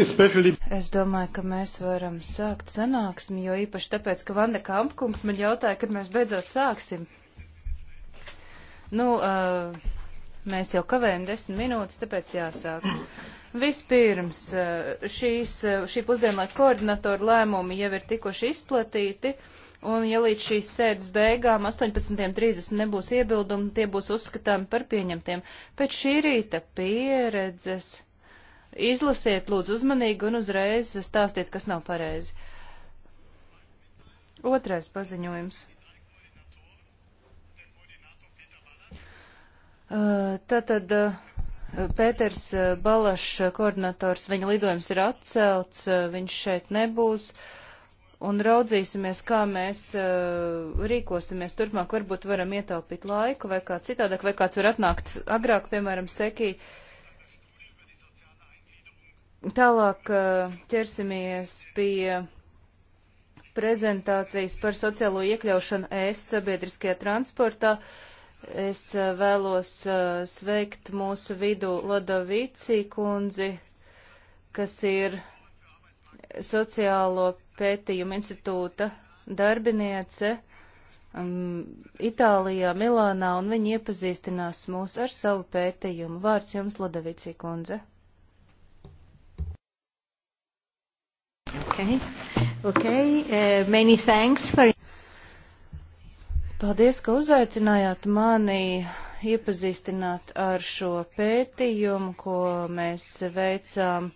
Especially... Es domāju, ka mēs varam sākt sanāksmi, jo īpaši tāpēc, ka Vanda Kampkungs man jautāja, kad mēs beidzot sāksim. Nu, uh, mēs jau kavējam desmit minūtes, tāpēc jāsāk. Vispirms, šīs, šī pusdienlaika koordinatora lēmumi jau ir tikuši izplatīti. Uh, Un ja līdz šīs sēdes beigām 18.30 nebūs iebildumi, tie būs uzskatāmi par pieņemtiem. Pēc šī rīta pieredzes izlasiet lūdzu uzmanīgi un uzreiz stāstiet, kas nav pareizi. Otrais paziņojums. Uh, tātad uh, Pēters uh, Balašs, koordinators, viņa lidojums ir atcelts, viņš šeit nebūs. Uh, un raudzīsimies, kā mēs uh, rīkosimies turpmāk. Varbūt varam ietaupīt laiku vai kā citādāk, vai kāds var atnākt agrāk, piemēram, sekī. Tālāk uh, ķersimies pie prezentācijas par sociālo iekļaušanu ES sabiedriskajā transportā. Es uh, vēlos uh, sveikt mūsu vidu Lodovici kundzi, kas ir sociālo pētījuma institūta darbiniece um, Itālijā, Milānā, un viņa iepazīstinās mūs ar savu pētījumu. Vārds jums, Ludavicī kundze. Okay. Okay. Uh, many thanks for. Paldies, ka uzaicinājāt mani iepazīstināt ar šo pētījumu, ko mēs veicām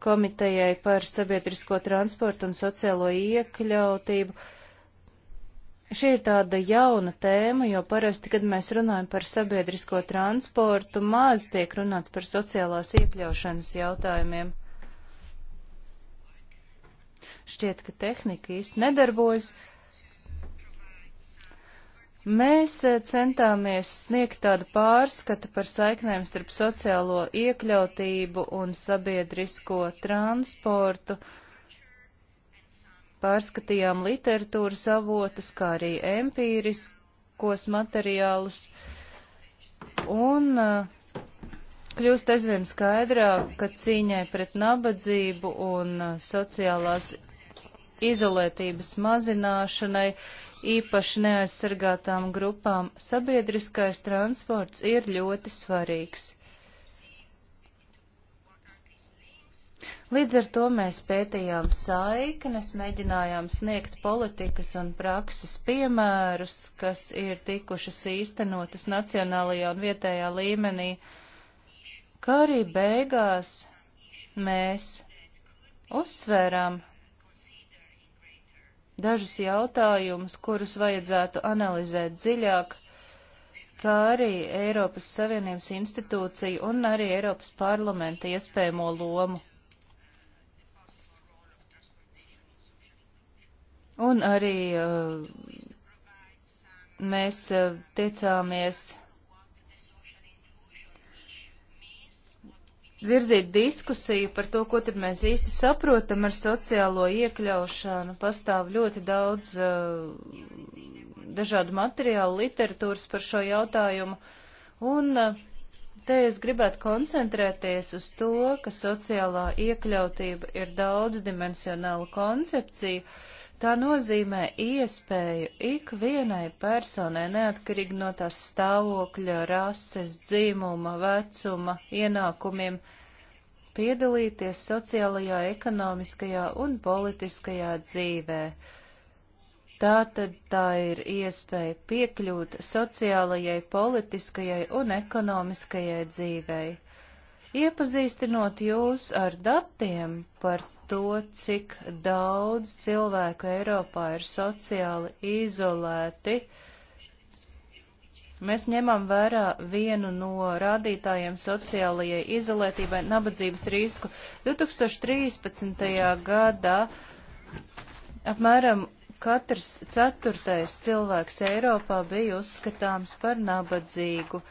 komitejai par sabiedrisko transportu un sociālo iekļautību. Šī ir tāda jauna tēma, jo parasti, kad mēs runājam par sabiedrisko transportu, maz tiek runāts par sociālās iekļaušanas jautājumiem. Šķiet, ka tehnika īsti nedarbojas. Uh, Mēs eh, centāmies sniegt tādu pārskatu par saiknēm starp sociālo iekļautību un sabiedrisko transportu. Pārskatījām literatūras avotus, kā arī empīriskos materiālus. Un uh, kļūst aizvien skaidrāk, ka cīņai pret nabadzību un eh, sociālās izolētības mazināšanai uh, īpaši neaizsargātām grupām, sabiedriskais transports ir ļoti svarīgs. Līdz ar to mēs pētījām saiknes, mēģinājām sniegt politikas un prakses piemērus, kas ir tikušas īstenotas nacionālajā un vietējā līmenī, kā arī beigās mēs uzsvērām dažus jautājumus, kurus vajadzētu analizēt dziļāk, kā arī Eiropas Savienības institūciju un arī Eiropas parlamenta iespējamo lomu. Un arī uh, mēs uh, tiecāmies virzīt diskusiju par to, ko tad mēs īsti saprotam ar sociālo iekļaušanu. Pastāv ļoti daudz uh, dažādu materiālu, literatūras par šo jautājumu. Un uh, te es gribētu koncentrēties uz to, ka sociālā iekļautība ir daudzdimensionāla koncepcija. Uh, Tā nozīmē iespēju ikvienai personai, neatkarīgi no tās stāvokļa, rases, dzimuma, vecuma, ienākumiem, piedalīties sociālajā, ekonomiskajā un politiskajā dzīvē. Tātad tā ir iespēja piekļūt sociālajai, politiskajai un ekonomiskajai dzīvei. Iepazīstinot jūs ar datiem par to, cik daudz cilvēku Eiropā ir sociāli izolēti, mēs ņemam vērā vienu no rādītājiem sociālajai izolētībai - nabadzības risku. 2013. gadā apmēram katrs ceturtais cilvēks Eiropā bija uzskatāms par nabadzīgu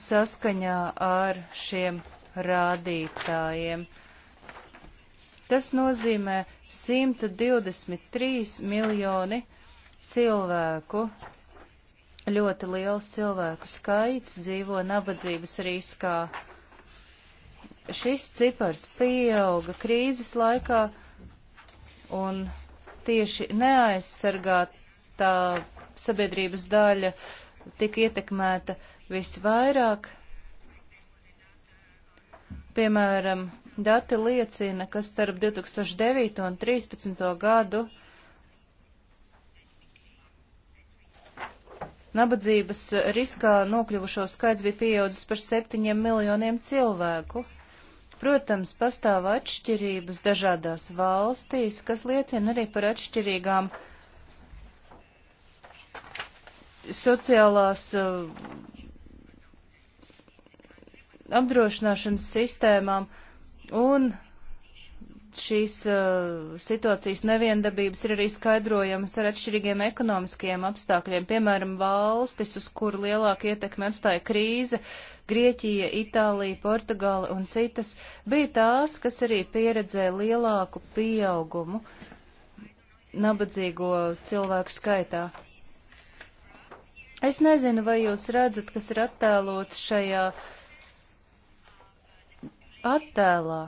saskaņā ar šiem rādītājiem. Tas nozīmē 123 miljoni cilvēku. Ļoti liels cilvēku skaits dzīvo nabadzības riskā. Šis cipars pieauga krīzes laikā un tieši neaizsargātā sabiedrības daļa tika ietekmēta uh, visvairāk. Piemēram, dati liecina, ka starp 2009 un 2013 gadu Nabadzības riskā nokļuvušo skaits bija pieaudzis par septiņiem miljoniem cilvēku. Protams, pastāv atšķirības dažādās valstīs, kas liecina arī par atšķirīgām sociālās uh, apdrošināšanas sistēmām, un šīs uh, situācijas neviendabības ir arī skaidrojamas ar atšķirīgiem ekonomiskajiem apstākļiem, piemēram, valstis, uz kuru lielāka ietekme atstāja krīze, Grieķija, Itālija, Portugāla un citas, bija tās, kas arī pieredzēja lielāku pieaugumu nabadzīgo cilvēku skaitā. Es nezinu, vai jūs redzat, kas ir attēlots šajā uh, attēlā.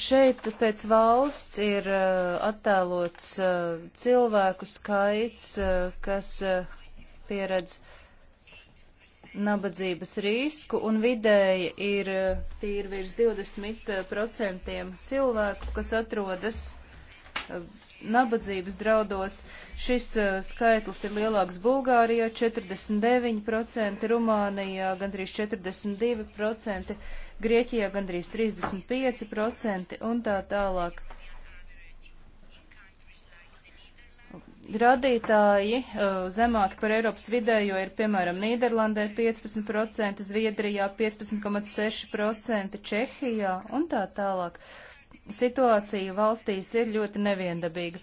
Šeit pēc valsts ir uh, attēlots uh, cilvēku skaits, uh, kas pieredz nabadzības risku, un vidēji ir tīri virs 20% cilvēku, kas atrodas nabadzības draudos. Šis uh, skaitlis ir lielāks Bulgārijā - 49%, Rumānijā gandrīz 42%, Grieķijā gandrīz 35% un tā tālāk. Radītāji uh, zemāki par Eiropas vidējo ir, piemēram, Nīderlandē 15%, Zviedrijā 15,6%, Čehijā un tā tālāk. Uh, Situācija valstīs ir ļoti neviendabīga.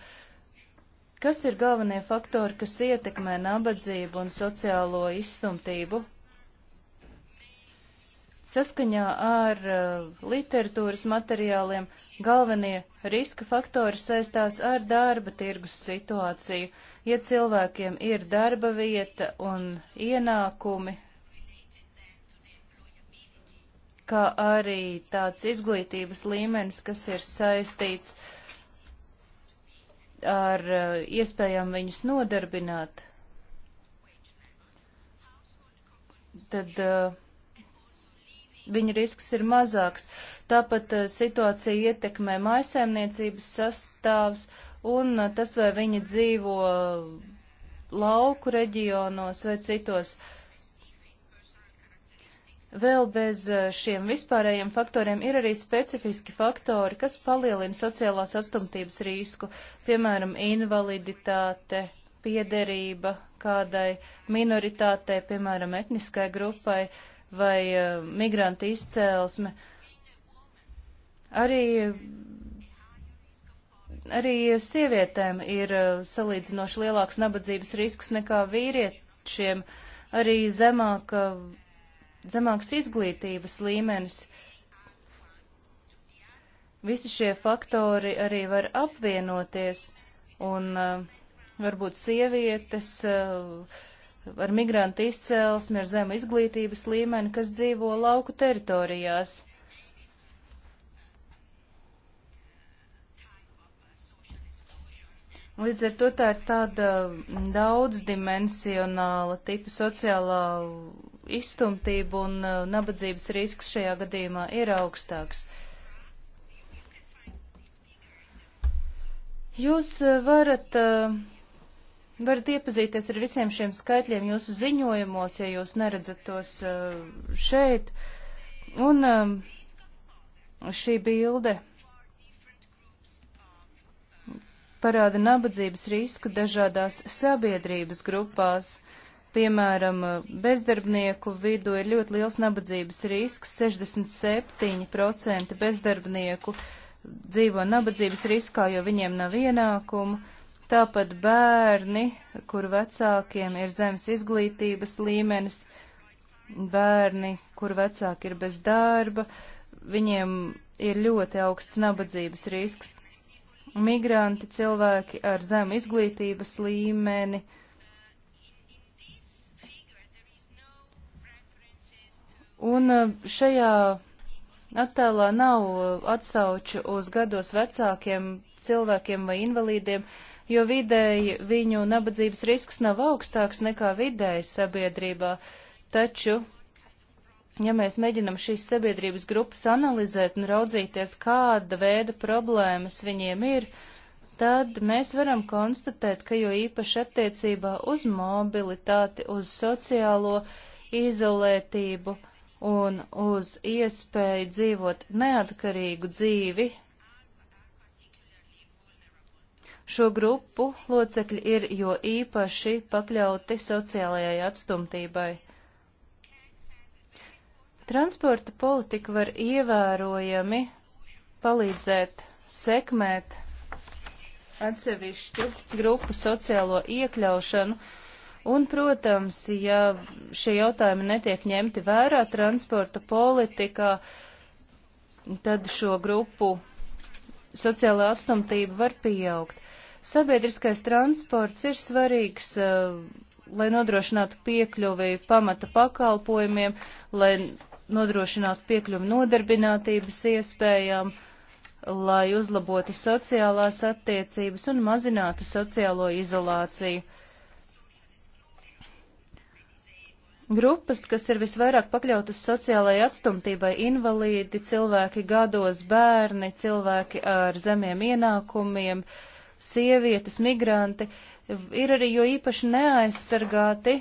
Kas ir galvenie faktori, kas ietekmē nabadzību un sociālo izstumtību? Saskaņā ar uh, literatūras materiāliem galvenie riska faktori saistās ar darba tirgus situāciju. Ja cilvēkiem ir darba vieta un ienākumi kā arī tāds izglītības līmenis, kas ir saistīts ar eh, iespējām viņus nodarbināt. Tad uh, eh, viņa risks ir mazāks. Tāpat uh, situācija ietekmē maisaimniecības sastāvs un uh, tas, vai viņi dzīvo lauku reģionos vai citos uh, Vēl bez eh, šiem vispārējiem faktoriem ir arī specifiski faktori, kas palielina sociālās atstumtības risku, piemēram, invaliditāte, piederība kādai minoritātei, piemēram, etniskai grupai vai uh, migrantu izcēlesme. Arī, arī sievietēm ir uh, salīdzinoši lielāks nabadzības risks nekā vīriešiem, arī zemāka. Uh, zemāks izglītības līmenis. Visi šie faktori arī var apvienoties, un uh, varbūt sievietes uh, ar migrantu izcēlesmi, ar zemu izglītības līmeni, kas dzīvo lauku teritorijās. Līdz ar to tā ir tāda daudzdimensionāla tipa sociālā izstumtība un uh, nabadzības risks šajā gadījumā ir augstāks. Jūs uh, varat, uh, varat iepazīties ar visiem šiem skaitļiem jūsu ziņojumos, ja jūs neredzat tos šeit. Un um, šī bilde parāda nabadzības risku dažādās sabiedrības grupās. Piemēram, bezdarbnieku vidū ir ļoti liels nabadzības risks, 67% bezdarbnieku dzīvo nabadzības riskā, jo viņiem nav ienākumu. Tāpat bērni, kur vecākiem ir zemes izglītības līmenis, bērni, kur vecāki ir bez darba, viņiem ir ļoti augsts nabadzības risks migranti, cilvēki ar zemu izglītības līmeni. Un e, šajā attēlā nav e, atsauču uz gados vecākiem cilvēkiem vai invalīdiem, jo vidēji viņu nabadzības risks nav augstāks nekā vidēji sabiedrībā, taču ja mēs mēģinam šīs sabiedrības grupas analizēt un raudzīties, kāda veida problēmas viņiem ir, tad mēs varam konstatēt, ka jo īpaši attiecībā uz mobilitāti, uz sociālo izolētību un uz iespēju dzīvot neatkarīgu dzīvi, šo grupu locekļi ir jo īpaši pakļauti sociālajai atstumtībai. Transporta politika var ievērojami palīdzēt sekmēt atsevišķu grupu sociālo iekļaušanu, un, protams, ja šie jautājumi netiek ņemti vērā transporta politikā, tad šo grupu sociālā atstumtība var pieaugt. Sabiedriskais transports ir svarīgs uh, lai nodrošinātu piekļuvi pamata pakalpojumiem, lai nodrošinātu piekļuvu nodarbinātības iespējām, lai uzlabotu sociālās attiecības un mazinātu sociālo izolāciju. Grupas, kas ir visvairāk pakļautas sociālajai atstumtībai - invalīdi, cilvēki gados, bērni, cilvēki ar zemiem ienākumiem, sievietes, migranti, ir arī jo īpaši neaizsargāti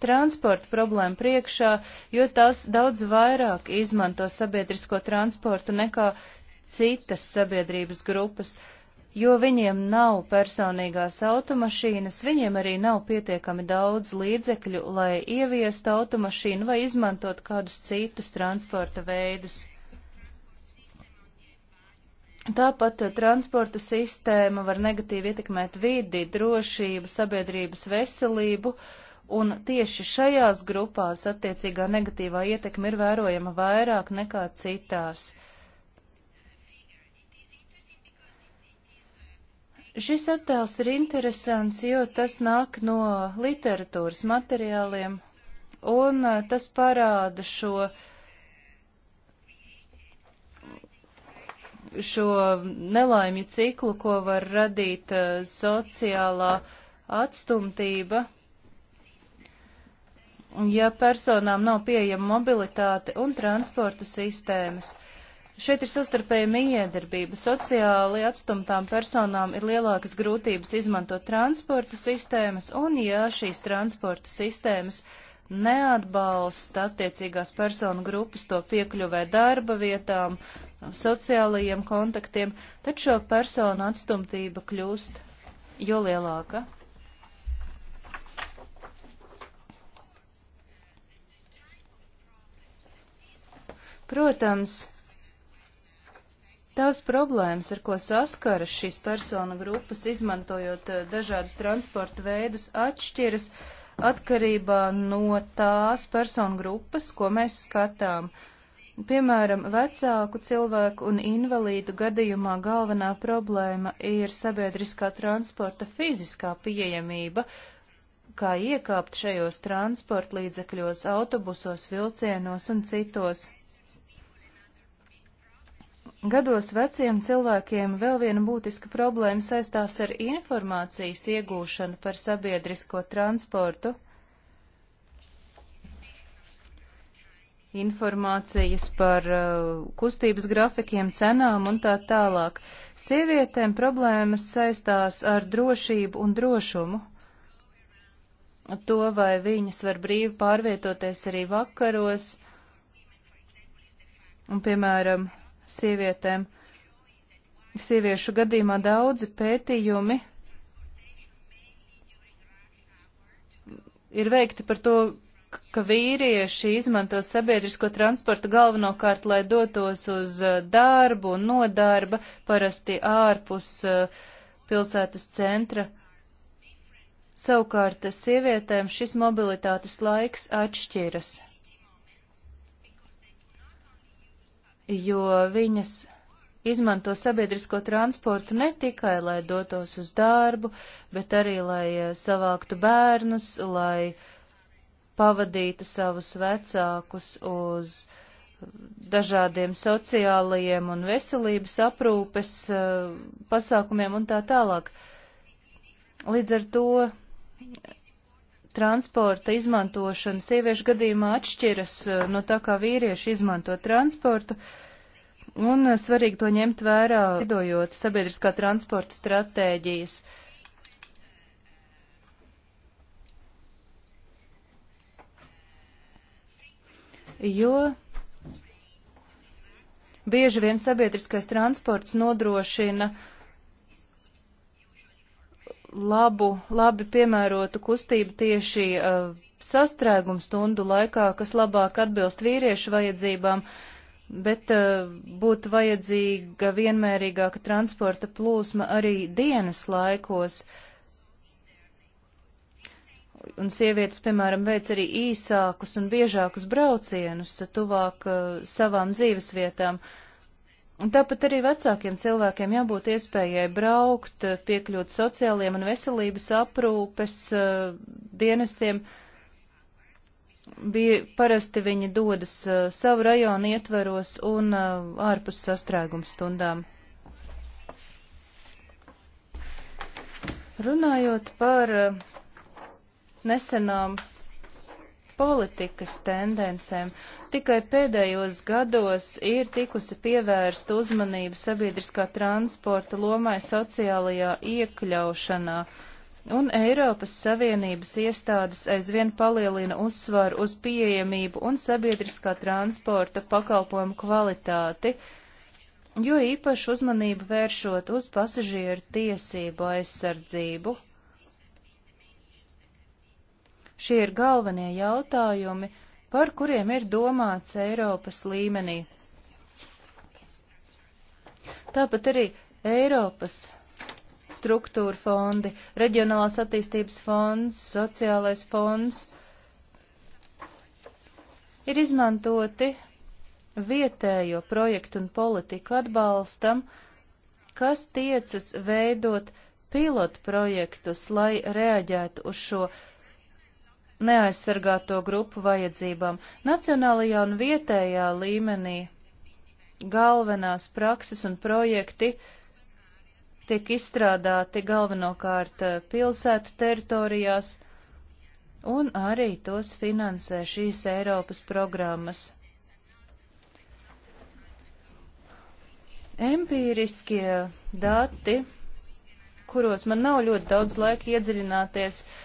transporta problēmu priekšā, jo tās daudz vairāk izmanto sabiedrisko transportu nekā citas sabiedrības grupas, jo viņiem nav personīgās automašīnas, viņiem arī nav pietiekami daudz līdzekļu, lai ieviestu automašīnu vai izmantot kādus citus transporta veidus. Tāpat eh, transporta sistēma var negatīvi ietekmēt vidi, drošību, sabiedrības veselību, uh, un tieši šajās grupās attiecīgā negatīvā ietekme ir vērojama vairāk nekā citās. Šis attēls ir interesants, jo tas nāk no literatūras materiāliem, un uh, tas parāda šo, šo nelaimju ciklu, ko var radīt uh, sociālā atstumtība ja personām nav pieejama mobilitāte un transporta sistēmas. Šeit ir sastarpēja miedarbība. Sociāli atstumtām personām ir lielākas grūtības izmantot transporta sistēmas, un ja šīs transporta sistēmas neatbalsta attiecīgās personu grupas to piekļuvē darba vietām, sociālajiem kontaktiem, tad šo personu atstumtība kļūst jo lielāka. Protams, tās problēmas, ar ko saskaras šīs persona grupas, izmantojot eh, dažādus transporta veidus, atšķiras atkarībā no tās persona grupas, ko mēs skatām. Piemēram, vecāku cilvēku un invalīdu gadījumā galvenā problēma ir sabiedriskā transporta fiziskā pieejamība, kā iekāpt šajos transportlīdzekļos, autobusos, vilcienos un citos. Gados veciem cilvēkiem vēl viena būtiska problēma saistās ar informācijas iegūšanu par sabiedrisko transportu. Informācijas par uh, kustības grafikiem, cenām un tā tālāk. Sievietēm problēmas saistās ar drošību un drošumu. To, vai viņas var brīvi pārvietoties arī vakaros. Un, piemēram, sievietēm. Sieviešu gadījumā daudzi pētījumi ir veikti par to, ka vīrieši izmanto sabiedrisko transportu galvenokārt, lai dotos uz eh, darbu un no darba, parasti ārpus eh, pilsētas centra. Savukārt eh, sievietēm šis mobilitātes laiks atšķiras. jo viņas izmanto sabiedrisko transportu ne tikai, lai dotos uz darbu, bet arī, lai eh, savāktu bērnus, lai pavadītu savus vecākus uz eh, dažādiem sociālajiem un veselības aprūpes eh, pasākumiem un tā tālāk. Līdz ar to transporta izmantošana sieviešu gadījumā atšķiras eh, no tā, kā vīrieši izmanto transportu, un eh, svarīgi to ņemt vērā, veidojot sabiedriskā transporta stratēģijas. Jo bieži vien sabiedriskais transports nodrošina uh, labu, labi piemērotu kustību tieši uh, eh, sastrēgumu stundu laikā, kas labāk atbilst vīriešu vajadzībām, bet uh, būtu vajadzīga vienmērīgāka transporta plūsma arī dienas laikos. Un sievietes, piemēram, veic arī īsākus un biežākus braucienus tuvāk uh, savām dzīvesvietām. vietām. Tāpat arī vecākiem cilvēkiem jābūt iespējai braukt, piekļūt sociāliem un veselības aprūpes uh, dienestiem. Bija, parasti viņi dodas uh, savu rajonu ietveros un uh, ārpus sastrēguma stundām. Runājot par nesenām politikas tendencēm. Tikai pēdējos gados ir tikusi pievērsta uzmanība sabiedriskā transporta lomai sociālajā iekļaušanā, un Eiropas Savienības iestādes aizvien palielina uzsvaru uz pieejamību un sabiedriskā transporta pakalpojumu kvalitāti, jo īpaši uzmanību vēršot uz pasažieru tiesību aizsardzību Šie ir galvenie jautājumi, par kuriem ir domāts Eiropas līmenī. Tāpat arī Eiropas struktūra fondi, reģionālās attīstības fonds, sociālais fonds ir izmantoti vietējo projektu un politiku atbalstam, kas tiecas veidot pilotprojektus, lai reaģētu uz šo neaizsargāto grupu vajadzībām. Nacionālajā un vietējā līmenī galvenās prakses un projekti tiek izstrādāti galvenokārt eh, pilsētu teritorijās, un arī tos finansē šīs Eiropas programmas. Empīriskie dati, kuros man nav ļoti daudz laika iedziļināties, uh,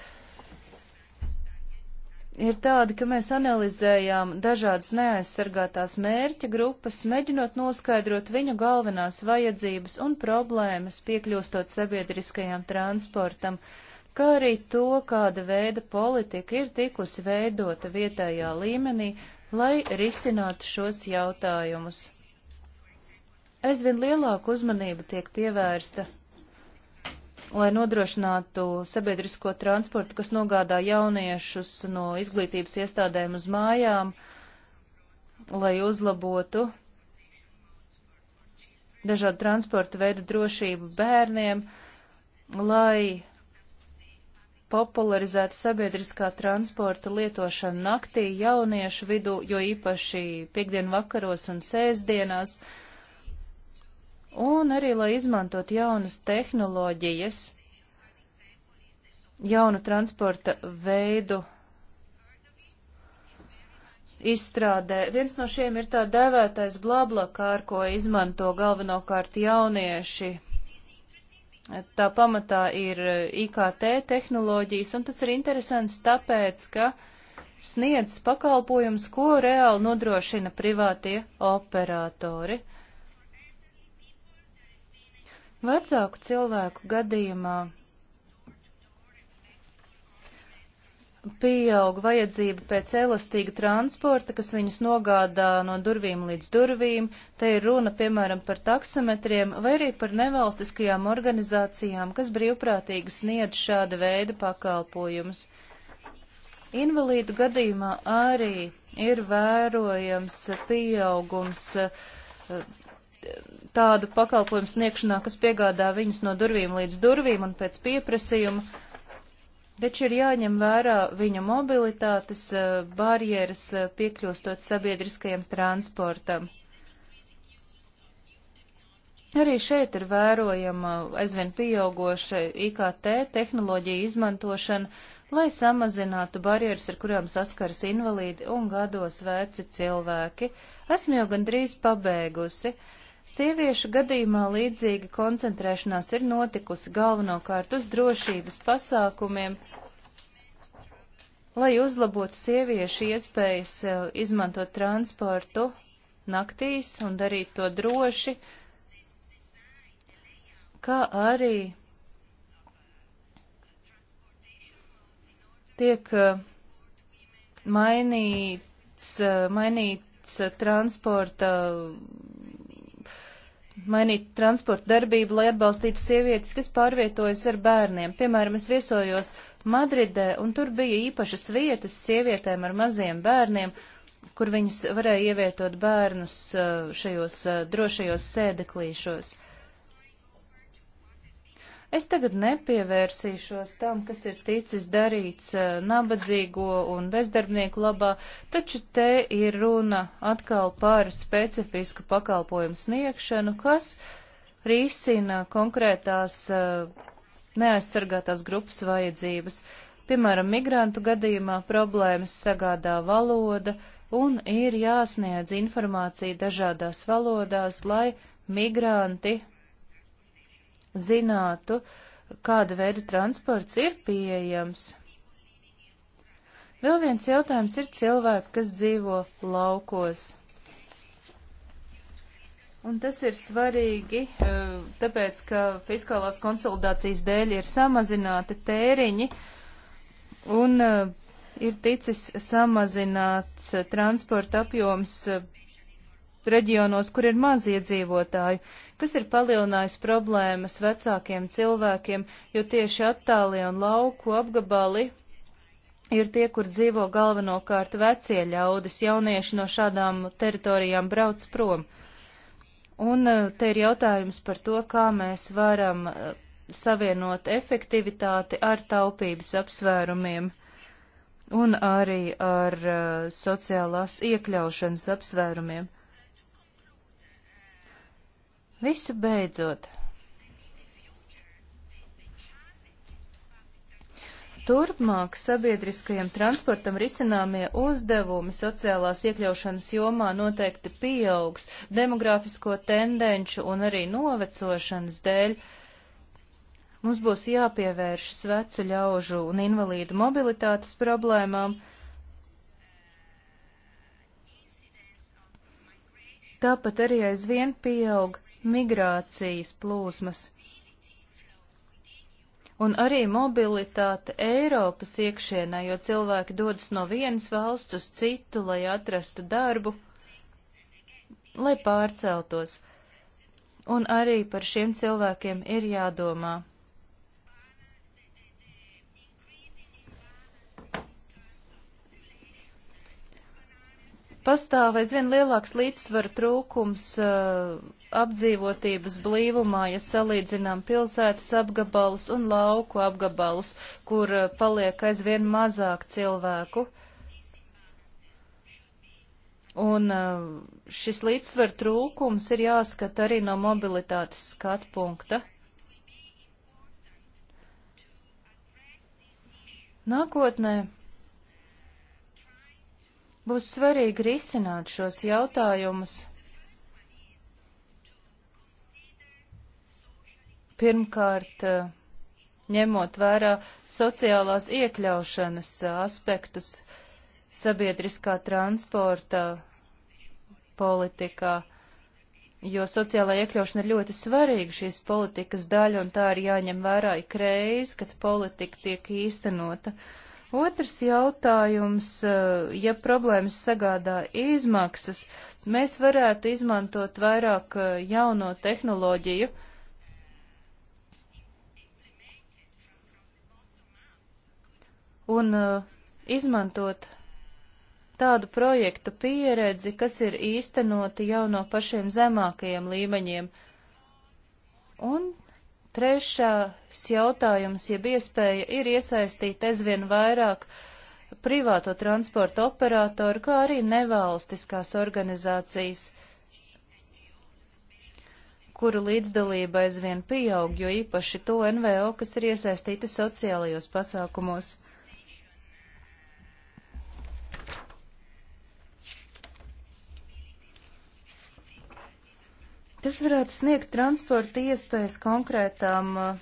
ir tādi, ka mēs analizējām dažādas neaizsargātās mērķa grupas, mēģinot noskaidrot viņu galvenās vajadzības un problēmas, piekļūstot sabiedriskajam transportam, kā arī to, kāda veida politika ir tikusi veidota vietējā līmenī, lai risinātu šos jautājumus. Aizvien lielāku uzmanību tiek pievērsta lai nodrošinātu sabiedrisko transportu, kas nogādā jauniešus no izglītības iestādēm uz mājām, lai uzlabotu dažādu transporta veidu drošību bērniem, lai popularizētu sabiedriskā transporta lietošanu naktī jauniešu vidū, jo īpaši piekdienu vakaros un sēsdienās. Uh, un arī, lai izmantot jaunas tehnoloģijas, jaunu transporta veidu izstrādē. Viens no šiem ir tā dēvētais blablakār, ko izmanto galvenokārt jaunieši. Tā pamatā ir IKT tehnoloģijas, un tas ir interesants tāpēc, ka sniedz pakalpojums, ko reāli nodrošina privātie operatori. Vecāku cilvēku gadījumā pieaug vajadzība pēc elastīga transporta, kas viņus nogādā no durvīm līdz durvīm. Te ir runa, piemēram, par taksometriem vai arī par nevalstiskajām organizācijām, kas brīvprātīgi sniedz šāda veida pakalpojumus. Invalīdu gadījumā arī ir vērojams pieaugums eh, tādu pakalpojumu sniegšanā, kas piegādā viņus no durvīm līdz durvīm un pēc pieprasījuma, taču ir jāņem vērā viņa mobilitātes eh, barjeras eh, piekļūstot sabiedriskajam transportam. Arī šeit ir vērojama aizvien pieaugoša IKT tehnoloģija izmantošana, lai samazinātu barjeras, ar kurām saskaras invalīdi un gados veci cilvēki. Esmu jau gandrīz pabeigusi. Uh, Sieviešu gadījumā līdzīga koncentrēšanās ir notikusi galvenokārt uz drošības pasākumiem, lai uzlabotu sieviešu iespējas eh, izmantot transportu naktīs un darīt to droši, kā arī tiek eh, mainīts, eh, mainīts transporta mainīt transporta darbību, lai atbalstītu sievietes, kas pārvietojas ar bērniem. Piemēram, es viesojos Madridē, un tur bija īpašas vietas sievietēm ar maziem bērniem, kur viņas varēja ievietot bērnus eh, šajos eh, drošajos sēdeklīšos. Uh, Es tagad nepievērsīšos tam, kas ir ticis darīts eh, nabadzīgo un bezdarbnieku labā, taču te ir runa atkal par specifisku pakalpojumu sniegšanu, kas risina konkrētās eh, neaizsargātās grupas vajadzības. Piemēram, migrantu gadījumā problēmas sagādā valoda un ir jāsniedz informācija dažādās valodās, lai migranti zinātu, kāda veida transports ir pieejams. Vēl viens jautājums ir cilvēki, kas dzīvo laukos. Un tas ir svarīgi, eh, tāpēc, ka fiskālās konsolidācijas dēļ ir samazināti tēriņi un eh, ir ticis samazināts eh, transporta apjoms reģionos, kur ir maz iedzīvotāju kas ir palielinājis problēmas vecākiem cilvēkiem, jo tieši attālie un lauku apgabali ir tie, kur dzīvo galvenokārt vecie ļaudis, jaunieši no šādām teritorijām brauc prom. Un e, te ir jautājums par to, kā mēs varam e, savienot efektivitāti ar taupības apsvērumiem un arī ar e, sociālās iekļaušanas apsvērumiem. Visu beidzot. Turpmāk sabiedriskajam transportam risināmie uzdevumi sociālās iekļaušanas jomā noteikti pieaugs demografisko tendenču un arī novecošanas dēļ. Mums būs jāpievēršas vecu ļaužu un invalīdu mobilitātes problēmām. Tāpat arī aizvien pieaug migrācijas plūsmas un arī mobilitāte Eiropas iekšienē, jo cilvēki dodas no vienas valsts uz citu, lai atrastu darbu, lai pārceltos. Un arī par šiem cilvēkiem ir jādomā. Pastāv aizvien lielāks līdzsvara trūkums uh, apdzīvotības blīvumā, ja salīdzinām pilsētas apgabalus un lauku apgabalus, kur uh, paliek aizvien mazāk cilvēku. Un uh, šis līdzsvara trūkums ir jāskata arī no mobilitātes skatu punkta. Nākotnē Būs svarīgi risināt šos jautājumus. Pirmkārt, ņemot vērā sociālās iekļaušanas aspektus sabiedriskā transporta politikā, jo sociālā iekļaušana ir ļoti svarīga šīs politikas daļa, un tā ir jāņem vērā ikreiz, kad politika tiek īstenota. Uh, Otrs jautājums, eh, ja problēmas sagādā izmaksas, mēs varētu izmantot vairāk eh, jauno tehnoloģiju. Un eh, izmantot tādu projektu pieredzi, kas ir īstenoti jau no pašiem zemākajiem līmeņiem. Un Trešais jautājums, jeb iespēja ir iesaistīt aizvien vairāk privāto transporta operātoru, kā arī nevalstiskās organizācijas, kuru līdzdalība aizvien pieaug, jo īpaši to NVO, kas ir iesaistīti sociālajos pasākumos. Tas varētu sniegt transporta iespējas konkrētām uh,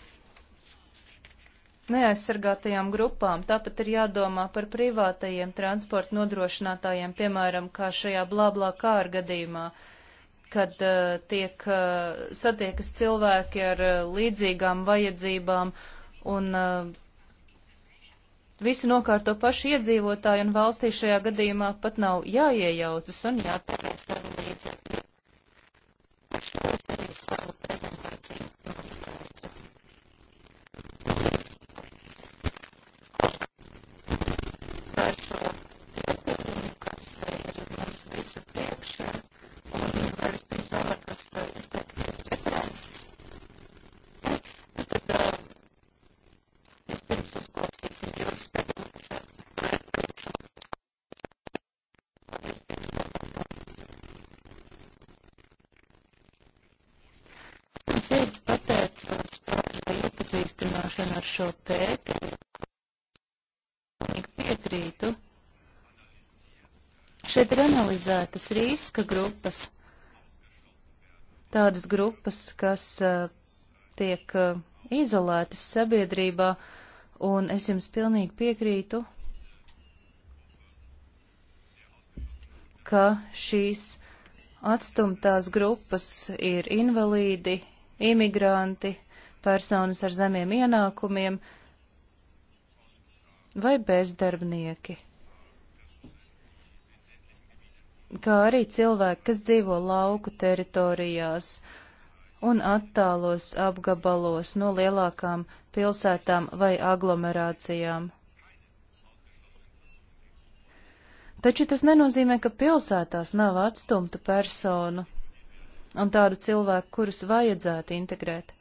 neaizsargātajām grupām. Tāpat ir jādomā par privātajiem transporta nodrošinātājiem, piemēram, kā šajā blablā kāra gadījumā, kad uh, tiek uh, satiekas cilvēki ar uh, līdzīgām vajadzībām un uh, visi nokārto paši iedzīvotāji un valstī šajā gadījumā pat nav jāiejaucas un jātērē savu līdzekļu. Thank you. šo pētījumu. Piekrītu. Šeit ir analizētas riska grupas, tādas grupas, kas uh, tiek uh, izolētas sabiedrībā, un es jums pilnīgi piekrītu, ka šīs atstumtās grupas ir invalīdi, imigranti, uh, personas ar zemiem ienākumiem vai bezdarbnieki, kā arī cilvēki, kas dzīvo lauku teritorijās un attālos apgabalos no lielākām pilsētām vai aglomerācijām. Taču tas nenozīmē, ka pilsētās nav atstumtu personu un tādu cilvēku, kurus vajadzētu integrēt.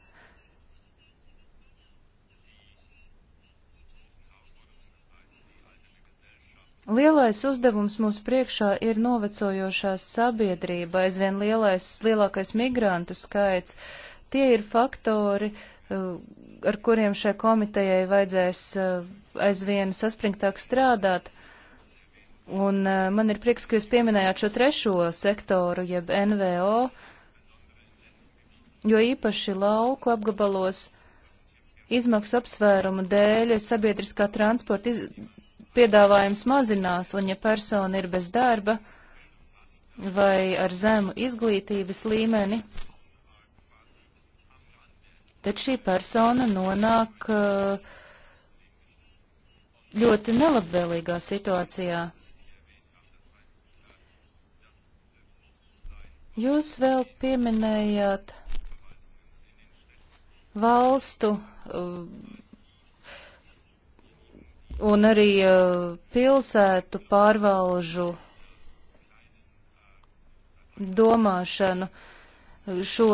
Lielais uzdevums mūsu priekšā ir novecojošā sabiedrība, aizvien lielais, lielākais migrantu skaits. Tie ir faktori, eh, ar kuriem šai komitejai vajadzēs eh, aizvien saspringtāk strādāt. Un eh, man ir prieks, ka jūs pieminējāt šo trešo sektoru, jeb NVO, jo īpaši lauku apgabalos izmaksu apsvērumu dēļ sabiedriskā transporta iz piedāvājums mazinās, un ja persona ir bez darba vai ar zemu izglītības līmeni, tad šī persona nonāk uh, ļoti nelabvēlīgā situācijā. Jūs vēl pieminējāt valstu uh, un arī pilsētu pārvalžu domāšanu šo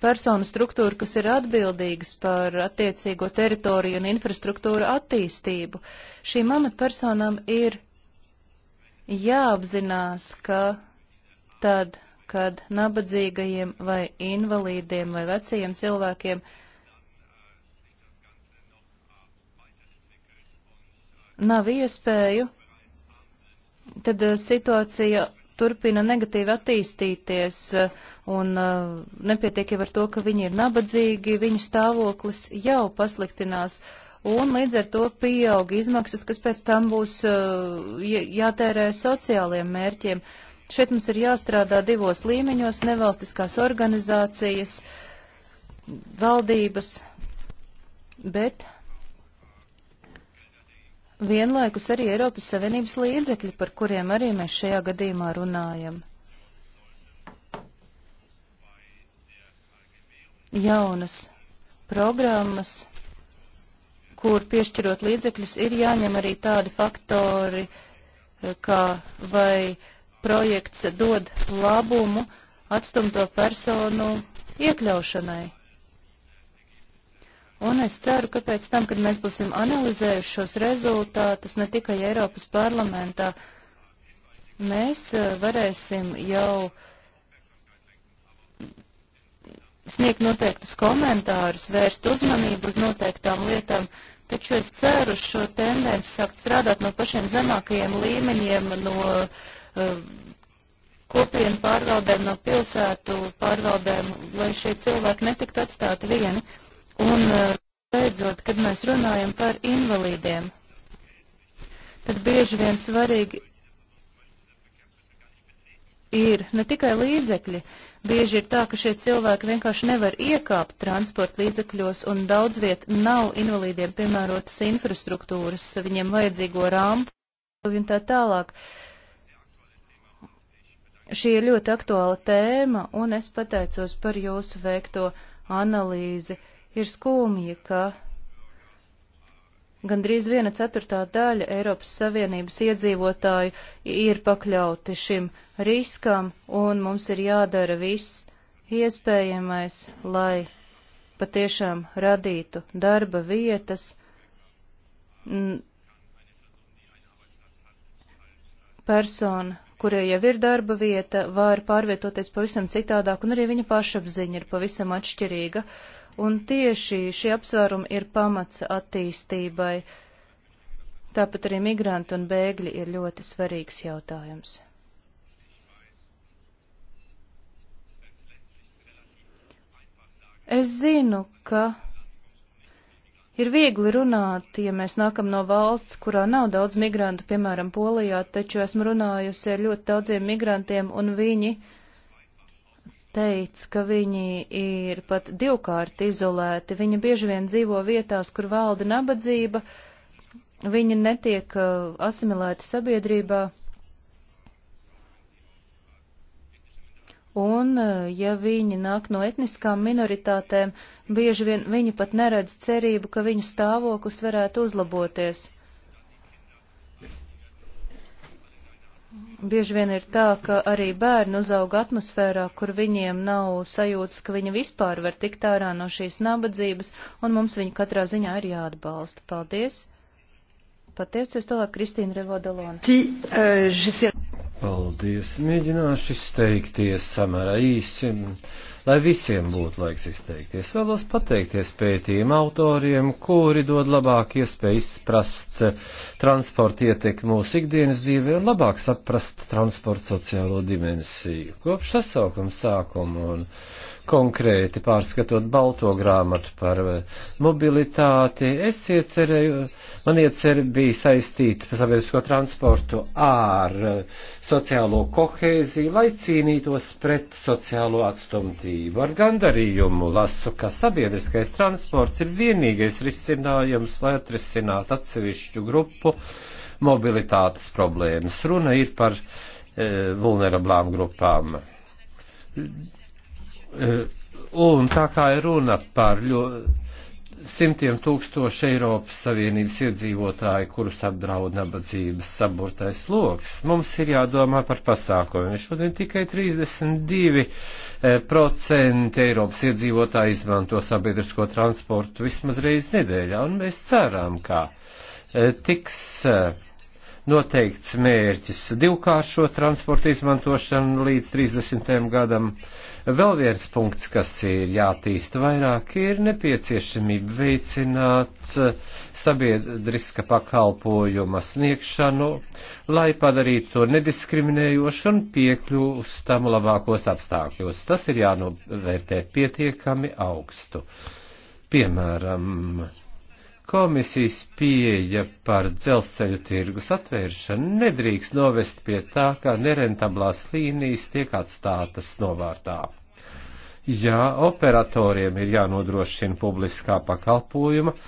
personu struktūru, kas ir atbildīgas par attiecīgo teritoriju un infrastruktūru attīstību. Šīm amatpersonām ir jāapzinās, ka tad, kad nabadzīgajiem vai invalīdiem vai vecajiem cilvēkiem uh, nav iespēju, tad eh, situācija turpina negatīvi attīstīties eh, un eh, nepietiek jau ar to, ka viņi ir nabadzīgi, viņu stāvoklis jau pasliktinās. Un līdz ar to pieauga izmaksas, kas pēc tam būs jātērē sociāliem mērķiem. Šeit mums ir jāstrādā divos līmeņos - nevalstiskās organizācijas, valdības, bet vienlaikus arī Eiropas Savienības līdzekļi, par kuriem arī mēs šajā gadījumā runājam. Jaunas programmas, kur piešķirot līdzekļus, ir jāņem arī tādi faktori, kā vai projekts dod labumu atstumto personu iekļaušanai. Un es ceru, ka pēc tam, kad mēs būsim analizējuši šos rezultātus ne tikai Eiropas parlamentā, mēs eh, varēsim jau sniegt noteiktus komentārus, vērst uzmanību uz noteiktām lietām, taču es ceru šo tendenci sākt strādāt no pašiem zemākajiem līmeņiem, no uh, kopienu pārvaldēm, no pilsētu pārvaldēm, lai šie cilvēki netiktu atstāti vieni. Un eh, beidzot, kad mēs runājam par invalīdiem, tad bieži vien svarīgi ir ne tikai līdzekļi, bieži ir tā, ka šie cilvēki vienkārši nevar iekāpt transporta līdzekļos un daudz viet nav invalīdiem piemērotas infrastruktūras, viņiem vajadzīgo rāmpu un tā tālāk. Šī ir ļoti aktuāla tēma, un es pateicos par jūsu veikto analīzi. Ir skumji, ka Gandrīz viena ceturtā daļa Eiropas Savienības iedzīvotāju ir pakļauti šim riskam, un mums ir jādara viss iespējamais, lai patiešām radītu darba vietas. Persona, kurie jau ir darba vieta, var pārvietoties pavisam citādāk, un arī viņa pašapziņa ir pavisam atšķirīga. Uh, un tieši šie apsvērumi ir pamats attīstībai. Tāpat arī migranti un bēgļi ir ļoti svarīgs jautājums. Es zinu, ka ir viegli runāt, ja mēs nākam no valsts, kurā nav daudz migrantu, piemēram, Polijā, taču esmu runājusi ar ļoti daudziem migrantiem, un viņi uh, teica, ka viņi ir pat divkārt izolēti. Viņi bieži vien dzīvo vietās, kur valda nabadzība, viņi netiek uh, asimilēti sabiedrībā. Un, uh, ja viņi nāk no etniskām minoritātēm, bieži vien viņi pat neredz cerību, ka viņu stāvoklis varētu uzlaboties. Bieži vien ir tā, ka arī bērni uzauga atmosfērā, kur viņiem nav sajūtas, ka viņi vispār var tikt ārā no šīs nabadzības, un mums viņi katrā ziņā ir jāatbalsta. Paldies! Pateicos tālāk Kristīna Revodalona. Euh, Paldies. Mēģināšu izteikties samērā īsi, lai visiem būtu laiks izteikties. Vēlos pateikties pētījuma autoriem, kuri dod labāk iespēju izprast transporta ietekmi mūsu ikdienas dzīvē un labāk saprast transporta sociālo dimensiju. Kopš sasaukuma sākuma un. Sākumu, un konkrēti pārskatot balto grāmatu par eh, mobilitāti. Es iecerēju, man ieceri bija saistīt sabiedrisko transportu ar eh, sociālo kohēziju, lai cīnītos pret sociālo atstumtību. Ar gandarījumu lasu, ka sabiedriskais transports ir vienīgais risinājums, lai atrisinātu atsevišķu grupu mobilitātes problēmas. Runa ir par e, vulnerablām grupām Eh, un tā kā ir runa par ļoti simtiem tūkstošu Eiropas Savienības iedzīvotāju, kurus apdraud nabadzības saburtais loks, mums ir jādomā par pasākumiem. Šodien tikai 32% eh, Eiropas iedzīvotāji izmanto sabiedrisko transportu vismaz reizi nedēļā, un mēs ceram, ka eh, tiks noteikts mērķis divkāršo transportu izmantošanu līdz 30. gadam. Vēl viens punkts, kas ir jātīsta vairāk, ir nepieciešamība veicināt sabiedriska pakalpojuma sniegšanu, lai padarītu to nediskriminējošu un piekļūstamu labākos apstākļos. Tas ir jānovērtē pietiekami augstu. Piemēram, Komisijas pieeja par dzelzceļu tirgus atvēršanu nedrīkst novest pie tā, ka nerentablās līnijas tiek atstātas novārtā. Jā, operatoriem ir jānodrošina publiskā pakalpojuma e,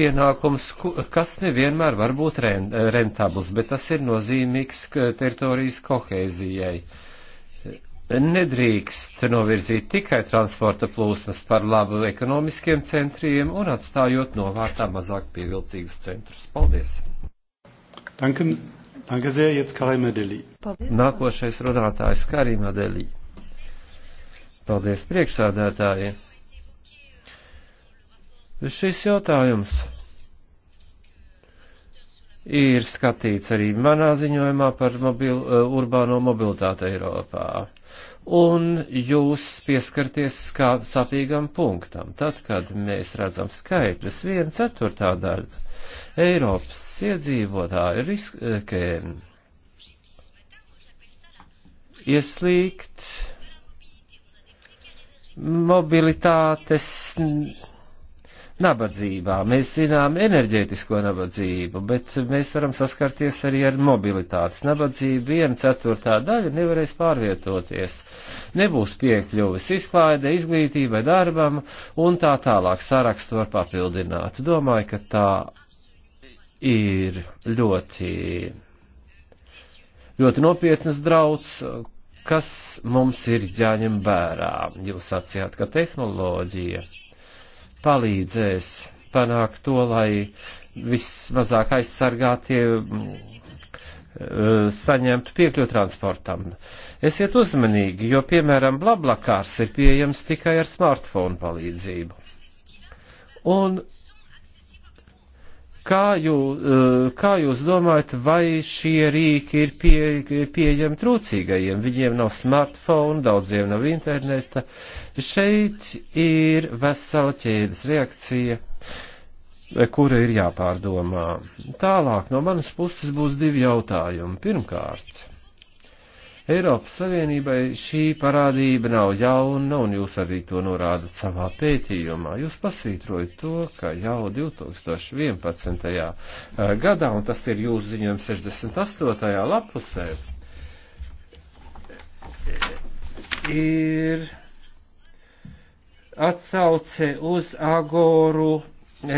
pienākums, kas nevienmēr var būt rentabls, bet tas ir nozīmīgs teritorijas kohēzijai. Uh, nedrīkst novirzīt tikai transporta plūsmas par labu ekonomiskiem centriem un atstājot novārtā mazāk pievilcīgus centrus. Paldies! Danke, danke sehr, jetzt Karim Adeli. Paldies. Nākošais runātājs Karim Adeli. Paldies priekšsādētāji. Šis jautājums ir skatīts arī manā ziņojumā par mobil, eh, urbāno mobilitāti Eiropā un jūs pieskarties kā sapīgam punktam. Tad, kad mēs redzam skaitļus, viena ceturtā daļa Eiropas iedzīvotāji riskē ieslīgt mobilitātes nabadzībā. Mēs zinām enerģētisko nabadzību, bet mēs varam saskarties arī ar mobilitātes nabadzību. Viena ceturtā daļa nevarēs pārvietoties, nebūs piekļuvis izklaide, izglītībai, darbam un tā tālāk sarakstu var papildināt. Domāju, ka tā ir ļoti, ļoti nopietnas drauds, kas mums ir jāņem vērā. Jūs sacījāt, ka tehnoloģija palīdzēs panākt to, lai vismazāk aizsargātie mm, eh, saņemtu piekļu transportam. Esiet uzmanīgi, jo, piemēram, blablakārs ir pieejams tikai ar smartphonu palīdzību. Un Kā, jū, eh, kā jūs domājat, vai šie rīki ir pie, pieejami trūcīgajiem? Viņiem nav smartphone, daudziem nav interneta. Šeit ir vesela ķēdes reakcija, kura ir jāpārdomā. Tālāk no manas puses būs divi jautājumi. Pirmkārt, Eiropas Savienībai šī parādība nav jauna, un jūs arī to norādat savā pētījumā. Jūs pasvītrojat to, ka jau 2011. Eh, gadā, un tas ir jūsu ziņojums 68. lapusē, ir atsauce uz agoru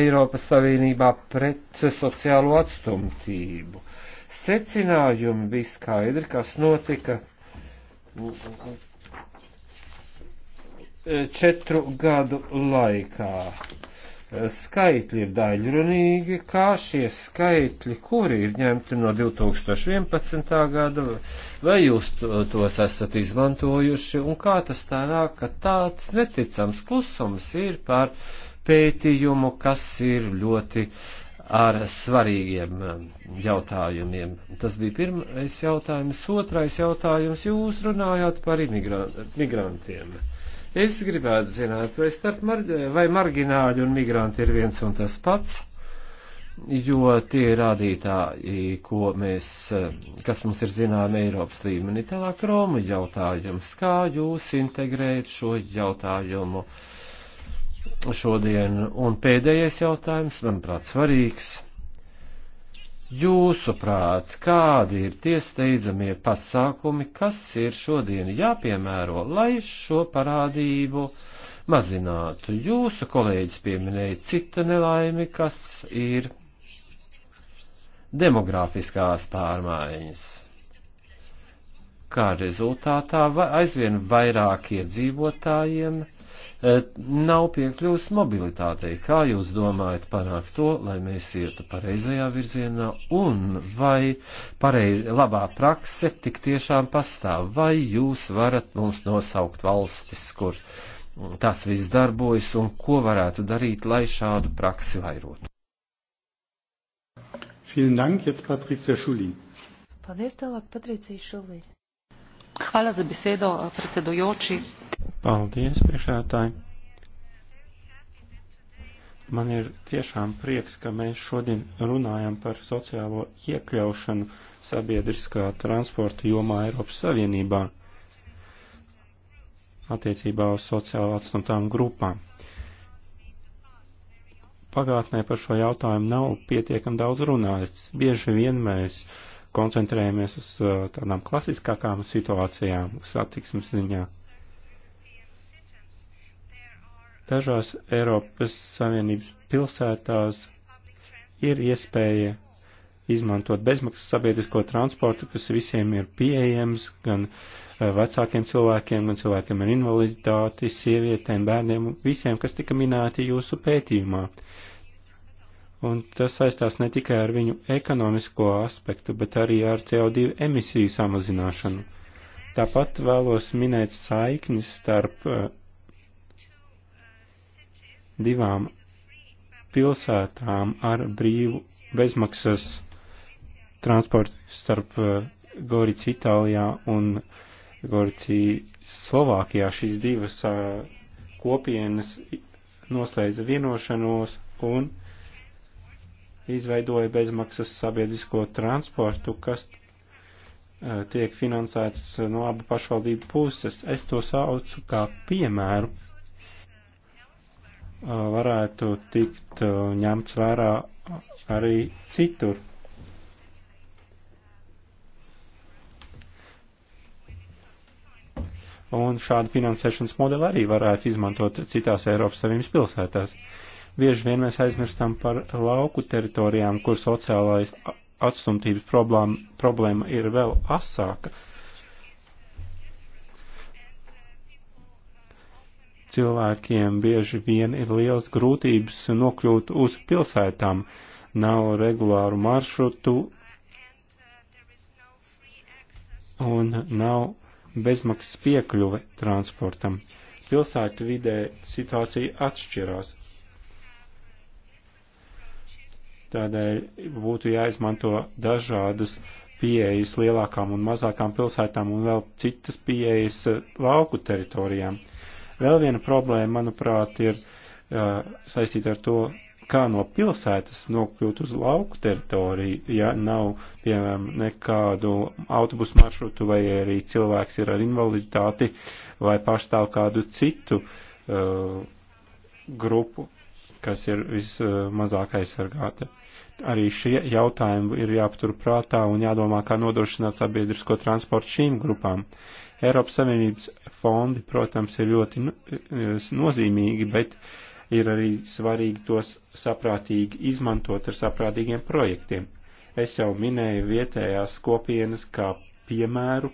Eiropas Savienībā pret sociālo atstumtību secinājumi bija skaidri, kas notika četru gadu laikā. Skaitļi ir daļrunīgi, kā šie skaitļi, kuri ir ņemti no 2011. gada, vai jūs tos esat izmantojuši, un kā tas tā nāk, ka tāds neticams klusums ir par pētījumu, kas ir ļoti uh, ar svarīgiem um, jautājumiem. Tas bija pirmais jautājums. Otrais jautājums. Jūs runājāt par imigrantiem. Es gribētu zināt, vai starp mar vai margināļi un migranti ir viens un tas pats, jo tie rādītāji, ko mēs, um, kas mums ir zinām Eiropas līmenī, tālāk Roma jautājums, kā jūs integrējat šo jautājumu? Uh, šodien. Un pēdējais jautājums, manuprāt, svarīgs. Jūsuprāt, kādi ir tie steidzamie pasākumi, kas ir šodien jāpiemēro, lai šo parādību mazinātu? Jūsu kolēģis pieminēja cita nelaimi, kas ir demografiskās pārmaiņas kā rezultātā aizvien vairāk iedzīvotājiem E, nav piekļuvis mobilitātei. Kā jūs domājat panākt to, lai mēs ietu pareizajā virzienā un vai pareiz, labā prakse tik tiešām pastāv? Vai jūs varat mums nosaukt valstis, kur tas viss darbojas un ko varētu darīt, lai šādu praksi vairotu? Vielen Dank, jetzt Patricia Schulī. Paldies tālāk, Patricija Šulī. Hvala za besedo, predsedujoči. Paldies, priekšētāji. Man ir tiešām prieks, ka mēs šodien runājam par sociālo iekļaušanu sabiedriskā transporta jomā Eiropas Savienībā attiecībā uz sociāli atstumtām grupām. Pagātnē par šo jautājumu nav pietiekam daudz runāts. Bieži vien mēs uh, koncentrējamies uz uh, tādām klasiskākām situācijām satiksmes ziņā. Dažās Eiropas Savienības pilsētās ir iespēja izmantot bezmaksas sabiedrisko transportu, kas visiem ir pieejams, gan uh, vecākiem cilvēkiem, gan cilvēkiem ar invaliditāti, sievietēm, bērniem, visiem, kas tika minēti jūsu pētījumā. Uh, un tas saistās ne tikai ar viņu ekonomisko aspektu, bet arī ar CO2 emisiju samazināšanu. Tāpat vēlos minēt saiknis starp eh, divām pilsētām ar brīvu bezmaksas transportu starp eh, Gorici Itālijā un Gorici Slovākijā. Šīs divas eh, kopienas noslēdza vienošanos un izveidoja bezmaksas sabiedrisko transportu, kas eh, tiek finansēts eh, no abu pašvaldību puses. Es to saucu kā piemēru. Eh, varētu tikt ņemts vērā arī citur. Un šādu finansēšanas modeli arī varētu izmantot citās Eiropas Savienības pilsētās. Uh, Bieži vien mēs aizmirstam par lauku teritorijām, kur sociālais atstumtības problēma, problēma ir vēl asāka. Cilvēkiem bieži vien ir liels grūtības nokļūt uz pilsētām, nav regulāru maršrutu un nav bezmaksas piekļuve transportam. Pilsētu vidē situācija atšķirās. Tādēļ būtu jāizmanto dažādas pieejas lielākām un mazākām pilsētām un vēl citas pieejas eh, lauku teritorijām. Vēl viena problēma, manuprāt, ir uh, saistīta ar to, kā no pilsētas nokļūt uz lauku teritoriju, ja nav, piemēram, nekādu autobusu maršrutu vai arī cilvēks ir ar invaliditāti vai pārstāv kādu citu uh, grupu, kas ir vismazāk uh, aizsargāta. Uh, Arī šie jautājumi ir jāpatur prātā un jādomā, kā nodrošināt sabiedrisko transportu šīm grupām. Eiropas Savienības fondi, protams, ir ļoti nu, nozīmīgi, bet ir arī svarīgi tos saprātīgi izmantot ar saprātīgiem projektiem. Es jau minēju vietējās kopienas kā piemēru,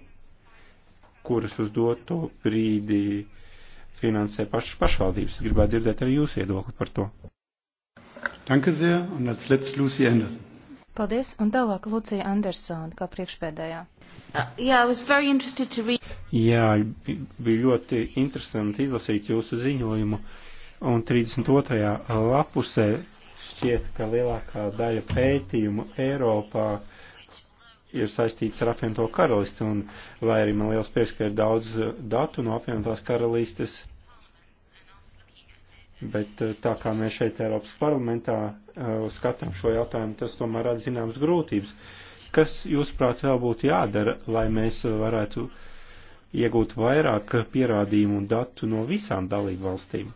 kuras uz doto brīdi finansē pašas pašvaldības. Gribētu dzirdēt arī jūsu viedokli par to. Danke sehr, un als letzt Lucy Anderson. Paldies, un tālāk Lucija Andersona, kā priekšpēdējā. Uh, yeah, read... Jā, bija ļoti interesanti izlasīt jūsu ziņojumu, un 32. lapusē šķiet, ka lielākā daļa pētījumu Eiropā ir saistīts ar apvienoto karalisti, un lai arī man liels prieks, ka ir daudz datu no apvienotās karalistes bet eh, tā kā mēs šeit Eiropas parlamentā eh, skatām šo jautājumu, tas tomēr rada zināmas grūtības. Kas, jūsuprāt, vēl būtu jādara, lai mēs eh, varētu iegūt vairāk pierādījumu un datu no visām dalību valstīm?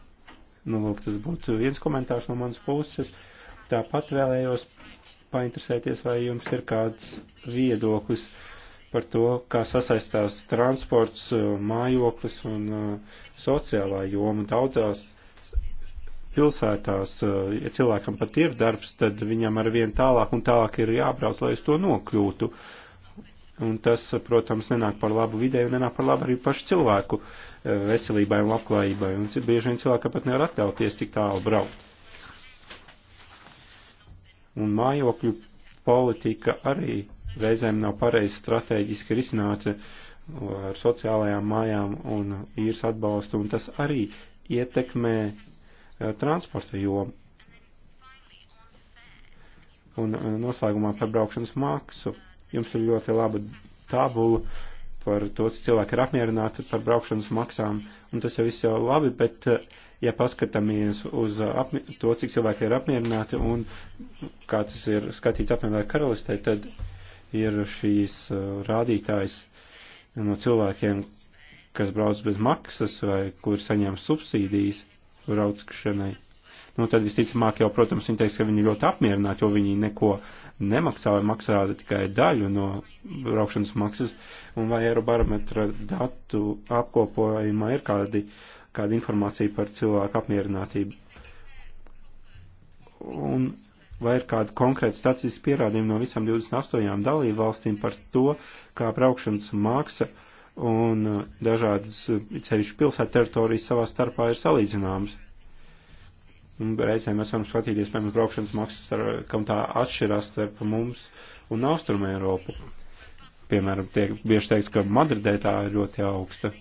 Nu, lūk, tas būtu viens komentārs no manas puses. Tāpat vēlējos painteresēties, vai jums ir kāds viedoklis par to, kā sasaistās transports, mājoklis un sociālā joma. Daudzās pilsētās, eh, ja cilvēkam pat ir darbs, tad viņam ar vien tālāk un tālāk ir jābrauc, lai uz to nokļūtu. Un tas, eh, protams, nenāk par labu vidē un nenāk par labu arī pašu cilvēku eh, veselībai un labklājībai. Un bieži vien cilvēka pat nevar atļauties tik tālu braukt. Un mājokļu politika arī reizēm nav pareizi strateģiski risināta ar sociālajām mājām un īres atbalstu, un tas arī ietekmē Eh, transporta jomu. Un eh, noslēgumā par braukšanas maksu. Jums ir ļoti laba tabula par to, cik cilvēki ir apmierināti par braukšanas maksām, un tas jau viss jau labi, bet eh, ja paskatāmies uz to, cik cilvēki ir apmierināti un kā tas ir skatīts apmierinātā karalistē, tad ir šīs rādītājs no cilvēkiem, kas brauc bez maksas vai kur saņem subsīdijas rauckšanai. Nu, tad visticamāk jau, protams, viņi teiks, ka viņi ļoti apmierināti, jo viņi neko nemaksā vai maksā tikai daļu no braukšanas maksas. Un vai Eirobarometra datu apkopojumā ir kādi, kāda informācija par cilvēku apmierinātību? Un vai ir kāda konkrēta statistiska pierādījuma no visām 28 dalību valstīm par to, kā braukšanas maksa uh, un uh, dažādas uh, ceļu pilsētu teritorijas savā starpā ir salīdzināmas. Un reizēm esam skatīties, piemēram, braukšanas maksas, ar, kam tā atšķirās starp mums un Austrumē Eiropu. Piemēram, tiek bieži teiks, ka Madridē tā ir ļoti augsta.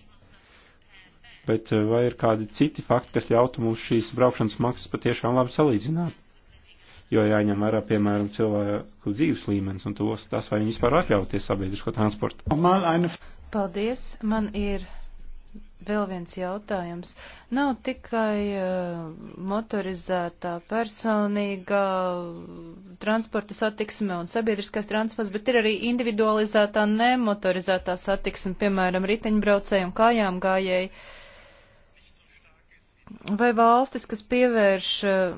Bet uh, vai ir kādi citi fakti, kas ļautu mums šīs braukšanas maksas patiešām labi salīdzināt? Jo jāņem vērā, piemēram, cilvēku dzīves līmenis un tos, tas, vai viņi vispār atļauties sabiedrisko transportu. Paldies. Man ir vēl viens jautājums. Nav tikai uh, motorizētā personīgā uh, transporta satiksme un sabiedriskais transports, bet ir arī individualizētā nemotorizētā satiksme, piemēram, riteņbraucēji un kājām gājēji. Uh, vai valstis, kas pievērš, eh,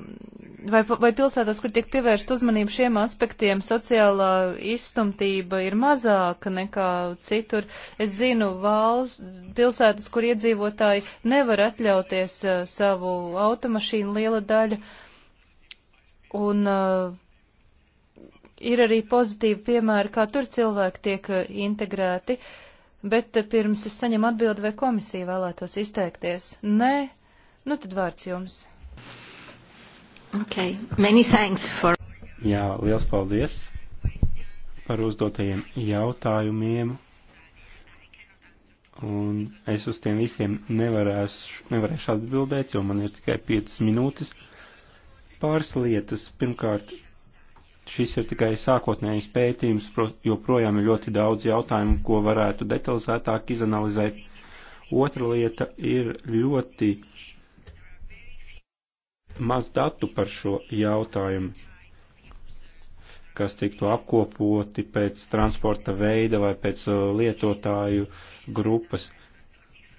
vai, vai pilsētās, kur tiek pievērst uzmanību šiem aspektiem, sociālā izstumtība ir mazāka nekā citur. Es zinu valsts, pilsētas, kur iedzīvotāji nevar atļauties eh, savu automašīnu liela daļa. Un uh, ir arī pozitīvi piemēri, kā tur cilvēki tiek integrēti. Bet pirms es saņemu atbildi, vai komisija vēlētos izteikties? Nē. Ne Nu tad vārds jums. Okay. Many thanks for. Jā, liels paldies par uzdotajiem jautājumiem. Un es uz tiem visiem nevarēšu, nevarēšu atbildēt, jo man ir tikai 5 minūtes. Pāris lietas. Pirmkārt, šis ir tikai sākotnējs pētījums, joprojām ir ļoti daudz jautājumu, ko varētu detalizētāk izanalizēt. Otra lieta ir ļoti maz datu par šo jautājumu, kas tiktu apkopoti pēc transporta veida vai pēc uh, lietotāju grupas.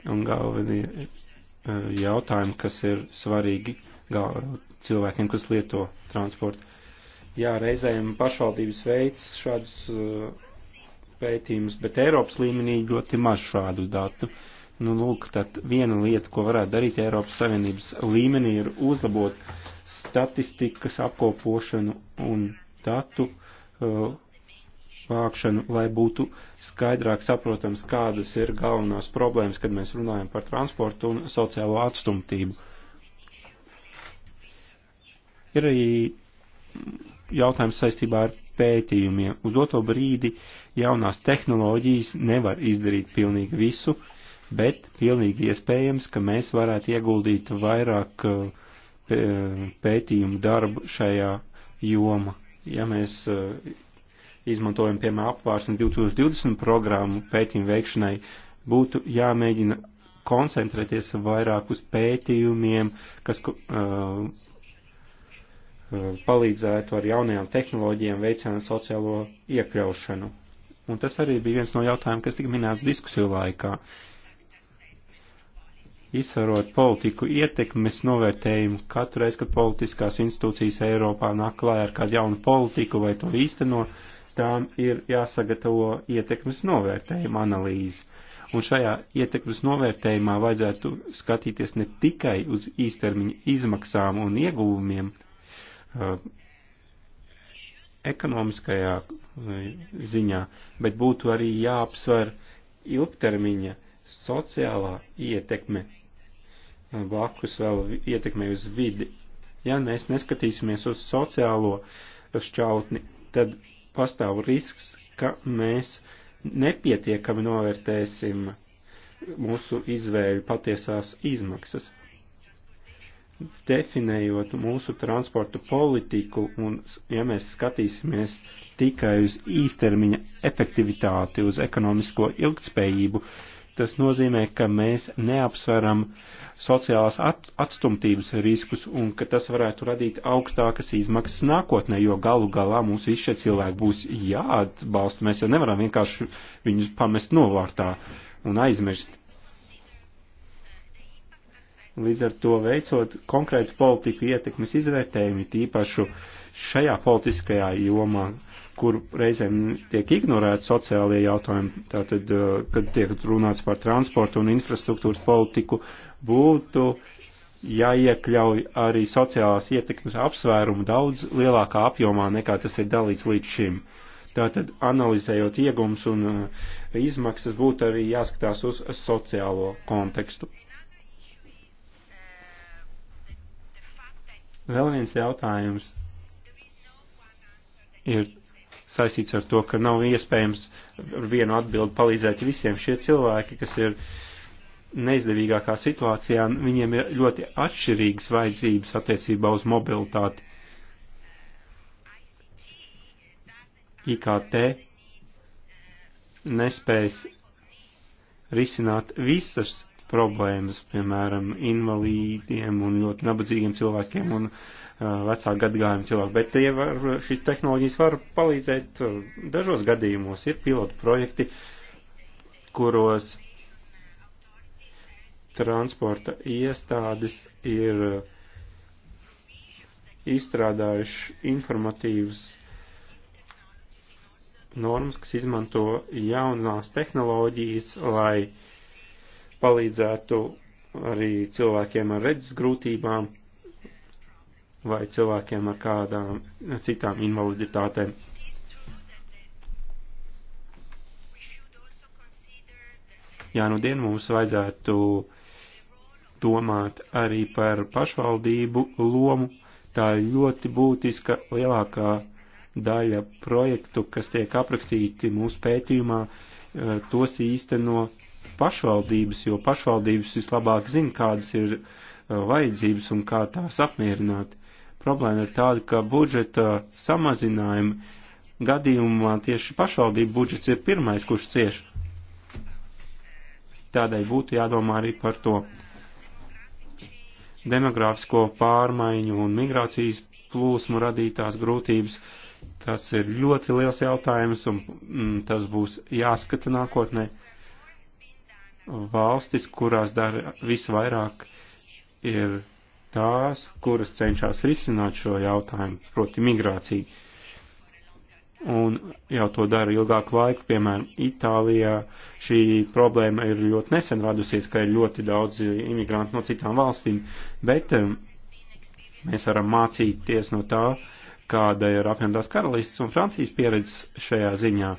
Un galvenie uh, jautājumi, kas ir svarīgi gal, cilvēkiem, kas lieto transportu. Jā, reizēm pašvaldības veids šādus uh, pētījumus, bet Eiropas līmenī ļoti maz šādu datu. Uh, Nu, lūk, tad viena lieta, ko varētu darīt Eiropas Savienības līmenī, ir uzlabot statistikas apkopošanu un datu uh, vākšanu, lai būtu skaidrāk saprotams, kādas ir galvenās problēmas, kad mēs runājam par transportu un sociālo atstumtību. Ir arī jautājums saistībā ar pētījumiem. Uz doto brīdi jaunās tehnoloģijas nevar izdarīt pilnīgi visu, uh, bet pilnīgi iespējams, ka mēs varētu ieguldīt vairāk uh, pētījumu darbu šajā joma. Ja mēs uh, izmantojam, piemēram, apvārsni 2020 programmu pētījumu veikšanai, būtu jāmēģina koncentrēties vairāk uz pētījumiem, kas uh, uh, palīdzētu ar jaunajām tehnoloģijām veicināt sociālo iekļaušanu. Un tas arī bija viens no jautājumiem, kas tika minēts diskusiju laikā. Uh, izsvarot politiku ietekmes novērtējumu katru reizi, kad politiskās institūcijas Eiropā nāk klājā ar kādu jaunu politiku vai to īsteno, tām ir jāsagatavo ietekmes novērtējuma analīze. Un šajā ietekmes novērtējumā vajadzētu skatīties ne tikai uz īstermiņa izmaksām un ieguvumiem uh, ekonomiskajā uh, ziņā, bet būtu arī jāapsver ilgtermiņa uh, sociālā ietekme eh, blakus vēl ietekmē uz vidi. Ja mēs neskatīsimies uz sociālo šķautni, tad pastāv risks, ka mēs nepietiekami novērtēsim mūsu izvēļu patiesās izmaksas. Definējot mūsu transportu politiku un, ja mēs skatīsimies tikai uz īstermiņa efektivitāti, uz ekonomisko ilgtspējību, uh, Tas nozīmē, ka mēs neapsveram sociālās at atstumtības riskus un ka tas varētu radīt augstākas izmaksas nākotnē, jo galu galā mums visi šie cilvēki būs jāatbalsta. Mēs jau nevaram vienkārši viņus pamest novārtā un aizmirst. Līdz ar to veicot konkrētu politiku ietekmes izvērtējumu, tīpašu šajā politiskajā jomā, kur reizēm tiek ignorēti sociālie jautājumi, tātad, uh, kad tiek runāts par transportu un infrastruktūras politiku, būtu jāiekļauj arī sociālās ietekmes apsvērumu daudz lielākā apjomā nekā tas ir dalīts līdz šim. Tātad, analizējot iegums un uh, izmaksas, būtu arī jāskatās uz sociālo kontekstu. Vēl viens jautājums ir saistīts ar to, ka nav iespējams ar vienu atbildi palīdzēt visiem šie cilvēki, kas ir neizdevīgākā situācijā, viņiem ir ļoti atšķirīgas vajadzības attiecībā uz mobilitāti. IKT nespējas risināt visas problēmas, piemēram, invalīdiem un ļoti nabadzīgiem cilvēkiem un uh, vecāku gadgājumu cilvēku, bet tie var, šīs tehnoloģijas var palīdzēt dažos gadījumos. Ir pilotu projekti, kuros transporta iestādes ir izstrādājuši informatīvas normas, kas izmanto jaunās tehnoloģijas, lai palīdzētu arī cilvēkiem ar redzes grūtībām vai cilvēkiem ar kādām citām invaliditātēm. Jā, nu dien mums vajadzētu domāt arī par pašvaldību lomu. Tā ir ļoti būtiska lielākā daļa projektu, kas tiek aprakstīti mūsu pētījumā, eh, tos īsteno pašvaldības, jo pašvaldības vislabāk zina, kādas ir eh, vajadzības un kā tās apmierināt problēma ir tāda, ka budžeta samazinājuma gadījumā tieši pašvaldību budžets ir pirmais, kurš cieš. Tādēļ būtu jādomā arī par to demogrāfisko pārmaiņu un migrācijas plūsmu radītās grūtības. Tas ir ļoti liels jautājums un mm, tas būs jāskata nākotnē. Valstis, kurās dara visvairāk, ir tās, kuras cenšas risināt šo jautājumu, proti migrāciju. Un jau to dara ilgāku laiku, piemēram, Itālijā šī problēma ir ļoti nesen radusies, ka ir ļoti daudz imigrantu no citām valstīm, bet um, mēs varam mācīties no tā, kāda ir apvienotās karalists un Francijas pieredze šajā ziņā,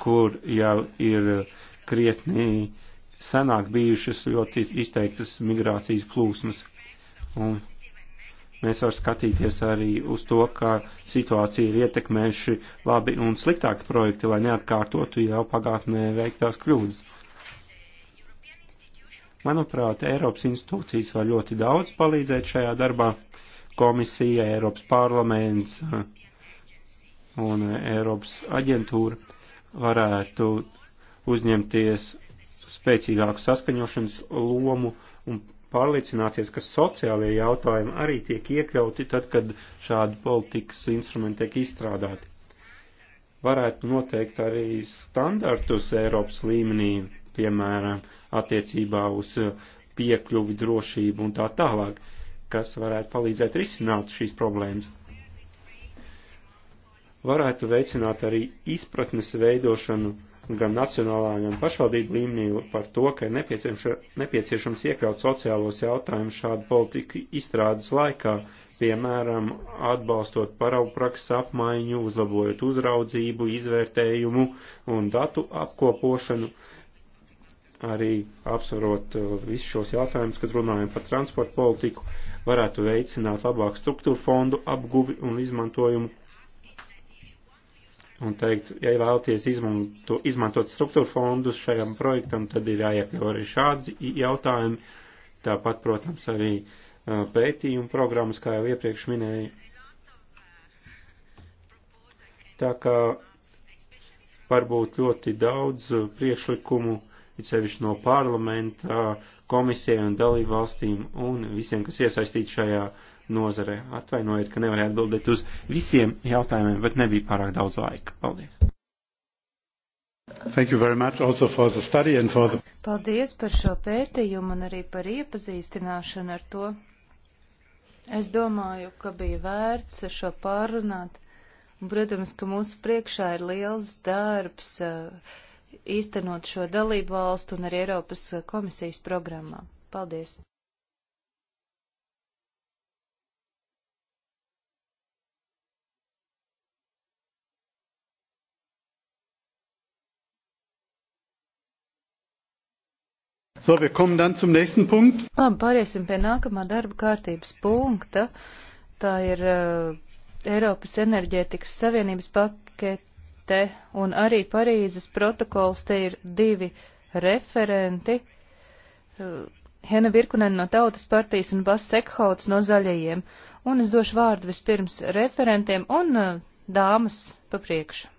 kur jau ir krietni senāk bijušas ļoti izteiktas migrācijas plūsmas. Un mēs varam skatīties arī uz to, kā situācija ir ietekmējuši labi un sliktāki projekti, lai neatkārtotu jau pagātnē veiktās kļūdas. Manuprāt, Eiropas institūcijas var ļoti daudz palīdzēt šajā darbā. Komisija, Eiropas parlaments un Eiropas aģentūra varētu uzņemties spēcīgāku saskaņošanas lomu un pārliecināties, ka sociālie jautājumi arī tiek iekļauti tad, kad šādi politikas instrumenti tiek izstrādāti. Varētu noteikt arī standartus Eiropas līmenī, piemēram, attiecībā uz piekļuvi drošību un tā tālāk, kas varētu palīdzēt risināt šīs problēmas. Varētu veicināt arī izpratnes veidošanu gan nacionālā, gan pašvaldību līmenī par to, ka ir nepieciešams, nepieciešams iekļaut sociālos jautājumus šādu politiku izstrādes laikā, piemēram, atbalstot paraugu prakses apmaiņu, uzlabojot uzraudzību, izvērtējumu un datu apkopošanu, arī apsvarot uh, visus šos jautājumus, kad runājam par transportu politiku, varētu veicināt labāku struktūru fondu apguvi un izmantojumu un teikt, ja vēlaties izmanto, izmantot struktūra fondus šajam projektam, tad ir jāiekļau arī šādi jautājumi. Tāpat, protams, arī pētījumu programmas, kā jau iepriekš minēju. Tā kā var būt ļoti daudz priekšlikumu, it sevišķi no parlamenta, komisijai un dalību valstīm un visiem, kas iesaistīti šajā uh, nozare. Atvainojiet, ka nevarēju atbildēt uz visiem jautājumiem, bet nebija pārāk daudz laika. Paldies! Thank you very much also for the study and for the... Paldies par šo pētījumu un arī par iepazīstināšanu ar to. Es domāju, ka bija vērts šo pārunāt. Un, protams, ka mūsu priekšā ir liels darbs īstenot šo dalību valstu un arī Eiropas komisijas programmā. Paldies! So, wir kommen dann zum nächsten Punkt. Labi, pāriesim pie nākamā darba kārtības punkta. Tā ir uh, Eiropas enerģētikas savienības pakete un arī Parīzes protokols. Te ir divi referenti. Uh, Hena Virkunen no Tautas partijas un Bas Sekhauts no Zaļajiem. Un es došu vārdu vispirms referentiem un uh, dāmas pa priekšu.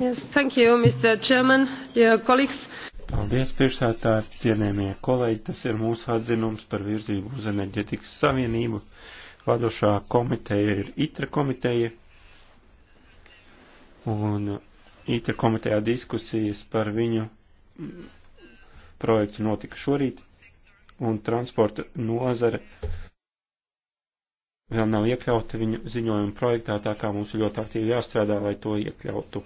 Yes, thank you, Mr. Chairman, dear colleagues. Paldies, priekšsētāji, cienējamie kolēģi. Tas ir mūsu atzinums par virzību uz enerģetikas savienību. Vadošā komiteja ir ITRA komiteja. Un ITRA komitejā diskusijas par viņu projektu notika šorīt. Un transporta nozare vēl nav iekļauta viņu ziņojuma projektā, tā kā mums ļoti aktīvi jāstrādā, lai to iekļautu.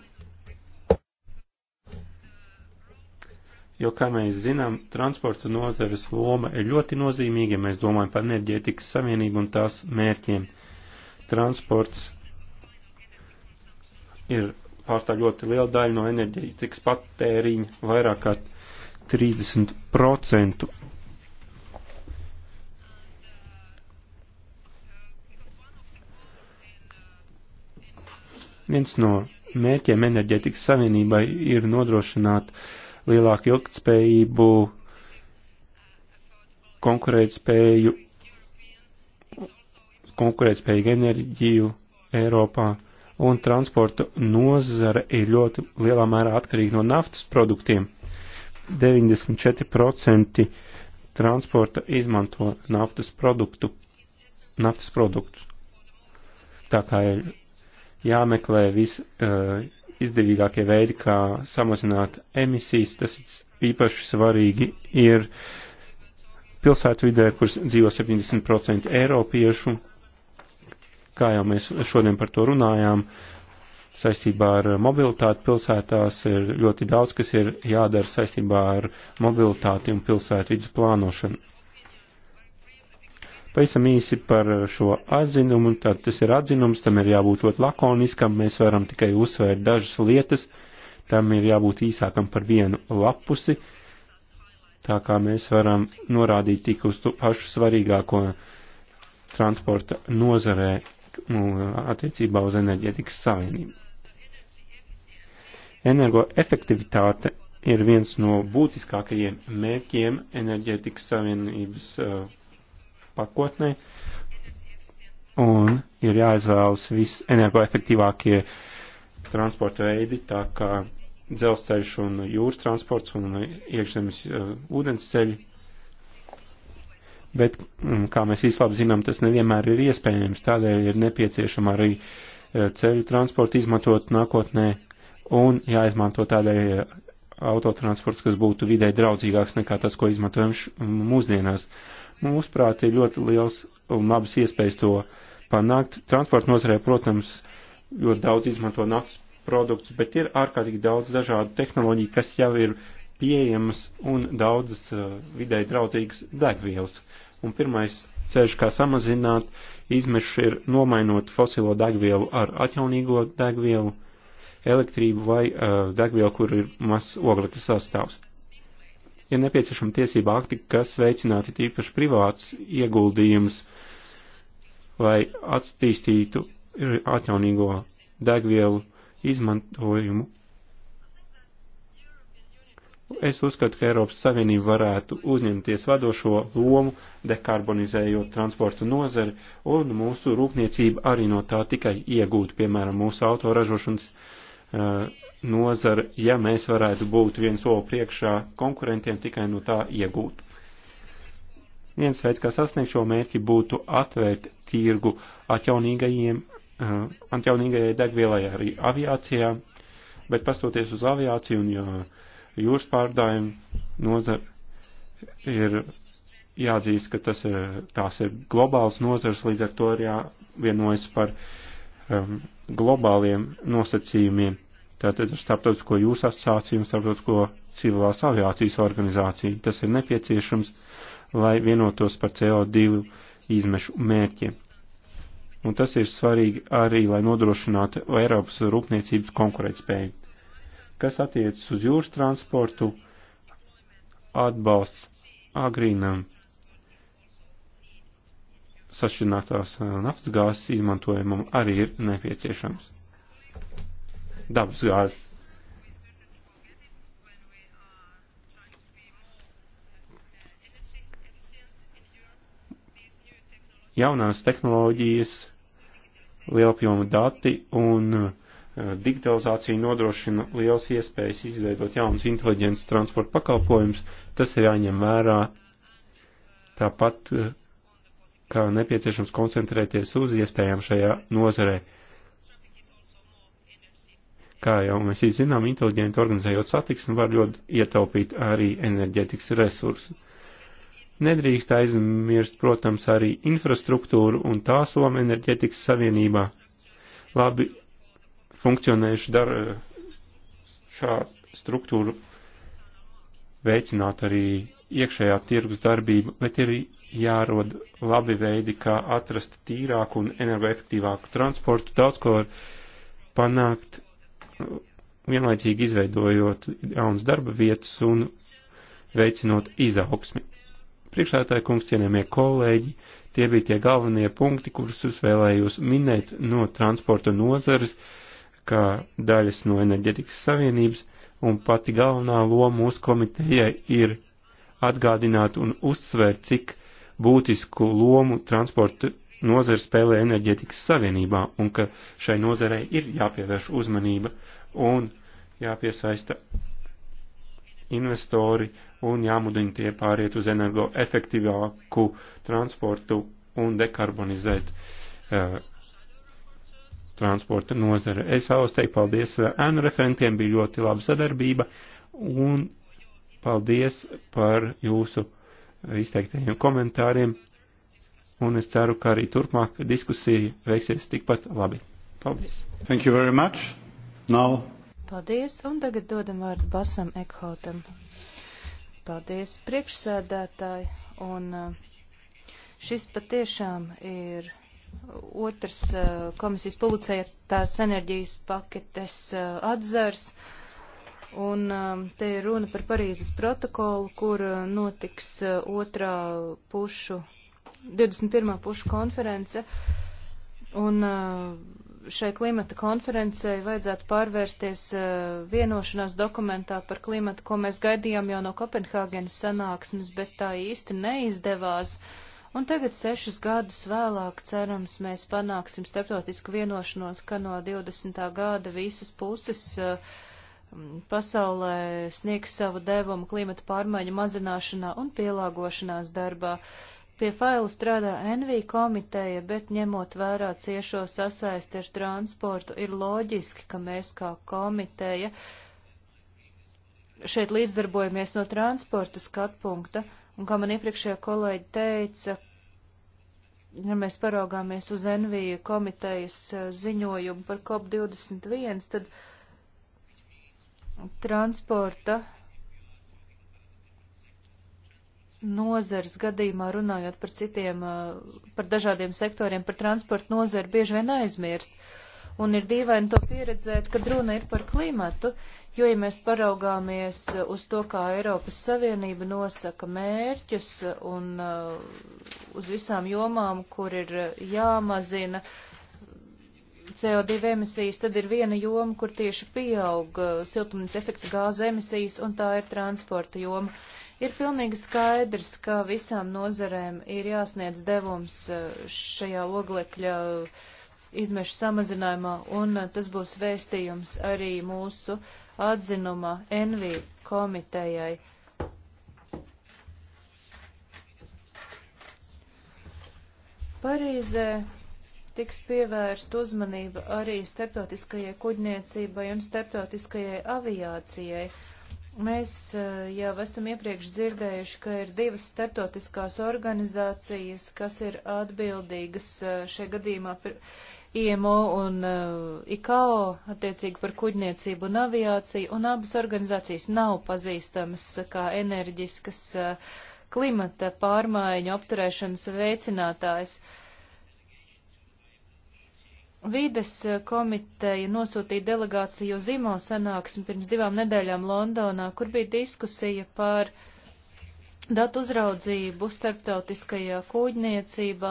jo, kā mēs zinām, transporta nozares loma ir ļoti nozīmīga, ja mēs domājam par enerģētikas savienību un tās mērķiem. Transports ir pārstāv ļoti liela daļa no enerģētikas patēriņa, vairāk kā 30%. Viens no mērķiem enerģētikas savienībai ir nodrošināt uh, lielāku ilgtspējību, konkurētspēju, konkurētspējīgu enerģiju Eiropā, un transporta nozara ir ļoti lielā mērā atkarīga no naftas produktiem. 94% transporta izmanto naftas produktu, naftas produktus. Tā kā ir jāmeklē viss uh, eh, izdevīgākie veidi, kā samazināt emisijas. Tas īpaši svarīgi ir pilsētvidē, kuras dzīvo 70% eiropiešu, kā jau mēs šodien par to runājām, saistībā ar mobilitāti pilsētās ir ļoti daudz, kas ir jādara saistībā ar mobilitāti un pilsētvidas plānošanu. Pavisam īsi par šo atzinumu, tad tas ir atzinums, tam ir jābūt ļoti lakoniskam, mēs varam tikai uzsvērt dažas lietas, tam ir jābūt īsākam par vienu lapusi, tā kā mēs varam norādīt tik uz pašu svarīgāko transporta nozarē nu, attiecībā uz enerģētikas savienību. Energoefektivitāte ir viens no būtiskākajiem mērķiem enerģētikas savienības uh, pakotnē, un ir jāizvēlas visenergoefektīvākie transporta veidi, tā kā dzelzceļš un jūras transports un iekšzemes uh, ūdensceļi. Bet, mm, kā mēs vislab zinām, tas nevienmēr ir iespējams, tādēļ ir nepieciešama arī uh, ceļu transportu izmantot nākotnē un jāizmanto tādēļ uh, autotransports, kas būtu vidē draudzīgāks nekā tas, ko izmantojam mūsdienās. Uh, Mūsuprāt, ir ļoti liels un labas iespējas to panākt. Transporta nozarē, protams, ļoti daudz izmanto naftas produktus, bet ir ārkārtīgi daudz dažādu tehnoloģiju, kas jau ir pieejamas un daudzas uh, vidēji draudzīgas degvielas. Un pirmais ceļš, kā samazināt izmešu, ir nomainot fosilo degvielu ar atjaunīgo degvielu, elektrību vai uh, degvielu, kur ir mazs oglekļa sastāvs ir nepieciešama tiesība akti, kas veicinātu tīpaši privātus ieguldījumus, lai attīstītu atjaunīgo degvielu izmantojumu. Es uzskatu, ka Eiropas Savienība varētu uzņemties vadošo lomu, dekarbonizējot transportu nozari, un mūsu rūpniecība arī no tā tikai iegūtu, piemēram, mūsu autoražošanas uh, nozara, ja mēs varētu būt viens soli priekšā konkurentiem, tikai no tā iegūt. Viens veids, kā sasniegt šo mērķi, būtu atvērt tirgu atjaunīgajiem, eh, atjaunīgajai degvielai arī aviācijā, bet pastoties uz aviāciju un jā, jūras pārdājumu nozara ir jāatzīst, ka tas ir, eh, tās ir globāls nozars, līdz ar to ir jāvienojas par um, globāliem nosacījumiem tātad ar starptautisko jūsu asociāciju un starptautisko civilās aviācijas organizāciju. Tas ir nepieciešams, lai vienotos par CO2 izmešu mērķiem. Un tas ir svarīgi arī, lai nodrošinātu Eiropas rūpniecības konkurētspēju. Kas attiecas uz jūras transportu, atbalsts agrīnam sašķinātās uh, naftas gāzes izmantojumam arī ir nepieciešams dabasgāzi. Jaunās tehnoloģijas, lielapjoma dati un eh, digitalizācija nodrošina liels iespējas izveidot jaunas inteliģences transporta pakalpojumus. Tas ir jāņem vērā tāpat, eh, kā nepieciešams koncentrēties uz iespējām šajā nozarē kā jau mēs zinām, inteliģenti organizējot satiksmi var ļoti ietaupīt arī enerģetikas resursus. Nedrīkst aizmirst, protams, arī infrastruktūru un tā Soma enerģetikas savienībā. Labi funkcionējuši dar šā struktūru veicināt arī iekšējā tirgus darbību, bet ir jārod labi veidi, kā atrast tīrāku un energoefektīvāku transportu. Daudz ko var panākt vienlaicīgi izveidojot jaunas darba vietas un veicinot izaugsmi. Priekšētāji kungs, cienījamie kolēģi, tie bija tie galvenie punkti, kurus es vēlējos minēt no transporta nozares, kā daļas no enerģetikas savienības, un pati galvenā loma mūsu komitejai ir atgādināt un uzsvērt, cik būtisku lomu transporta nozara spēlē enerģetikas savienībā un ka šai nozarei ir jāpievērš uzmanība un jāpiesaista investori un jāmudina tie pāriet uz energoefektīvāku transportu un dekarbonizēt uh, transporta nozare. Es vēlos teikt paldies eh, ēnu referentiem, bija ļoti laba sadarbība un paldies par jūsu izteiktajiem komentāriem un es ceru, ka arī turpmāk diskusija veiksies tikpat labi. Paldies! Thank you very much. Now. Paldies, un tagad dodam vārdu Basam Ekhautam. Paldies, priekšsēdētāji, un uh, šis patiešām ir otrs uh, komisijas publicētās enerģijas paketes uh, atzars. Un um, te ir runa par Parīzes protokolu, kur notiks otrā pušu 21. pušu konference, un uh, šai klimata konferencei vajadzētu pārvērsties uh, vienošanās dokumentā par klimatu, ko mēs gaidījām jau no Kopenhāgenes sanāksmes, bet tā īsti neizdevās. Un tagad sešus gadus vēlāk, cerams, mēs panāksim starptautisku vienošanos, ka no 20. gada visas puses uh, pasaulē sniegs savu devumu klimata pārmaiņu mazināšanā un pielāgošanās darbā. Pie faila strādā NV komiteja, bet ņemot vērā ciešo sasaisti ar transportu, ir loģiski, ka mēs kā komiteja šeit līdzdarbojamies no transporta skatpunkta, un kā man iepriekšējā kolēģi teica, ja mēs paraugāmies uz NV komitejas eh, ziņojumu par COP21, tad transporta nozars gadījumā runājot par citiem, eh, par dažādiem sektoriem, par transportu nozari bieži vien aizmirst. Un ir dīvaini to pieredzēt, kad runa ir par klimatu, jo, ja mēs paraugāmies uz to, kā Eiropas Savienība nosaka mērķus un eh, uz visām jomām, kur ir jāmazina CO2 emisijas, tad ir viena joma, kur tieši pieaug eh, siltumnīca efekta gāza emisijas, un tā ir transporta joma. Uh, Ir pilnīgi skaidrs, ka visām nozarēm ir jāsniedz devums eh, šajā oglekļa izmešu samazinājumā, un eh, tas būs vēstījums arī mūsu atzinuma NV komitejai. Parīzē tiks pievērsta uzmanība arī starptautiskajai kuģniecībai un starptautiskajai aviācijai. Mēs eh, jau esam iepriekš dzirdējuši, ka ir divas starptautiskās organizācijas, kas ir atbildīgas eh, šajā gadījumā par IMO un eh, ICAO, attiecīgi par kuģniecību un aviāciju, un abas organizācijas nav pazīstamas kā enerģiskas klimata pārmaiņu apturēšanas veicinātājs. Uh, Vides eh, komiteja nosūtīja delegāciju uz Zimo sanāksmi pirms divām nedēļām Londonā, kur bija diskusija par datu uzraudzību starptautiskajā kūģniecībā,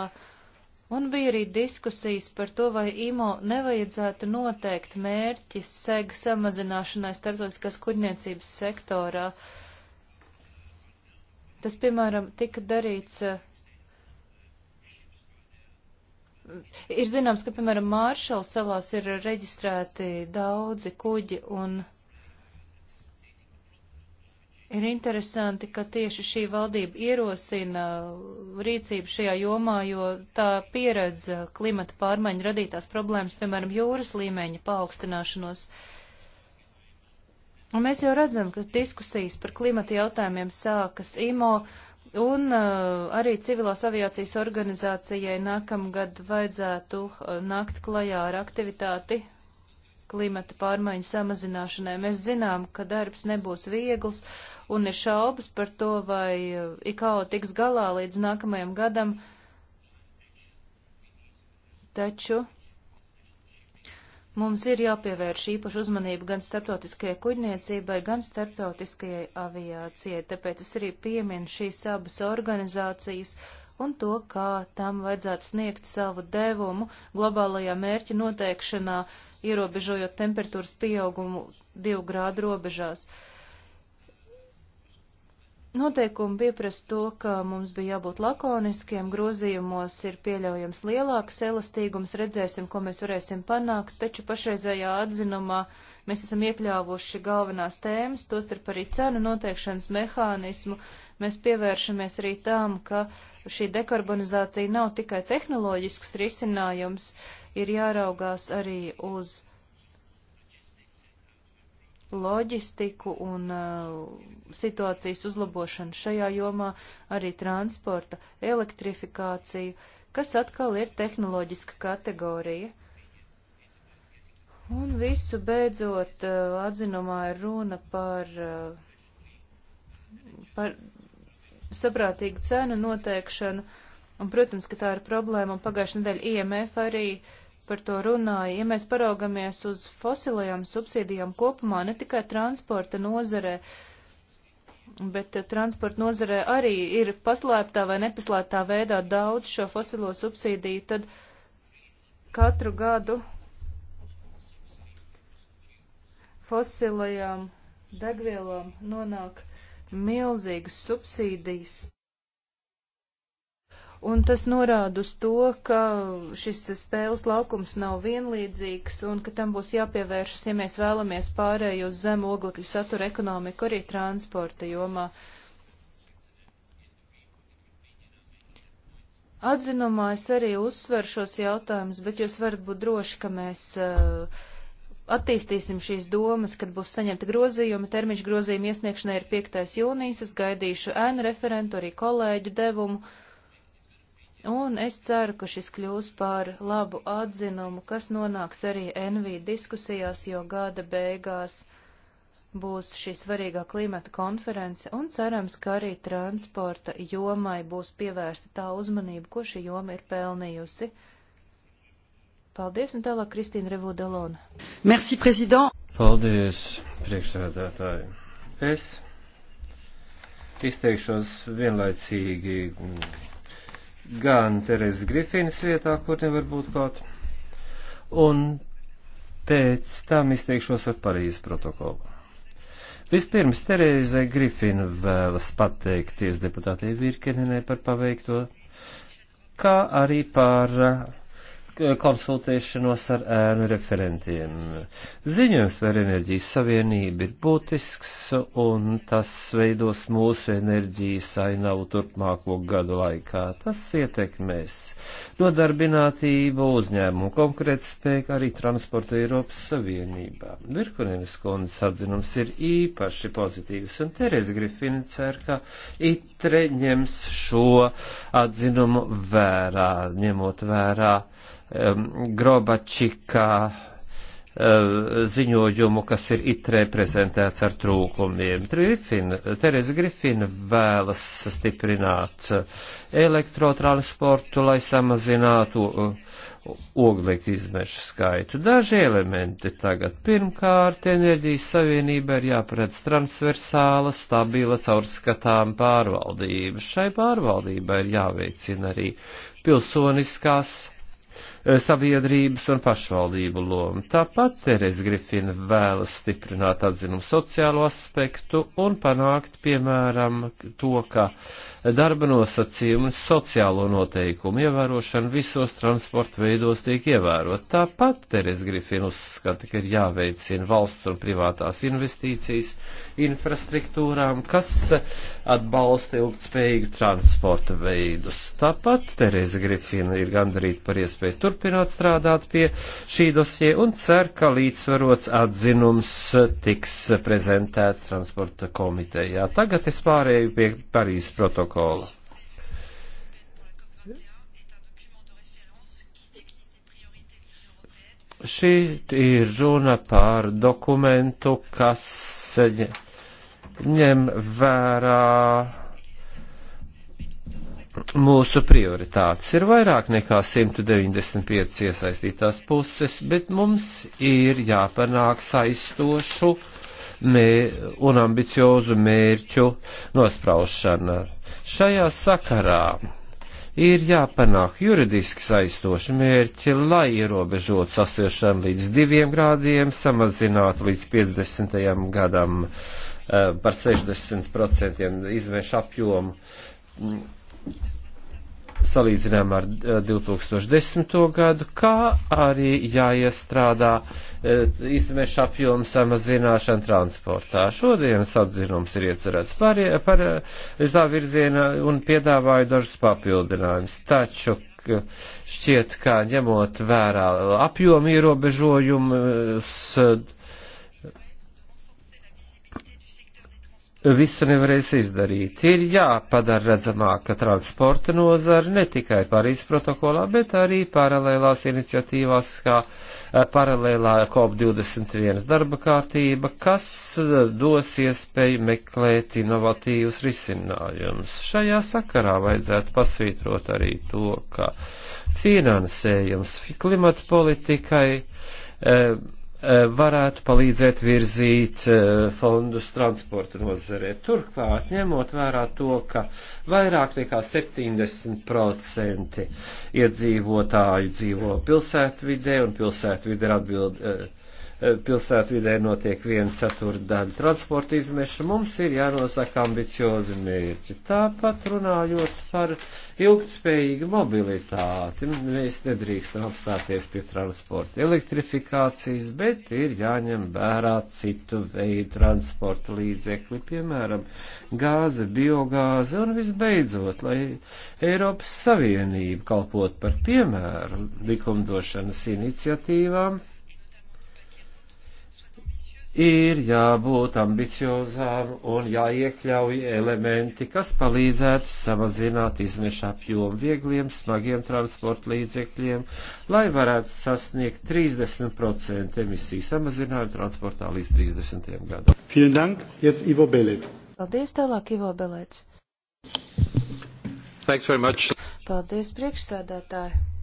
un bija arī diskusijas par to, vai IMO nevajadzētu noteikt mērķis seg samazināšanai starptautiskās kuģniecības sektorā. Tas, piemēram, tika darīts eh, Ir zināms, ka, piemēram, Māršala salās ir reģistrēti daudzi kuģi un ir interesanti, ka tieši šī valdība ierosina rīcību šajā jomā, jo tā pieredze klimata pārmaiņu radītās problēmas, piemēram, jūras līmeņa paaugstināšanos. Un mēs jau redzam, ka diskusijas par klimata jautājumiem sākas IMO Un uh, arī civilās aviācijas organizācijai nākamgad vajadzētu uh, nākt klajā ar aktivitāti klimata pārmaiņu samazināšanai. Mēs zinām, ka darbs nebūs viegls un ir šaubas par to, vai uh, IKO tiks galā līdz nākamajam gadam. Taču Mums ir jāpievērš īpašu uzmanību gan starptautiskajai kuģniecībai, gan starptautiskajai aviācijai, tāpēc es arī pieminu šīs abas organizācijas un to, kā tam vajadzētu sniegt savu devumu globālajā mērķa noteikšanā, ierobežojot temperatūras pieaugumu divu grādu robežās. Uh, Noteikumi pieprasa to, ka mums bija jābūt lakoniskiem, grozījumos ir pieļaujams lielāks elastīgums, redzēsim, ko mēs varēsim panākt, taču pašreizējā atzinumā mēs esam iekļāvuši galvenās tēmas, tostarp arī cenu noteikšanas mehānismu, mēs pievēršamies arī tām, ka šī dekarbonizācija nav tikai tehnoloģisks risinājums, ir jāraugās arī uz loģistiku un uh, situācijas uzlabošanu šajā jomā, arī transporta, elektrifikāciju, kas atkal ir tehnoloģiska kategorija. Un visu beidzot uh, atzinumā ir runa par, uh, par saprātīgu cenu noteikšanu, un, protams, ka tā ir problēma, un pagājušajā nedēļā IMF arī uh, par to runāja. Ja mēs paraugamies uz fosilajām subsīdijām kopumā, ne tikai transporta nozarē, bet eh, transporta nozarē arī ir paslēptā vai nepaslēptā veidā daudz šo fosilo subsīdiju, tad katru gadu fosilajām degvielām nonāk milzīgas subsīdijas. Un tas norāda uz to, ka šis spēles laukums nav vienlīdzīgs un ka tam būs jāpievēršas, ja mēs vēlamies pārēju uz zem oglekļu satura ekonomiku arī transporta jomā. Atzinumā es arī uzsveru šos jautājumus, bet jūs varat būt droši, ka mēs uh, attīstīsim šīs domas, kad būs saņemta grozījuma. Termiņš grozījuma iesniegšanai ir 5. jūnijas. Es gaidīšu ēnu referentu, arī kolēģu devumu. Uh, Un es ceru, ka šis kļūs par labu atzinumu, kas nonāks arī NV diskusijās, jo gada beigās būs šī svarīgā klimata konference, un cerams, ka arī transporta jomai būs pievērsta tā uzmanība, ko šī joma ir pelnījusi. Paldies, un tālāk Kristīna Revūdalona. Merci, prezident! Paldies, priekšsēdētāji! Es izteikšos vienlaicīgi gan Terezas Grifinas vietā, kur nevar būt klāt, un pēc tam izteikšos ar Parīzes protokolu. Vispirms Terezai Grifina vēlas pateikties deputātei Virkenenē par paveikto, kā arī par Eh, konsultēšanos ar ēnu referentiem. Ziņojums par enerģijas savienību ir būtisks, un tas veidos mūsu enerģijas ainavu turpmāko gadu laikā. Tas ietekmēs nodarbinātību, uzņēmumu konkurētspēju, arī transportu Eiropas Savienībā. Virkunienes kundzes atzinums ir īpaši pozitīvs, un Tereza Grifina cer, ka itre ņems šo atzinumu vērā, ņemot vērā Grobačika ziņojumu, kas ir it reprezentēts ar trūkumiem. Grifina, Tereza Grifina vēlas stiprināt elektrotransportu, lai samazinātu oglekļa izmešu skaitu. Daži elementi tagad. Pirmkārt, enerģijas savienība ir jāparedz transversāla, stabila, caurskatām pārvaldība. Šai pārvaldībai ir jāveicina arī pilsoniskās Eh, sabiedrības un pašvaldību lomu. Tāpat Ceres Grifina vēlas stiprināt atzinumu sociālo aspektu un panākt, piemēram, to, ka uh, darba nosacījumu un sociālo noteikumu ievērošana visos transporta veidos tiek ievērot. Tāpat Teres Grifina uzskata, ka ir jāveicina valsts un privātās investīcijas infrastruktūrām, kas atbalsta ilgtspējīgu transporta veidus. Tāpat Teres Grifina ir gandarīt par iespēju turpināt strādāt pie šī dosie un cer, ka līdzsvarots atzinums tiks prezentēts transporta komitejā. Tagad es pārēju pie Parīzes protokola protokola. Šī ir runa par dokumentu, kas ņem vērā mūsu prioritātes. Ir vairāk nekā 195 iesaistītās puses, bet mums ir jāpanāk saistošu mē un ambiciozu mērķu nospraušana. Šajā sakarā ir jāpanāk juridiski saistoši mērķi, lai ierobežotu sasiešanu līdz diviem grādiem, samazinātu līdz 50. gadam eh, par 60% izmešu apjomu salīdzinām ar 2010. Eh, gadu, kā arī jāiestrādā eh, izmeša apjoma samazināšana transportā. Šodienas atzinums ir iecerēts par, par eh, zā virziena un piedāvāju dažus papildinājumus. Taču šķiet, kā ņemot vērā apjomu ierobežojumus, visu nevarēs izdarīt. Ir jāpadara redzamāka transporta nozara ne tikai Parīzes protokolā, bet arī paralēlās iniciatīvās, kā eh, paralēlā COP21 darba kārtība, kas eh, dos iespēju meklēt inovatīvus risinājumus. Šajā sakarā vajadzētu pasvītrot arī to, ka finansējums klimata politikai eh, Eh, varētu palīdzēt virzīt eh, fondus transporta nozarē. Turklāt, ņemot vērā to, ka vairāk nekā 70% iedzīvotāju dzīvo pilsētvidē un pilsētvide ir atbild, eh, pilsētvidē notiek viena ceturdaļa transporta izmeša, mums ir jānosaka ambiciozi mērķi. Tāpat runājot par ilgtspējīgu mobilitāti, mēs nedrīkstam apstāties pie transporta elektrifikācijas, bet ir jāņem vērā citu veidu transporta līdzekļi, piemēram, gāze, biogāze un visbeidzot, lai Eiropas Savienība kalpot par piemēru likumdošanas iniciatīvām, ir jābūt ambiciozām un jāiekļauj elementi, kas palīdzētu samazināt izmešu apjomu viegliem, smagiem transporta līdzekļiem, lai varētu sasniegt 30% emisiju samazinājumu transportā līdz 30. gadam. Paldies, tālāk Ivo Belēts. Paldies, priekšsēdētāji.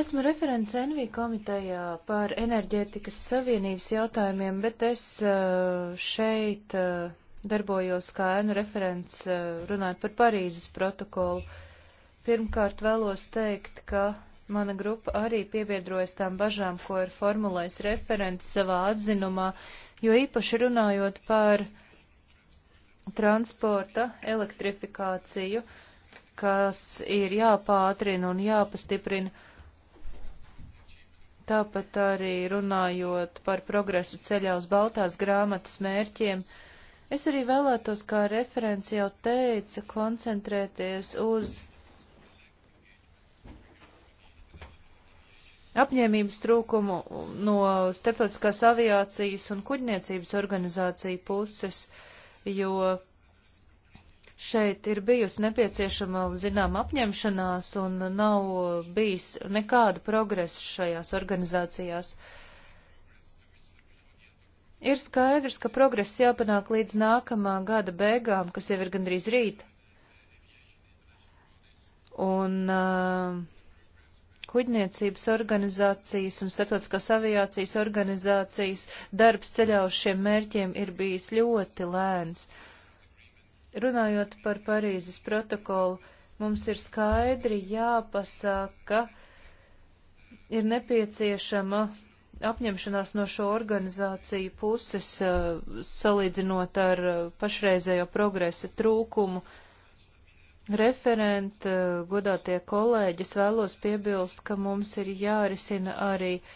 Esmu referents NV komitejā par enerģētikas savienības jautājumiem, bet es eh, šeit eh, darbojos kā ēnu referents eh, runājot par Parīzes protokolu. Pirmkārt vēlos teikt, ka mana grupa arī piebiedrojas tām bažām, ko ir formulējis referents savā atzinumā, jo īpaši runājot par transporta elektrifikāciju, kas ir jāpātrina un jāpastiprina Tāpat arī runājot par progresu ceļā uz Baltās grāmatas mērķiem, es arī vēlētos, kā referents jau teica, koncentrēties uz apņēmības trūkumu no starptautiskās aviācijas un kuģniecības organizāciju puses, jo Šeit ir bijusi nepieciešama, zinām, apņemšanās un nav bijis nekāda progresa šajās organizācijās. Ir skaidrs, ka progress jāpanāk līdz nākamā gada beigām, kas jau ir gandrīz rīt. Un uh, kuģniecības organizācijas un starptautiskās aviācijas organizācijas darbs ceļā uz šiem mērķiem ir bijis ļoti lēns. Uh, Runājot par Parīzes protokolu, mums ir skaidri jāpasaka, ir nepieciešama apņemšanās no šo organizāciju puses, eh, salīdzinot ar eh, pašreizējo progresa trūkumu. Referent, eh, godātie kolēģi, es vēlos piebilst, ka mums ir jārisina arī uh,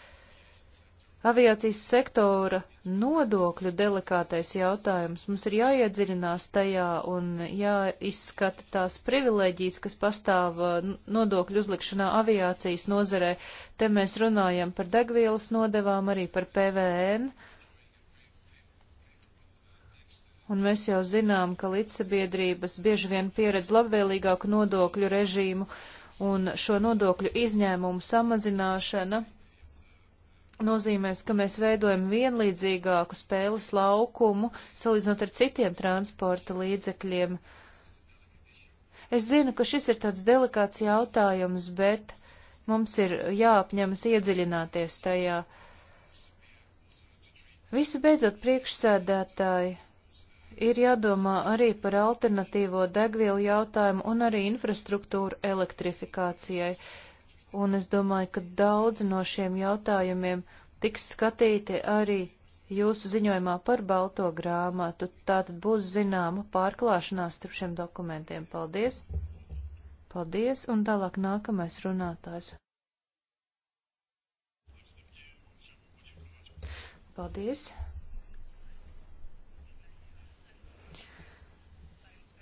Aviācijas sektora nodokļu delikātais jautājums. Mums ir jāiedziļinās tajā un jāizskata tās privilēģijas, kas pastāv uh, nodokļu uzlikšanā aviācijas nozarē. Te mēs runājam par degvielas nodevām, arī par PVN. Un mēs jau zinām, ka līdzsabiedrības bieži vien pieredz labvēlīgāku nodokļu režīmu un šo nodokļu izņēmumu samazināšana nozīmēs, ka mēs veidojam vienlīdzīgāku spēles laukumu salīdzinot ar citiem transporta līdzekļiem. Es zinu, ka šis ir tāds delikāts jautājums, bet mums ir jāapņemas iedziļināties tajā. Visu beidzot priekšsēdētāji ir jādomā arī par alternatīvo degvielu jautājumu un arī infrastruktūru elektrifikācijai un es domāju, ka daudz no šiem jautājumiem tiks skatīti arī jūsu ziņojumā par balto grāmatu. Tā tad būs zināma pārklāšanās starp šiem dokumentiem. Paldies! Paldies, un tālāk nākamais runātājs. Paldies!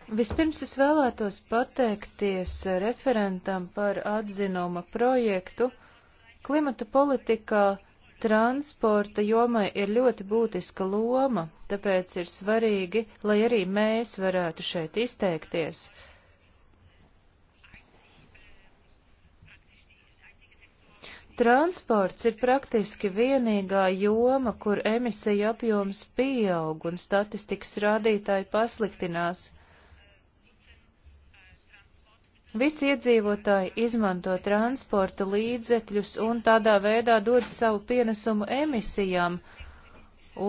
Vispirms es vēlētos pateikties referentam par atzinuma projektu. Klimata politikā transporta jomai ir ļoti būtiska loma, tāpēc ir svarīgi, lai arī mēs varētu šeit izteikties. Transports ir praktiski vienīgā joma, kur emisija apjoms pieaug un statistikas rādītāji pasliktinās. Visi iedzīvotāji izmanto transporta līdzekļus un tādā veidā dod savu pienesumu emisijām,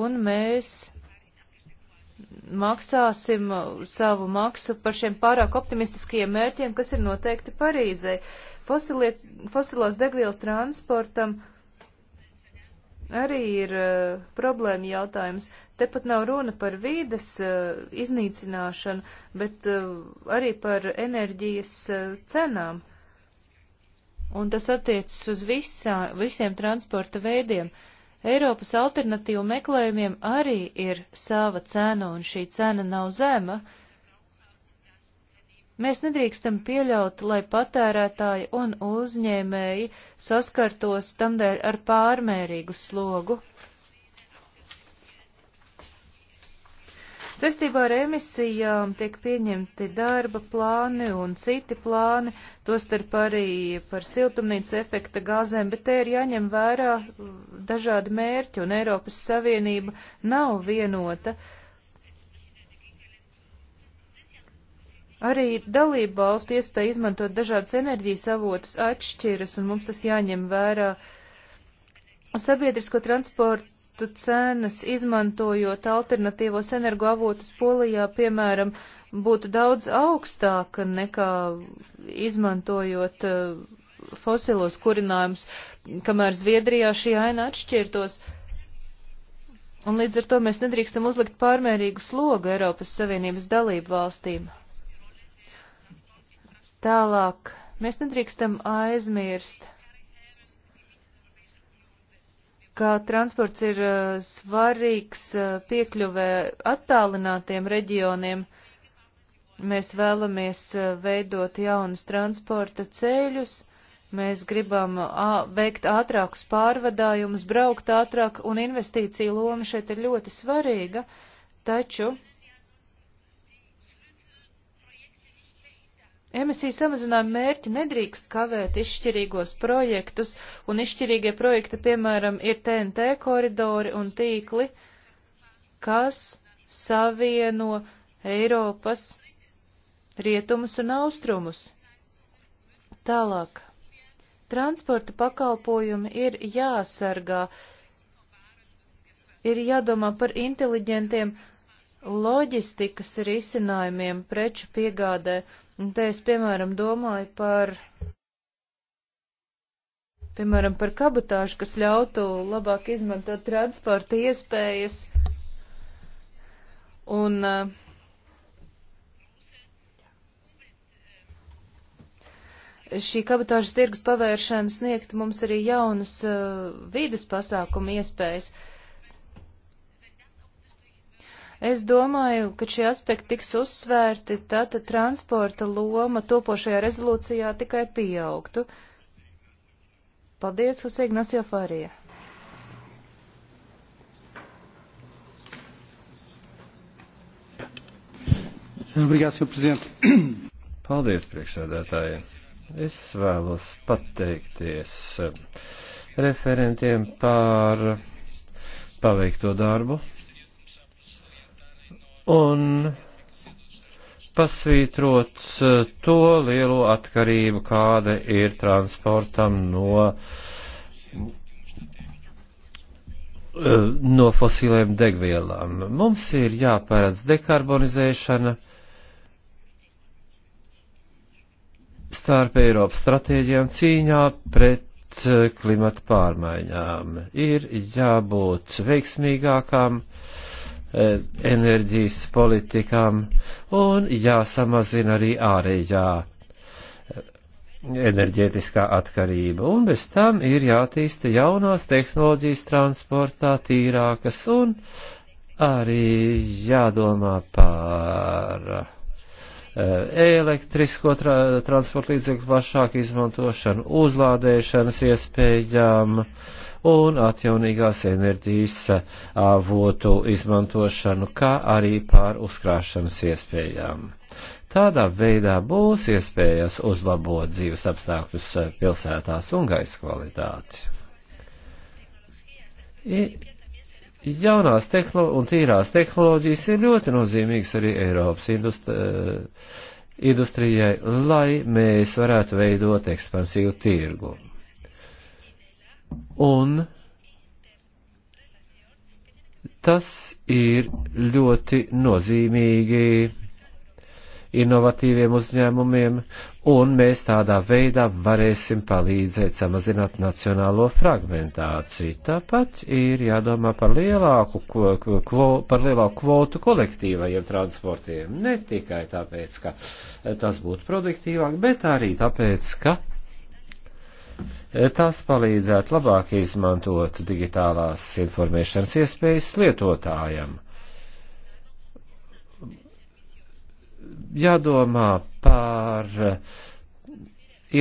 un mēs maksāsim uh, savu maksu par šiem pārāk optimistiskajiem mērķiem, kas ir noteikti Parīzē. Fosilie, fosilās degvielas transportam uh, arī ir uh, problēma jautājums. Te pat nav runa par vīdes uh, iznīcināšanu, bet uh, arī par enerģijas cenām. Un tas attiecas uz visā, visiem transporta veidiem. Eiropas alternatīvu meklējumiem arī ir sava cena, un šī cena nav zema. Uh, Mēs nedrīkstam pieļaut, lai patērētāji un uzņēmēji saskartos tamdēļ ar pārmērīgu slogu. Sestībā ar emisijām tiek pieņemti darba plāni un citi plāni, tostarp arī par siltumnīca efekta gāzēm, bet te ir jāņem vērā dažādi mērķi, un Eiropas Savienība nav vienota. Uh, Arī dalību valstu iespēja izmantot dažādas enerģijas avotus atšķiras, un mums tas jāņem vērā. Sabiedrisko transportu cenas, izmantojot alternatīvos energoavotus Polijā, piemēram, būtu daudz augstāka nekā izmantojot uh, fosilos kurinājumus, kamēr Zviedrijā šī aina atšķirtos. Un līdz ar to mēs nedrīkstam uzlikt pārmērīgu slogu Eiropas Savienības dalību valstīm. Tālāk, mēs nedrīkstam aizmirst, ka transports ir uh, svarīgs uh, piekļuvē attālinātiem reģioniem. Mēs vēlamies uh, veidot jaunus transporta ceļus, mēs gribam veikt ātrākus pārvadājumus, braukt ātrāk, un investīcija loma šeit ir ļoti svarīga, taču Emisiju samazinājuma mērķi nedrīkst kavēt izšķirīgos projektus, un izšķirīgie projekti, piemēram, ir TNT koridori un tīkli, kas savieno Eiropas rietumus un austrumus. Tālāk. Transporta pakalpojumi ir jāsargā, ir jādomā par inteliģentiem loģistikas risinājumiem preču piegādē Un te es, piemēram, domāju par, piemēram, par kabatāšu, kas ļautu labāk izmantot transporta iespējas. Un, eh, Šī kabatāžas tirgus pavēršana sniegt mums arī jaunas uh, eh, vīdes pasākumu iespējas. Uh, Es domāju, ka šie aspekti tiks uzsvērti, tātad transporta loma topošajā rezolūcijā tikai pieaugtu. Paldies, Husē Ignacio Farija. Obrigado, Sr. Presidente. Paldies, priekšsēdētāji. Es vēlos pateikties eh, referentiem par paveikto darbu un pasvītrot eh, to lielo atkarību, kāda ir transportam no, eh, no fosiliem degvielām. Mums ir jāparedz dekarbonizēšana starp Eiropas stratēģiem cīņā pret eh, klimata pārmaiņām. Ir jābūt veiksmīgākām uh, E, enerģijas politikām un jāsamazina arī ārējā e, enerģētiskā atkarība, un bez tam ir jātīsta jaunās tehnoloģijas transportā tīrākas un arī jādomā par e, elektrisko tra transporta līdzekļu plašāku izmantošanu, uzlādēšanas iespējām, uh, un atjaunīgās enerģijas avotu izmantošanu, kā arī pār uzkrāšanas iespējām. Tādā veidā būs iespējas uzlabot dzīves apstākļus pilsētās un gaisa kvalitāti. I jaunās tehno un tīrās tehnoloģijas ir ļoti nozīmīgas arī Eiropas industri eh, industrijai, lai mēs varētu veidot ekspansīvu tirgu. Un tas ir ļoti nozīmīgi inovatīviem uzņēmumiem, un mēs tādā veidā varēsim palīdzēt samazināt nacionālo fragmentāciju. Tāpat ir jādomā par lielāku, kvo, par lielāku kvotu kolektīvajiem transportiem. Ne tikai tāpēc, ka tas būtu produktīvāk, bet arī tāpēc, ka Tās palīdzētu labāk izmantot digitālās informēšanas iespējas lietotājam. Jādomā par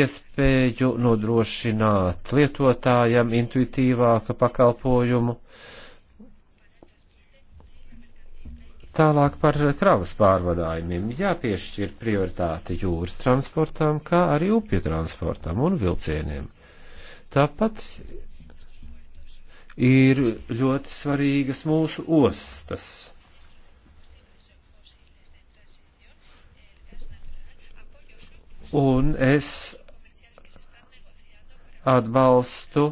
iespēju nodrošināt lietotājam intuitīvāka pakalpojumu. Tālāk par kravas pārvadājumiem jāpiešķir prioritāte jūras transportam, kā arī upju transportam un vilcieniem. Tāpat ir ļoti svarīgas mūsu ostas. Un es atbalstu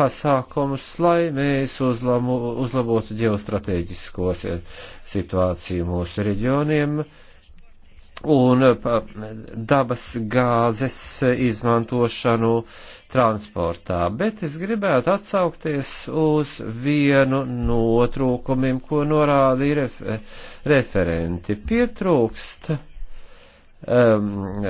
pasākumus, lai mēs uzlamu, uzlabotu ģeostrateģisko situāciju mūsu reģioniem. Uh, un eh, dabas gāzes izmantošanu transportā, bet es gribētu atsaukties uz vienu no trūkumiem, ko norādīja refer referenti. Pietrūkst um,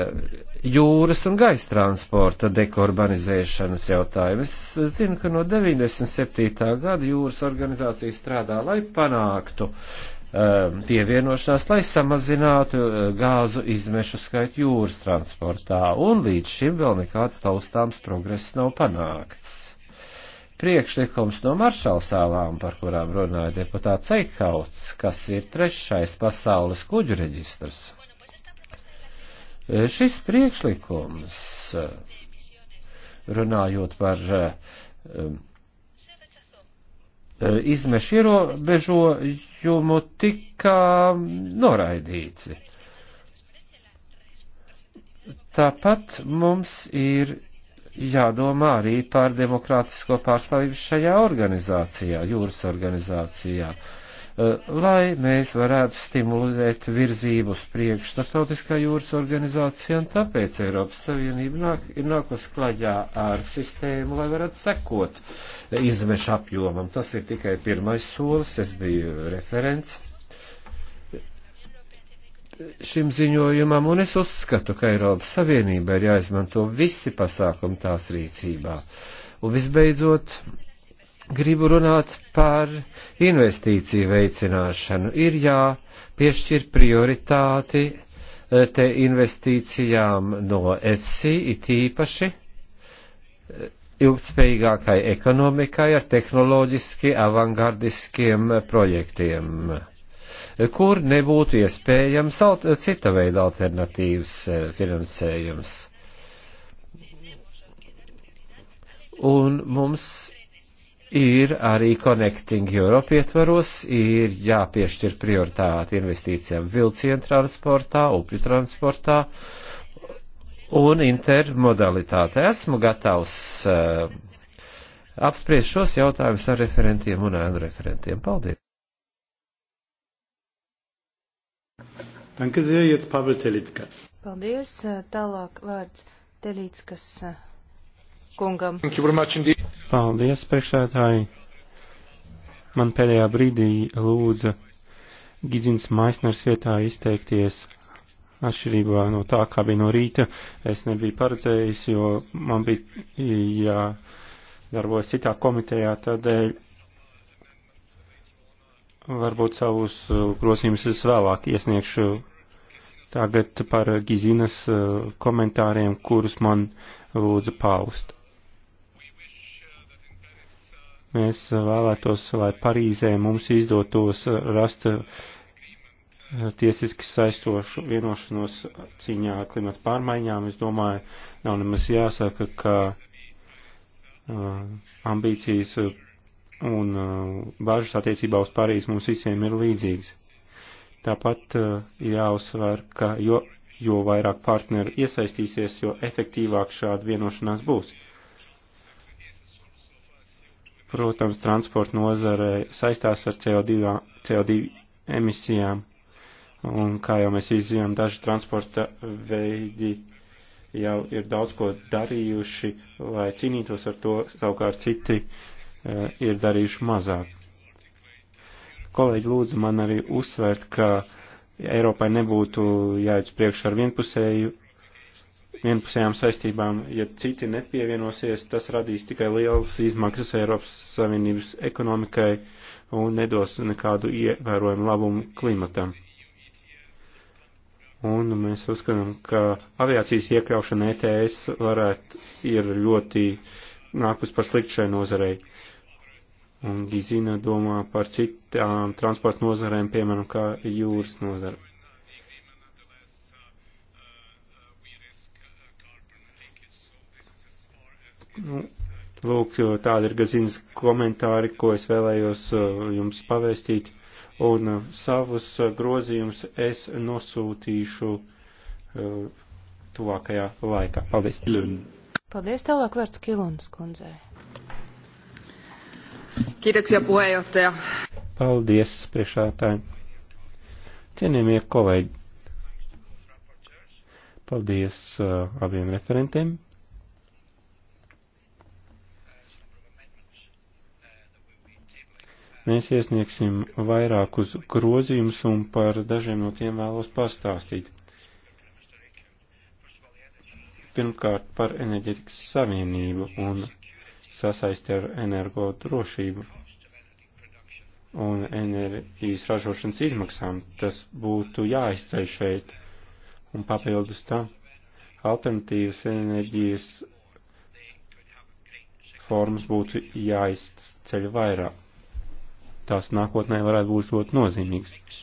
jūras un gaisa transporta dekorbanizēšanas jautājumu. Es zinu, ka no 97. gada jūras organizācija strādā, lai panāktu uh, Um, pievienošanās, lai samazinātu uh, gāzu izmešu skaitu jūras transportā, un līdz šim vēl nekāds taustāms progress nav panākts. Priekšlikums no Maršalsālām, par kurām runāja deputāts Eikauts, kas ir trešais pasaules kuģu reģistrs. Uh, šis priekšlikums, uh, runājot par um, Eh, izmešu ierobežojumu tika noraidīts. Tāpat mums ir jādomā arī par demokrātisko pārstāvību šajā organizācijā, jūras organizācijā. Uh, Eh, lai mēs varētu stimulēt virzību uz priekšu starptautiskā jūras organizācija, un tāpēc Eiropas Savienība nāk, ir nākus klaļā ar sistēmu, lai varētu sekot izmešu apjomam. Tas ir tikai pirmais solis, es biju referents šim ziņojumam, un es uzskatu, ka Eiropas Savienībai ir jāizmanto visi pasākumi tās rīcībā. Un visbeidzot, gribu runāt par investīciju veicināšanu. Ir jāpiešķir prioritāti eh, te investīcijām no FC, it īpaši eh, ilgtspējīgākai ekonomikai ar tehnoloģiski avangardiskiem projektiem, eh, kur nebūtu iespējams cita veida alternatīvas finansējums. Un mums ir arī Connecting Europe ietvaros, ir jāpiešķir prioritāti investīcijām vilcienu transportā, upju transportā un intermodalitāte. Esmu gatavs uh, apspriest šos jautājumus ar referentiem un ēnu referentiem. Paldies! Danke sehr, jetzt Pavel Telitska. Paldies, eh, tālāk vārds Telitskas eh, kungam. Paldies, priekšētāji. Man pēdējā brīdī lūdza Gidzins Maisners vietā izteikties atšķirībā no tā, kā bija no rīta. Es nebiju paredzējis, jo man bija jādarbojas citā komitejā, tādēļ eh, varbūt savus eh, grozījumus es vēlāk iesniegšu tagad par Gizinas eh, komentāriem, kurus man lūdza paust. Mēs vēlētos, lai Parīzē mums izdotos rast eh, tiesiski saistošu vienošanos cīņā ar klimatu pārmaiņām. Es domāju, nav nemaz jāsaka, ka uh, ambīcijas eh, un uh, bažas attiecībā uz Parīzi mums visiem ir līdzīgas. Tāpat uh, jāuzsver, ka jo, jo vairāk partneri iesaistīsies, jo efektīvāk šāda vienošanās būs. Uh, Protams, transporta nozare saistās ar CO2, CO2 emisijām. Un kā jau mēs izzinām, daži transporta veidi jau ir daudz ko darījuši, lai cīnītos ar to, savukārt citi uh, ir darījuši mazāk. Kolēģi lūdzu man arī uzsvērt, ka Eiropai nebūtu jāiet priekš ar vienpusēju vienpusējām saistībām, ja citi nepievienosies, tas radīs tikai lielas izmaksas Eiropas Savienības ekonomikai un nedos nekādu ievērojumu labumu klimatam. Un mēs uzskatām, ka aviācijas iekļaušana ETS varētu ir ļoti nākus par sliktu šai nozarei. Un Gizina domā par citām transporta nozarēm, piemēram, kā jūras nozara. Nu, lūk, tādi ir gazīnas komentāri, ko es vēlējos uh, jums pavēstīt, un uh, savus uh, grozījumus es nosūtīšu tuvākajā laikā. Paldies! Paldies tālāk vārds Kilunas kundzei. Kiitoksia puheenjohtaja. Paldies priekšētājiem. Cienījamie kolēģi. Paldies uh, abiem referentiem. Mēs iesniegsim vairākus grozījumus un par dažiem no tiem vēlos pastāstīt. Pirmkārt par enerģetikas savienību un sasaisti ar energo drošību un enerģijas ražošanas izmaksām. Tas būtu jāizceļ šeit un papildus tam alternatīvas enerģijas formas būtu jāizceļ vairāk tās nākotnē varētu būt ļoti nozīmīgas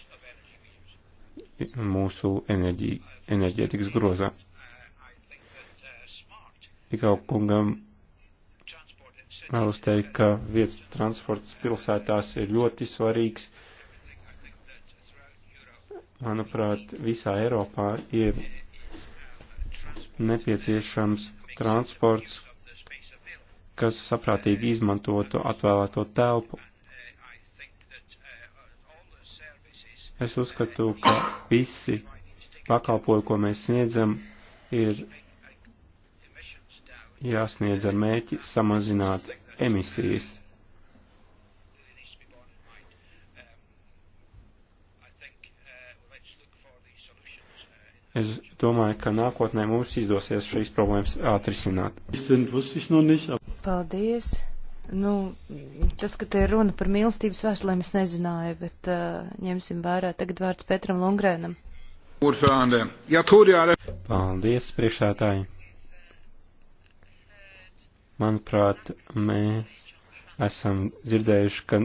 mūsu enerģi, enerģētikas grozā. Tikau kungam vēlos teikt, ka vietas transports pilsētās ir ļoti svarīgs. Manuprāt, visā Eiropā ir nepieciešams transports, kas saprātīgi izmantotu atvēlēto telpu. Es uzskatu, ka visi pakalpojumi, ko mēs sniedzam, ir jāsniedz ar mēķi samazināt emisijas. Es domāju, ka nākotnē mums izdosies šīs problēmas atrisināt. Paldies! Nu, tas, ka te ir runa par mīlestības vēstulēm, es nezināju, bet uh, ņemsim vērā tagad vārds Petram Lungrēnam. Paldies, priekšētāji. Manuprāt, mēs esam dzirdējuši, ka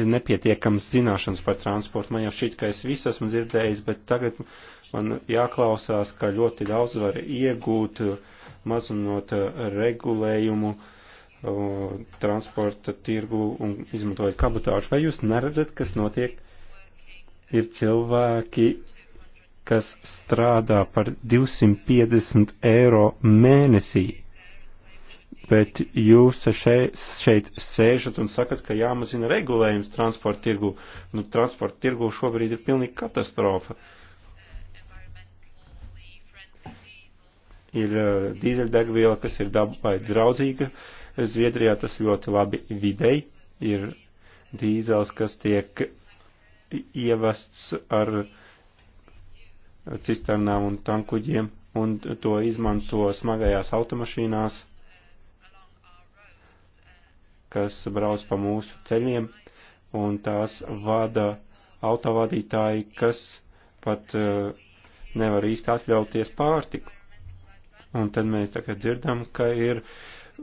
ir nepietiekams zināšanas par transportu. Man jau šķiet, ka es visu esmu dzirdējis, bet tagad man jāklausās, ka ļoti daudz var iegūt, mazinot uh, regulējumu. Uh, transporta tirgu un izmantojat kabatāšu. Vai jūs neredzat, kas notiek? Ir cilvēki, kas strādā par 250 eiro mēnesī, bet jūs šeit, šeit sēžat un sakat, ka jāmazina regulējums transporta tirgu. Nu, transporta tirgu šobrīd ir pilnīgi katastrofa. Ir uh, dīzeļdegviela, kas ir dabai draudzīga. Uh, Zviedrijā tas ļoti labi videi ir dīzels, kas tiek ievests ar cisternām un tankuģiem, un to izmanto smagajās automašīnās, kas brauc pa mūsu ceļiem, un tās vada autovadītāji, kas pat uh, nevar īsti atļauties pārtiku. Un tad mēs tagad dzirdam, ka ir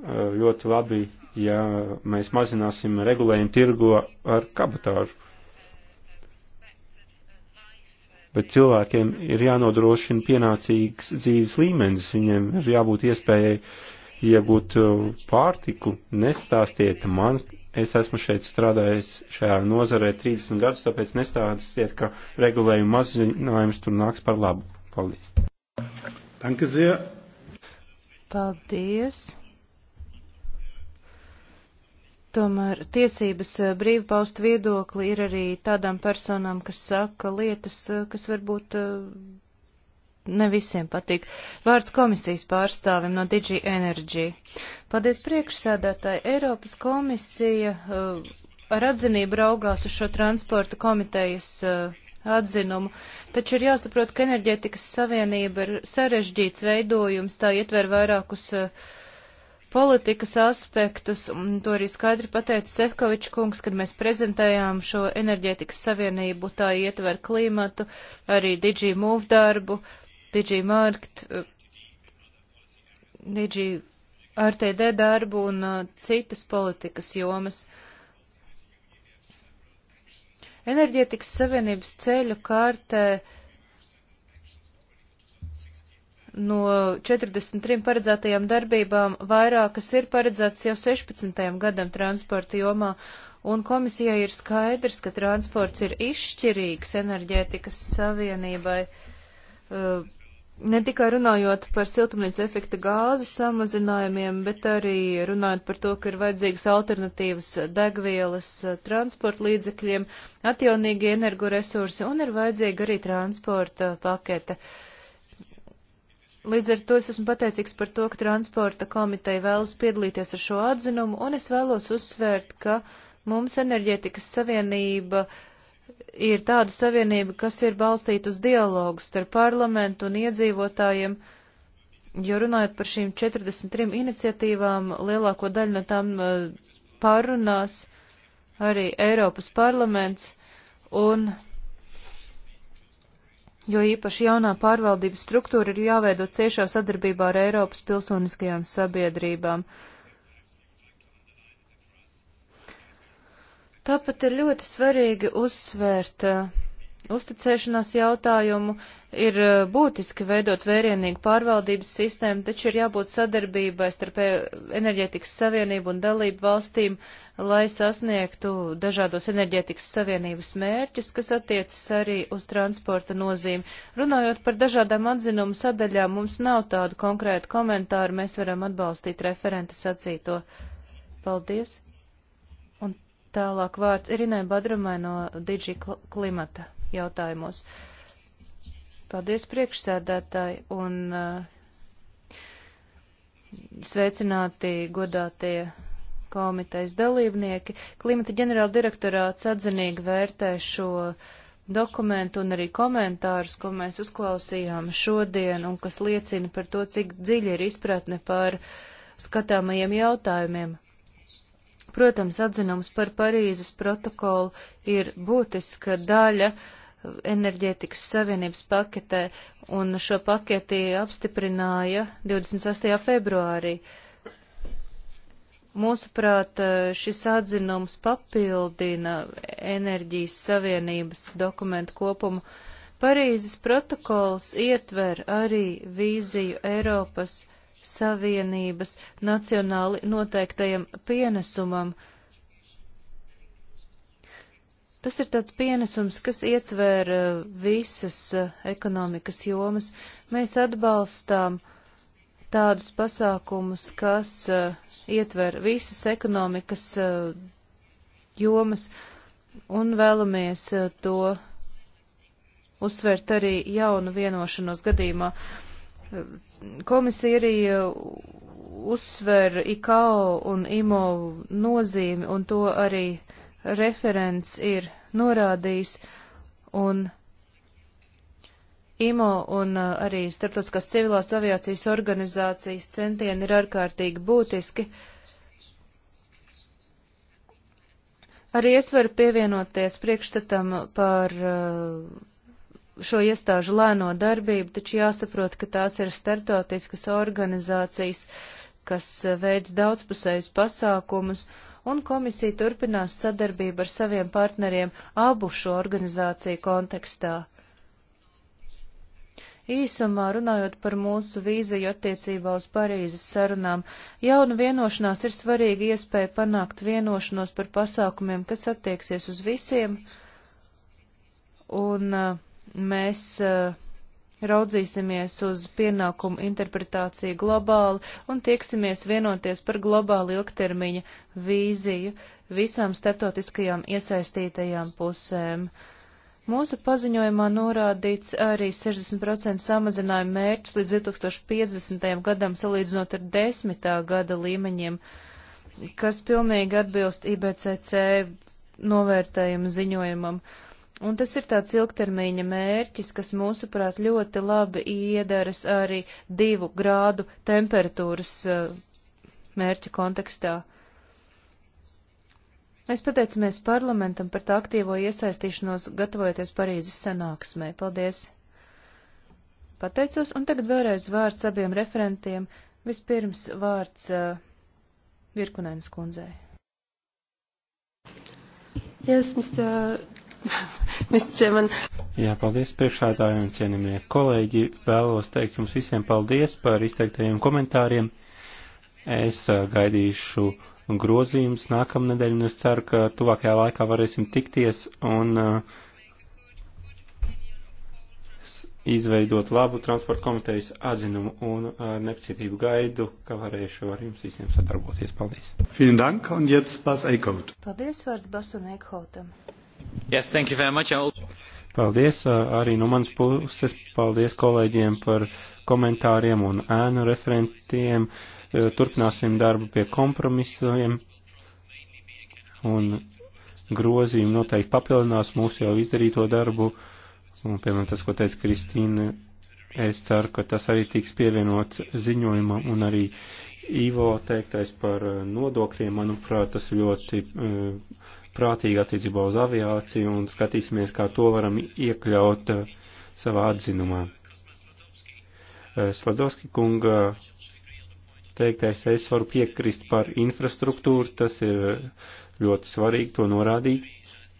ļoti labi, ja mēs mazināsim regulējumu tirgo ar kabatāžu. Bet cilvēkiem ir jānodrošina pienācīgs dzīves līmenis, viņiem ir jābūt iespējai iegūt uh, pārtiku. Nestāstiet man, es esmu šeit strādājis šajā nozarē 30 gadus, tāpēc nestāstiet, ka regulējuma mazinājums tur nāks par labu. Paldies! Danke sehr! Paldies! Tomēr tiesības eh, brīvi paust viedokli ir arī tādām personām, kas saka lietas, eh, kas varbūt eh, ne visiem patīk. Vārds komisijas pārstāvim no Digi Energy. Paldies priekšsēdētāji. Eiropas komisija ar atzinību raugās uz šo transporta komitejas atzinumu, taču ir jāsaprot, ka enerģētikas savienība ir sarežģīts veidojums, tā ietver vairākus uh, politikas aspektus, un to arī skaidri pateica Sefkovičs kungs, kad mēs prezentējām šo enerģētikas savienību, tā ietver klimatu, arī Digi Move darbu, Digi Markt, Digi RTD darbu un uh, citas politikas jomas. Enerģētikas savienības ceļu kārtē uh, no 43 paredzētajām darbībām vairākas ir paredzētas jau 16. gadam transporta jomā, un komisijai ir skaidrs, ka transports ir izšķirīgs enerģētikas savienībai, eh, ne tikai runājot par siltumnīca efekta gāzes samazinājumiem, bet arī runājot par to, ka ir vajadzīgas alternatīvas degvielas eh, transporta līdzekļiem, atjaunīgi energoresursi un ir vajadzīga arī transporta pakete. Uh, Līdz ar to es esmu pateicīgs par to, ka transporta komiteja vēlas piedalīties ar šo atzinumu, un es vēlos uzsvērt, ka mums enerģētikas savienība ir tāda savienība, kas ir balstīta uz dialogu starp parlamentu un iedzīvotājiem, jo runājot par šīm 43 iniciatīvām, lielāko daļu no tām uh, pārunās arī Eiropas parlaments, un jo īpaši jaunā pārvaldības struktūra ir jāveido ciešā sadarbībā ar Eiropas pilsoniskajām sabiedrībām. Tāpat ir ļoti svarīgi uzsvērt uh, uzticēšanās jautājumu, ir eh, būtiski veidot vērienīgu pārvaldības sistēmu, taču ir jābūt sadarbībai starp eh, enerģētikas savienību un dalību valstīm, lai sasniegtu dažādos enerģētikas savienības mērķus, kas attiecas arī uz transporta nozīmi. Runājot par dažādām atzinumu sadaļām, mums nav tādu konkrētu komentāru, mēs varam atbalstīt referenta sacīto. Paldies! Un tālāk vārds Irinai Badramai no Digi Klimata jautājumos. Paldies priekšsēdētāji un uh, sveicināti godātie komitejas dalībnieki. Klimata ģenerāla direktorāts atzinīgi vērtē šo dokumentu un arī komentārus, ko mēs uzklausījām šodien un kas liecina par to, cik dziļi ir izpratne par skatāmajiem jautājumiem. Protams, atzinums par Parīzes protokolu ir būtiska daļa uh, enerģētikas savienības paketē, un šo paketi apstiprināja 28. februārī. Mūsuprāt, šis atzinums papildina enerģijas savienības dokumentu kopumu. Parīzes protokols ietver arī vīziju Eiropas Savienības nacionāli noteiktajam pienesumam, uh, Tas ir tāds pienesums, kas ietver uh, visas uh, ekonomikas jomas. Mēs atbalstām tādus pasākumus, kas uh, ietver visas ekonomikas jomas un vēlamies to uzsvērt arī jaunu vienošanos gadījumā. Komisija arī uzsver IKO un IMO nozīmi un to arī uh, referents ir norādījis, un IMO un uh, arī Startautiskās civilās aviācijas organizācijas centieni ir ārkārtīgi būtiski. Arī es varu pievienoties priekšstatam par uh, šo iestāžu lēno darbību, taču jāsaprot, ka tās ir startautiskas organizācijas, uh, kas eh, veids daudzpusējus pasākumus, un komisija turpinās sadarbību ar saviem partneriem abu šo organizāciju kontekstā. Īsumā runājot par mūsu vīziju attiecībā uz Parīzes sarunām, jauna vienošanās ir svarīga iespēja panākt vienošanos par pasākumiem, kas attieksies uz visiem, un eh, mēs uh, raudzīsimies uz pienākumu interpretāciju globāli un tieksimies vienoties par globālu ilgtermiņa vīziju visām starptautiskajām iesaistītajām pusēm. Mūsu paziņojumā norādīts arī 60% samazinājuma mērķis līdz 2050. gadam salīdzinot ar 10. gada līmeņiem, kas pilnīgi atbilst IBCC novērtējuma ziņojumam. Uh, Un tas ir tāds ilgtermiņa mērķis, kas mūsuprāt ļoti labi iedaras arī divu grādu temperatūras eh, mērķa kontekstā. Mēs pateicamies parlamentam par tā aktīvo iesaistīšanos, gatavojoties Parīzes sanāksmē. Paldies! Pateicos, un tagad vēlreiz vārds abiem referentiem. Vispirms vārds uh, Virkunēnas kundzei. Yes, Mr. Jā, paldies priekšādājiem un cienījumie kolēģi. Vēlos teikt jums visiem paldies par izteiktajiem komentāriem. Es gaidīšu grozījumus nākamnedēļ un es ceru, ka tuvākajā laikā varēsim tikties un izveidot labu transporta komitejas atzinumu un ar nepacietību gaidu, ka varēšu ar jums visiem sadarboties. Paldies! Paldies, vārds Basam Eikhautam! Yes, thank you very much. I'll... Paldies arī no manas puses. Paldies kolēģiem par komentāriem un ēnu referentiem. Turpināsim darbu pie kompromisiem. Un grozījumi noteikti papildinās mūsu jau izdarīto darbu. Un, piemēram, tas, ko teica Kristīna, es ceru, ka tas arī tiks pievienots ziņojumam un arī Ivo teiktais par nodokļiem, manuprāt, tas ļoti uh, prātīgi attiecībā uz aviāciju un skatīsimies, kā to varam iekļaut eh, savā atzinumā. Eh, Sladovski kunga teiktais es varu piekrist par infrastruktūru, tas ir eh, ļoti svarīgi to norādīt,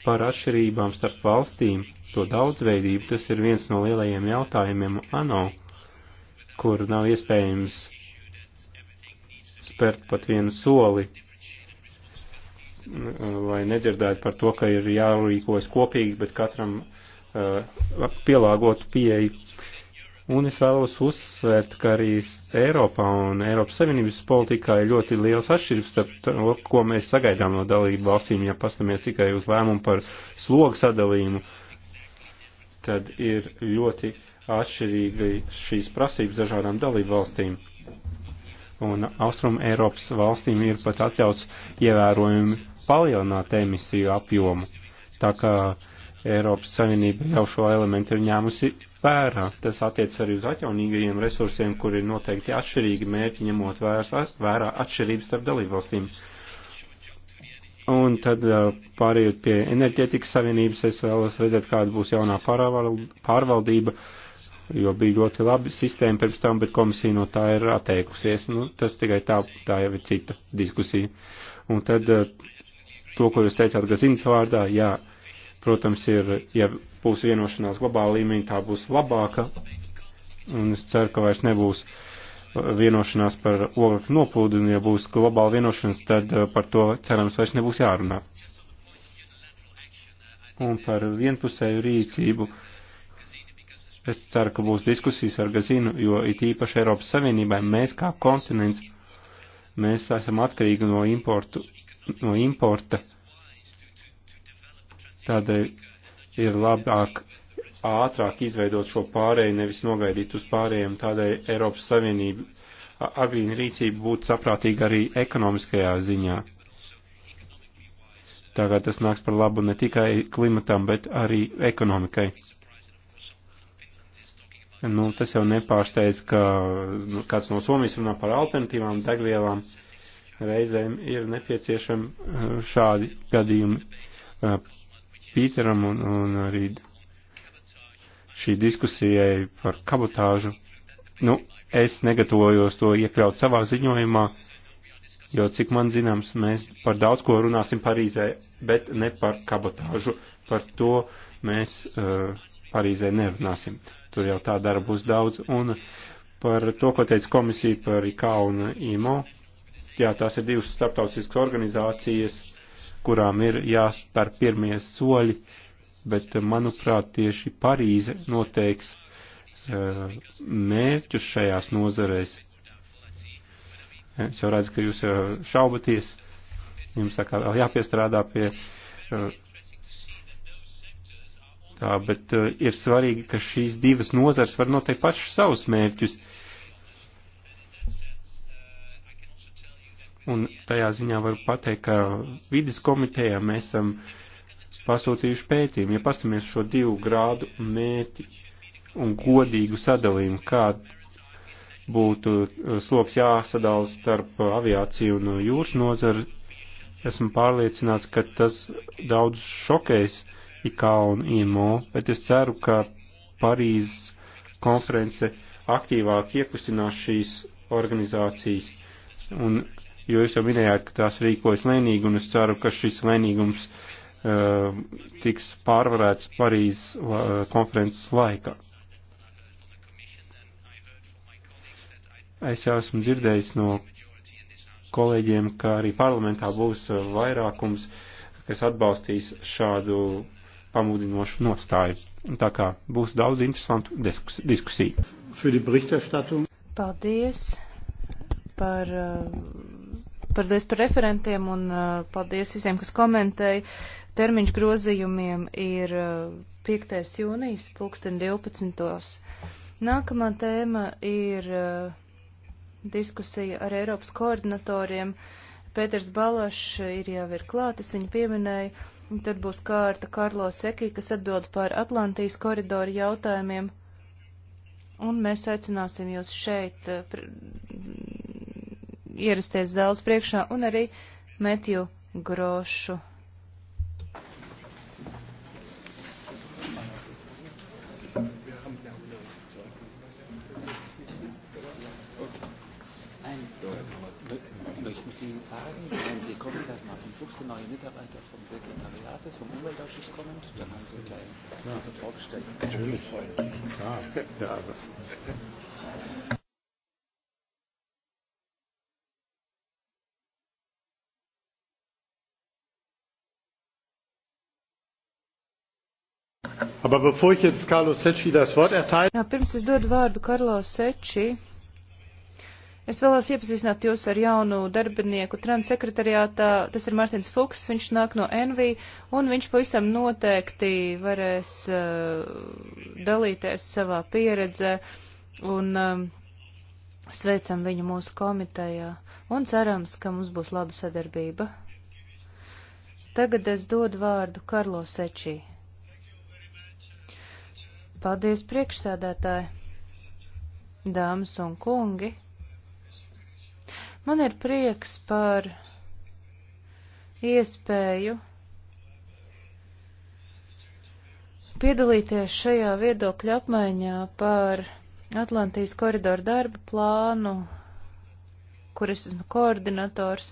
par atšķirībām starp valstīm, to daudzveidību, tas ir viens no lielajiem jautājumiem ANO, kur nav iespējams spērt pat vienu soli, lai nedzirdētu par to, ka ir jārīkojas kopīgi, bet katram uh, pielāgotu pieeju. Un es vēlos uzsvērt, ka arī Eiropā un Eiropas Savienības politikā ir ļoti liels atšķirības starp to, ko mēs sagaidām no dalību valstīm, ja pastamies tikai uz lēmumu par slogu sadalījumu, tad ir ļoti atšķirīgi šīs prasības dažādām dalību valstīm un Austrum Eiropas valstīm ir pat atļauts ievērojumi palielināt emisiju apjomu. Tā kā Eiropas Savienība jau šo elementu ir ņēmusi vērā. Tas attiec arī uz atjaunīgajiem resursiem, kur ir noteikti atšķirīgi mērķi, ņemot vērs, vērā atšķirības starp dalībvalstīm. Un tad pārējot pie enerģētikas savienības, es vēlos redzēt, kāda būs jaunā pārvaldība, jo bija ļoti labi sistēma pirms tam, bet komisija no tā ir atteikusies. Nu, tas tikai tā, tā jau ir cita diskusija. Un tad to, ko jūs teicāt Gaziņas vārdā, jā, protams, ir, ja būs vienošanās globāla līmenī, tā būs labāka, un es ceru, ka vairs nebūs uh, vienošanās par ogļu noplūdu, un ja būs globāla vienošanās, tad uh, par to, cerams, vairs nebūs jārunā. Un par vienpusēju rīcību. Es ceru, ka būs diskusijas ar Gazinu, jo it īpaši Eiropas Savienībai mēs kā kontinents, mēs esam atkarīgi no importu no importa. Tādēļ ir labāk ātrāk izveidot šo pārēju, nevis nogaidīt uz pārējiem. Tādēļ Eiropas Savienība agrīna rīcība būtu saprātīga arī ekonomiskajā ziņā. Tagad tas nāks par labu ne tikai klimatam, bet arī ekonomikai. Nu, tas jau nepārsteidz, ka nu, kāds no Somijas runā par alternatīvām degvielām. Uh, reizēm ir nepieciešami eh, šādi gadījumi eh, Pīteram un, un arī šī diskusijai par kabotāžu. Nu, es negatavojos to iekļaut savā ziņojumā, jo, cik man zināms, mēs par daudz ko runāsim Parīzē, bet ne par kabotāžu. Par to mēs uh, Parīzē nerunāsim. Tur jau tā dara būs daudz. Un par to, ko teica komisija par IK un IMO, uh, Jā, tās ir divas starptautiskas organizācijas, kurām ir jāspēr pirmie soļi, bet, manuprāt, tieši Parīze noteiks uh, mērķus šajās nozarēs. Es jau redzu, ka jūs eh, šaubaties, jums tā kā vēl jāpiestrādā pie uh, tā, bet uh, ir svarīgi, ka šīs divas nozars var noteikt pašas savus mērķus. Uh, Un tajā ziņā var pateikt, ka vidas komitejā mēs esam pasūtījuši pētījumu. Ja pastamies šo divu grādu mērķi un godīgu sadalījumu, kāda būtu eh, sloks jāsadala starp aviāciju un jūras nozaru, esmu pārliecināts, ka tas daudz šokēs IKA un IMO, bet es ceru, ka Parīzes konference aktīvāk iekustinās šīs organizācijas un jo jūs jau minējāt, ka tās rīkojas lēnīgi, un es ceru, ka šis lēnīgums uh, tiks pārvarēts Parīzes uh, konferences laikā. Es jau esmu dzirdējis no kolēģiem, ka arī parlamentā būs uh, vairākums, kas atbalstīs šādu pamudinošu nostāju. Tā kā būs daudz interesantu diskusiju. Paldies par uh, Paldies par referentiem un uh, paldies visiem, kas komentēja. Termiņš grozījumiem ir 5. Uh, jūnijas, pulksten 12. Nākamā tēma ir uh, diskusija ar Eiropas koordinatoriem. Pēters Balašs ir jau ir klāt, es viņu pieminēju. Tad būs kārta Karlo Sekī, kas atbild par Atlantijas koridoru jautājumiem. Un mēs aicināsim jūs šeit ierasties zāles priekšā, un arī Metju Grošu. Ihnen sagen, wenn Sie kommen, dass nach dem 15 neue Mitarbeiter vom Sekretariat ist, vom Umweltausschuss kommen, dann haben Sie gleich ja. so vorgestellt. Natürlich. Ja, ja. Aber bevor ich jetzt Carlo Secchi das Wort erteile. Jā, pirms es dodu vārdu Karlo Secchi. Es vēlos iepazīstināt jūs ar jaunu darbinieku transsekretariātā. Tas ir Mārtiņš Fuchs, viņš nāk no NV, un viņš pavisam noteikti varēs uh, dalīties savā pieredzē, un um, sveicam viņu mūsu komitejā, un cerams, ka mums būs laba sadarbība. Tagad es dodu vārdu Karlo Sečī. Paldies, priekšsēdētāji, dāmas un kungi. Man ir prieks par iespēju piedalīties šajā viedokļa apmaiņā par Atlantijas koridoru darba plānu, kur es esmu koordinators,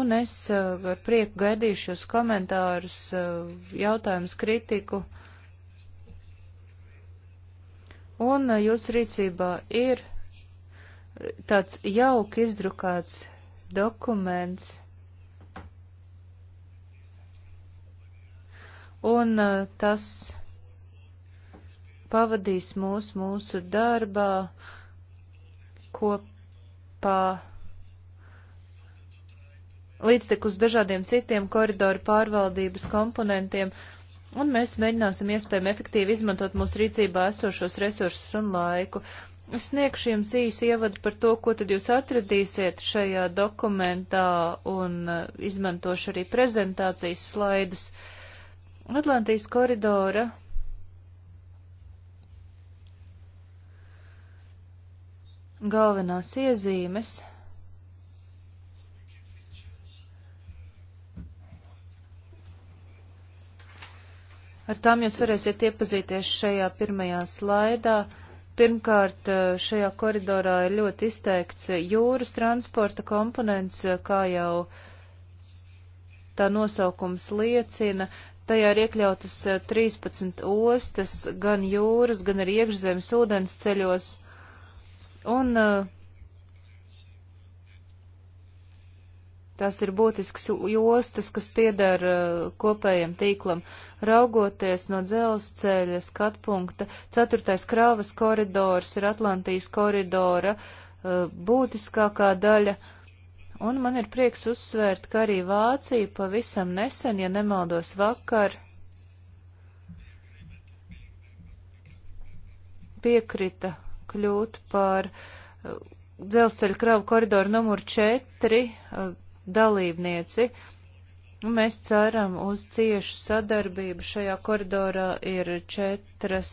un es eh, ar prieku gaidīšu šos komentārus, eh, jautājumus, kritiku. Uh, Un eh, jūsu rīcībā ir tāds jauki izdrukāts dokuments. Un eh, tas pavadīs mūs mūsu darbā kopā līdz tik uz dažādiem citiem koridoru pārvaldības komponentiem. Uh, un mēs mēģināsim iespējami efektīvi izmantot mūsu rīcībā esošos resursus un laiku. Es sniegšu jums īsu ievadu par to, ko tad jūs atradīsiet šajā dokumentā un uh, izmantošu arī prezentācijas slaidus. Atlantijas koridora galvenās iezīmes Ar tām jūs varēsiet iepazīties šajā pirmajā slaidā. Pirmkārt, šajā koridorā ir ļoti izteikts jūras transporta komponents, kā jau tā nosaukums liecina. Tajā ir iekļautas 13 ostas, gan jūras, gan arī iekšzemes ūdens ceļos. Un uh, Tās ir būtisks jostas, kas piedara uh, kopējiem tīklam. Raugoties no dzelzceļa skatpunkta, ceturtais krāvas koridors ir Atlantijas koridora uh, būtiskākā daļa. Un man ir prieks uzsvērt, ka arī Vācija pavisam nesen, ja nemaldos vakar, piekrita kļūt par uh, dzelzceļa kravu koridoru numur 4 dalībnieci. Un mēs ceram uz ciešu sadarbību. Šajā koridorā ir četras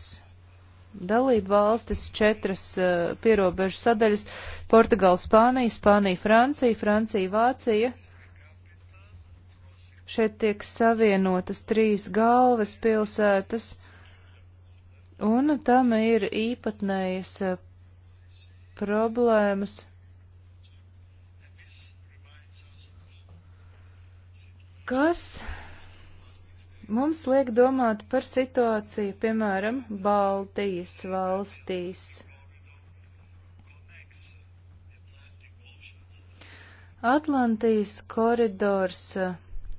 dalību valstis, četras uh, pierobežu sadaļas - Portugāla, Spānija, Spānija, Francija, Francija, Vācija. Šeit tiek savienotas trīs galvas pilsētas, un tam ir īpatnējas eh, problēmas. kas mums liek domāt par situāciju, piemēram, Baltijas valstīs. Atlantijas koridors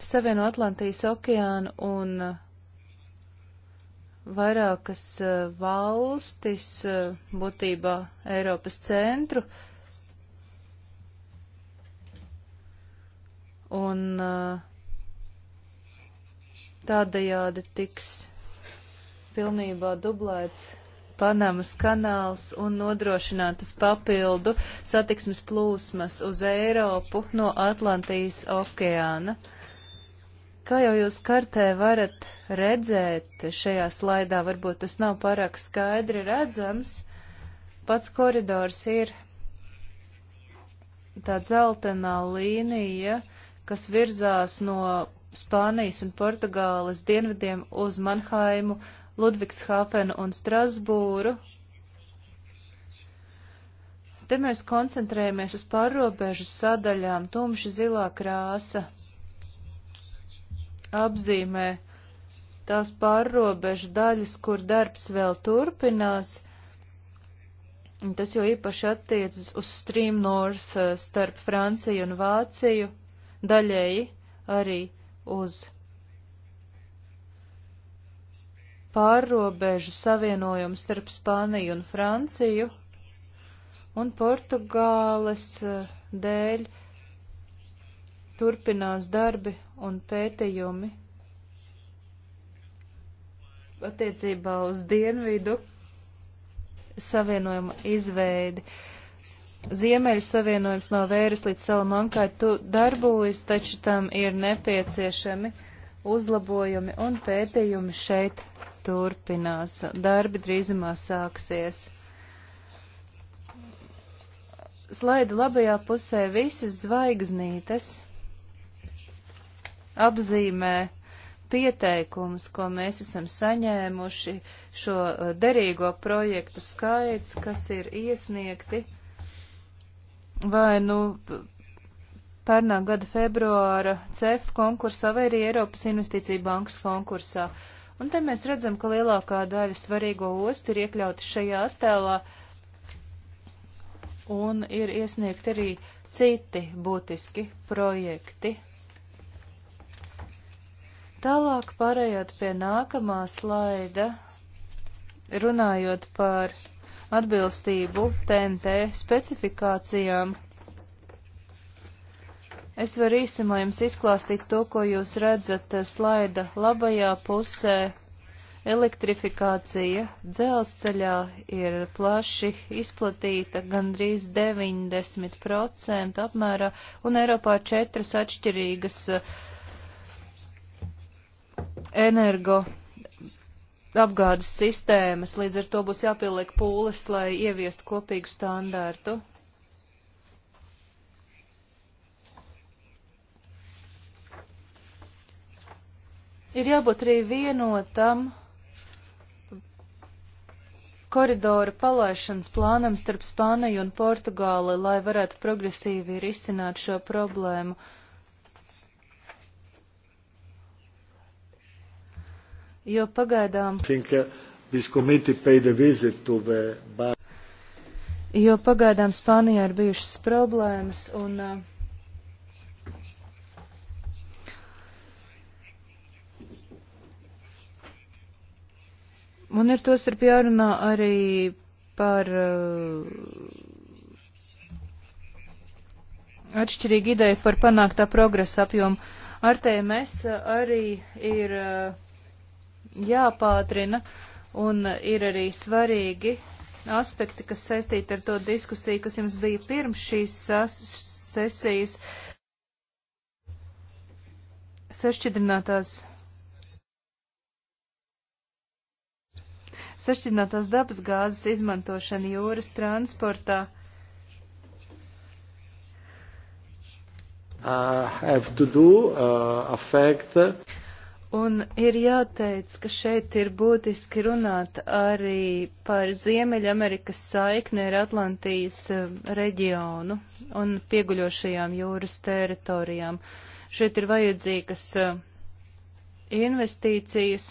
savieno Atlantijas okeānu un vairākas eh, valstis, eh, būtībā Eiropas centru. Un uh, Tādējādi tiks pilnībā dublēts Panamas kanāls un nodrošinātas papildu satiksmes plūsmas uz Eiropu no Atlantijas okeāna. Kā jau jūs kartē varat redzēt, šajā slaidā varbūt tas nav pārāk skaidri redzams, pats koridors ir tā dzeltenā līnija, kas virzās no Spānijas un Portugāles dienvidiem uz Manhaimu, Ludvigshāfenu un Strasbūru. Te mēs koncentrējamies uz pārrobežu sadaļām, tumši zilā krāsa apzīmē tās pārrobežu daļas, kur darbs vēl turpinās. Tas jau īpaši attiecas uz Stream North eh, starp Franciju un Vāciju, daļēji arī uz pārrobežu savienojumu starp Spāniju un Franciju un Portugāles eh, dēļ turpinās darbi un pētījumi attiecībā uz dienvidu savienojuma izveidi. Uh, Ziemeļa savienojums no Vēras līdz Salamankai tu darbojas, taču tam ir nepieciešami uzlabojumi un pētījumi šeit turpinās. Darbi drīzumā sāksies. Slaida labajā pusē visas zvaigznītes apzīmē pieteikumus, ko mēs esam saņēmuši, šo eh, derīgo projektu skaits, kas ir iesniegti vai nu pērnā gada februāra CEF konkursā vai arī Eiropas Investīcija bankas konkursā. Un te mēs redzam, ka lielākā daļa svarīgo ostu ir iekļauti šajā attēlā un ir iesniegti arī citi būtiski projekti. Tālāk pārējot pie nākamā slaida, runājot par atbilstību TNT specifikācijām. Es varu īsumā jums izklāstīt to, ko jūs redzat eh, slaida labajā pusē. Elektrifikācija dzelzceļā ir plaši izplatīta, gandrīz 90% apmērā, un Eiropā četras atšķirīgas eh, energo apgādes sistēmas, līdz ar to būs jāpieliek pūles, lai ieviestu kopīgu standārtu. Ir jābūt arī vienotam koridora palaišanas plānam starp Spāniju un Portugāli, lai varētu progresīvi risināt šo problēmu. Uh, jo pagaidām. Jo pagaidām Spānijā ir bijušas problēmas un. Uh, un ir tos ir jārunā arī par uh, atšķirīgu ideju par panāktā progresa apjomu. Ar TMS arī ir. Uh, jāpātrina, un ir arī svarīgi aspekti, kas saistīti ar to diskusiju, kas jums bija pirms šīs sesijas sašķidrinātās. Sašķidrinātās dabas gāzes izmantošana jūras transportā. Uh, have to do uh, affect Un ir jāteic, ka šeit ir būtiski runāt arī par Ziemeļamerikas saikni ar Atlantijas eh, reģionu un pieguļošajām jūras teritorijām. Šeit ir vajadzīgas eh, investīcijas,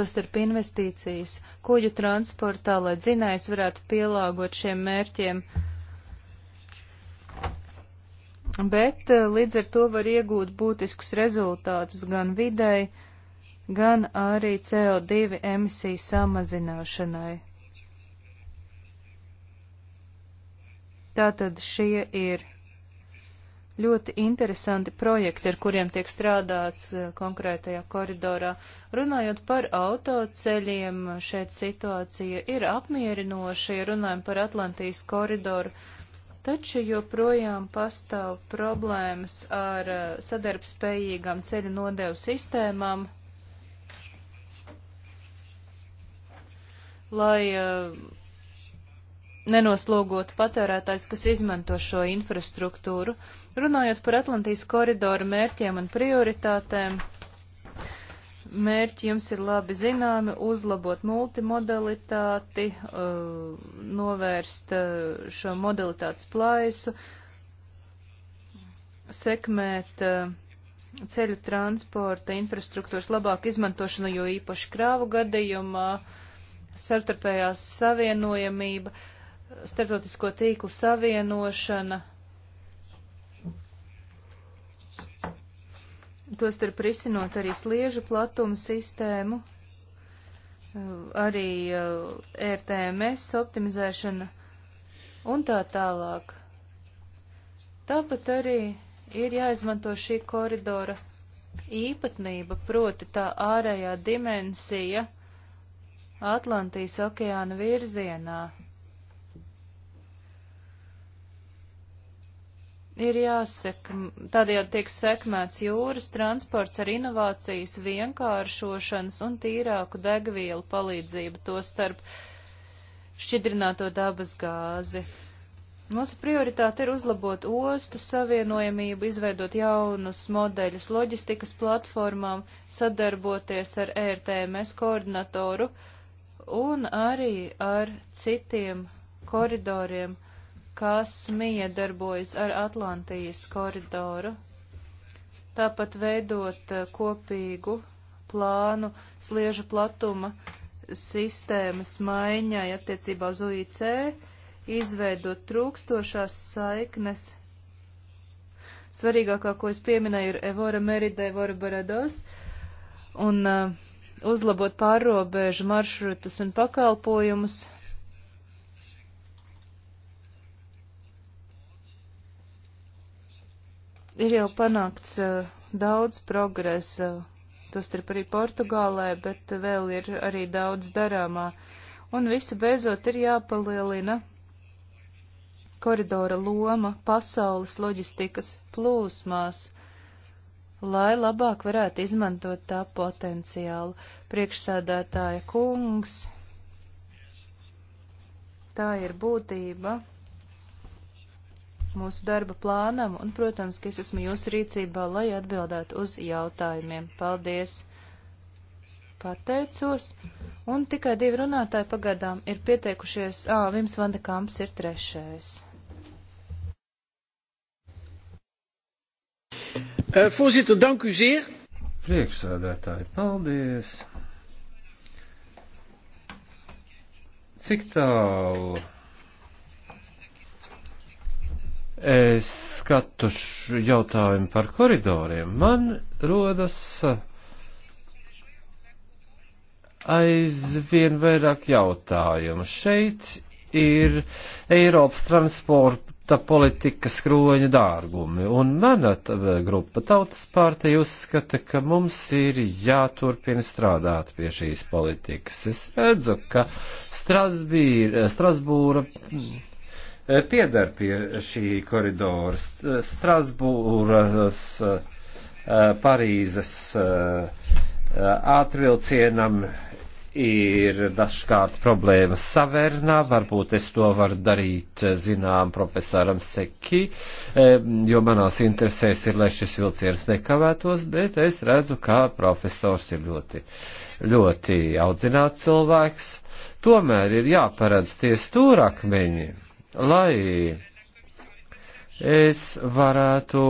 tostarp investīcijas kuģu transportā, lai dzinējs varētu pielāgot šiem mērķiem bet eh, līdz ar to var iegūt būtiskus rezultātus gan videi, gan arī CO2 emisiju samazināšanai. Tātad šie ir ļoti interesanti projekti, ar kuriem tiek strādāts eh, konkrētajā koridorā. Runājot par autoceļiem, šeit situācija ir apmierinoša, ja runājam par Atlantijas koridoru. Uh, taču joprojām pastāv problēmas ar eh, sadarbspējīgām ceļu nodevu sistēmām, lai eh, nenoslogotu patērētājs, kas izmanto šo infrastruktūru. Runājot par Atlantijas koridoru mērķiem un prioritātēm, mērķi jums ir labi zināmi - uzlabot multimodalitāti, eh, novērst eh, šo modalitātes plaisu, sekmēt eh, ceļu transporta infrastruktūras labāku izmantošanu, jo īpaši krāvu gadījumā starptarpējās savienojamība, starptautisko tīklu savienošana tostarp risinot arī sliežu platumu sistēmu, arī eh, RTMS optimizēšana un tā tālāk. Tāpat arī ir jāizmanto šī koridora īpatnība, proti tā ārējā dimensija Atlantijas okeāna virzienā. ir jāsaka, tādējādi tiek sekmēts jūras transports ar inovācijas vienkāršošanas un tīrāku degvielu palīdzību, to starp šķidrināto dabas gāzi. Mūsu prioritāte ir uzlabot ostu savienojamību, izveidot jaunus modeļus loģistikas platformām, sadarboties ar ERTMS koordinatoru un arī ar citiem koridoriem. Mm kas miedarbojas ar Atlantijas koridoru, tāpat veidot eh, kopīgu plānu sliežu platuma sistēmas maiņai attiecībā uz UIC, izveidot trūkstošās saiknes. Svarīgākā, ko es pieminēju, ir Evora Merida, Evora Barados, un uh, uzlabot pārrobežu maršrutus un pakalpojumus, Ir jau panākts uh, daudz progresa, uh, tostarp arī Portugālē, bet vēl ir arī daudz darāmā. Un visi beidzot ir jāpalielina koridora loma pasaules loģistikas plūsmās, lai labāk varētu izmantot tā potenciālu. Priekšsādātāja kungs, tā ir būtība mūsu darba plānam, un, protams, ka es esmu jūsu rīcībā, lai atbildētu uz jautājumiem. Paldies! Pateicos, un tikai divi runātāji pagaidām ir pieteikušies. Ā, Vims Vanda Kamps ir trešais. Eh, voorzitter, dank u zeer. Priekšsēdētāji, paldies. Cik tālu Es skatu jautājumu par koridoriem. Man rodas aizvien vairāk jautājumu. Šeit ir Eiropas transporta politika skroņa dārgumi, un mana grupa Tautas pārtei uzskata, ka mums ir jāturpina strādāt pie šīs politikas. Es redzu, ka Strasbīra, Strasbūra. Strasbūra Eh, piedar pie šī koridora. Eh, Strasbūras, eh, Parīzes ātrvilcienam ir dažkārt problēmas savērnā, varbūt es to varu darīt zinām profesoram Seki, jo manās interesēs ir, lai šis vilciens nekavētos, bet es redzu, kā profesors ir ļoti, ļoti audzināts cilvēks. Tomēr ir jāparedz tie stūrakmeņi lai es varētu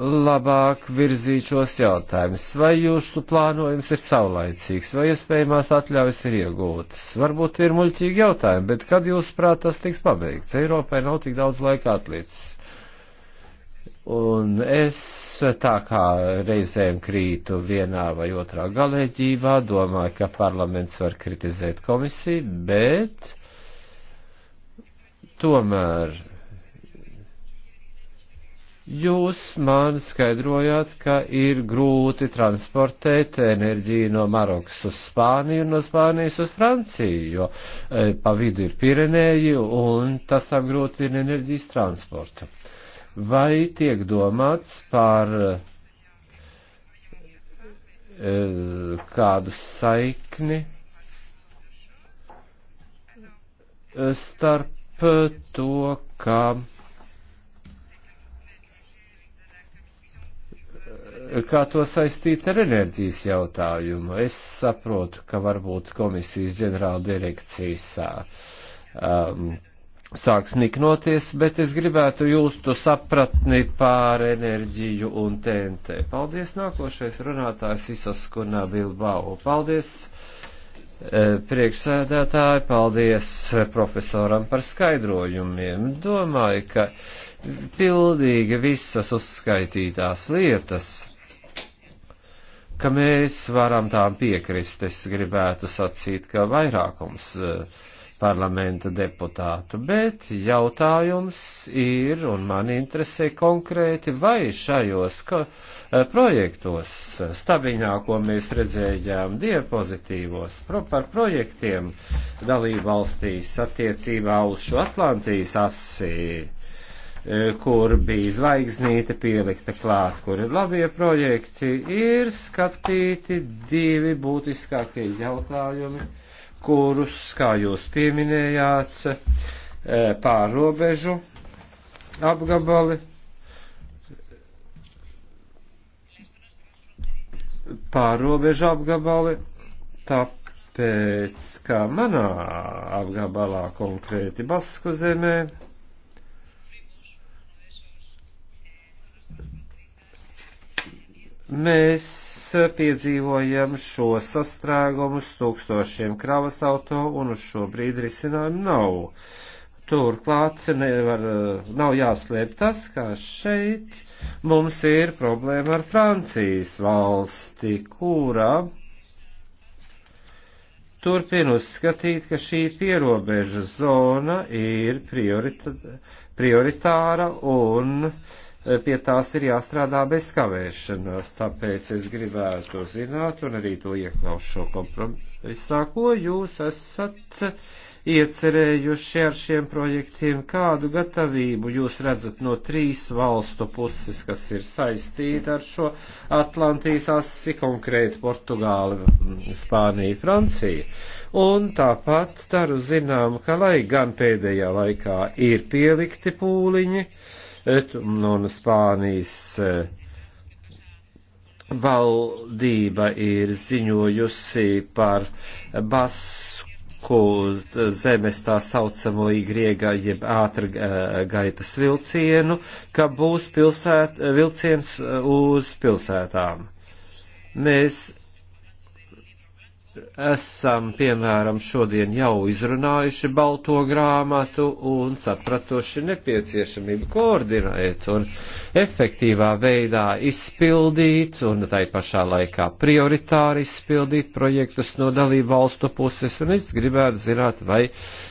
labāk virzīt šos jautājumus. Vai jūsu plānojums ir saulaicīgs, vai iespējamās atļaujas ir iegūtas? Varbūt ir muļķīgi jautājumi, bet kad jūs prāt tas tiks pabeigts? Eiropai nav tik daudz laika atlicis. Un es tā kā reizēm krītu vienā vai otrā galēģībā, domāju, ka parlaments var kritizēt komisiju, bet tomēr jūs man skaidrojāt, ka ir grūti transportēt enerģiju no Marokas uz Spāniju un no Spānijas uz Franciju, jo e, pa vidu ir Pirenēju un tas apgrūtina enerģijas transportu vai tiek domāts par e, kādu saikni e, starp to, ka e, kā to saistīt ar enerģijas jautājumu. Es saprotu, ka varbūt komisijas ģenerāla direkcijas um, sāks niknoties, bet es gribētu jūsu sapratni pār enerģiju un TNT. Paldies, nākošais runātājs Isaskuna Bilbao. Paldies, e, priekšsēdētāji, paldies profesoram par skaidrojumiem. Domāju, ka pildīgi visas uzskaitītās lietas ka mēs varam tām piekrist. Es gribētu sacīt, ka vairākums uh, parlamenta deputātu, bet jautājums ir, un man interesē konkrēti, vai šajos ka, eh, projektos, stabiņā, ko mēs redzējām diapozitīvos pro, par projektiem dalībvalstīs attiecībā uz šo Atlantijas asi, eh, kur bija zvaigznīte pielikta klāt, kur ir labie projekti, ir skatīti divi būtiskākie jautājumi kurus, kā jūs pieminējāt, e, pārobežu apgabali. Pārobežu apgabali, tāpēc, ka manā apgabalā konkrēti Basku zemē Mēs piedzīvojam šo sastrēgumus tūkstošiem kravas auto un uz šo brīdi risinājumu nav. Turklāt nevar, nav jāslēp tas, ka šeit mums ir problēma ar Francijas valsti, kurā turpin uzskatīt, ka šī pierobeža zona ir priorita, prioritāra un uh, Eh, pie tās ir jāstrādā bez kavēšanās, tāpēc es gribētu to zināt un arī to iekļaušu šo kompromisā, ko jūs esat iecerējuši ar šiem projektiem, kādu gatavību jūs redzat no trīs valstu puses, kas ir saistīta ar šo Atlantijas asi, konkrēti Portugāli, mm, Spānija, Francija. Un tāpat taru zinām, ka lai gan pēdējā laikā ir pielikti pūliņi, uh, un Spānijas eh, valdība ir ziņojusi par Basku zemes tā saucamo igriega jeb ātra eh, gaitas vilcienu, ka būs pilsēt, vilciens eh, uz pilsētām. Mēs esam, piemēram, šodien jau izrunājuši balto grāmatu un sapratoši nepieciešamību koordinēt un efektīvā veidā izpildīt un tai pašā laikā prioritāri izpildīt projektus no dalību valstu puses. Un es gribētu zināt, vai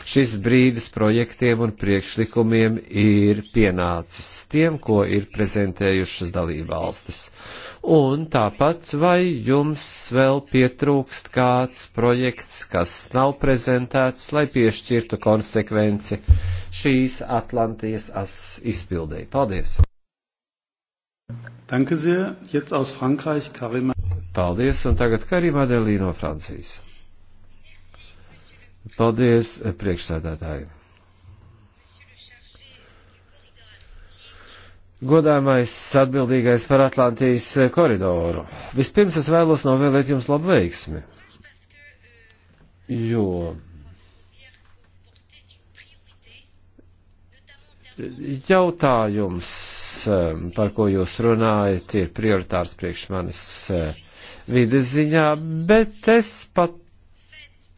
šis brīdis projektiem un priekšlikumiem ir pienācis tiem, ko ir prezentējušas dalībvalstis. Un tāpat vai jums vēl pietrūkst kāds projekts, kas nav prezentēts, lai piešķirtu konsekvenci šīs Atlantijas izpildēji? Paldies! Danke sehr. Jetzt aus Frankreich, Karima. Paldies, un tagad Karima Delī no Francijas. Paldies, eh, priekšsēdētāji. Godājumais atbildīgais par Atlantijas eh, koridoru. Vispirms es vēlos novēlēt jums labu veiksmi, jo jautājums, eh, par ko jūs runājat, ir prioritārs priekš manis vides ziņā, bet es pat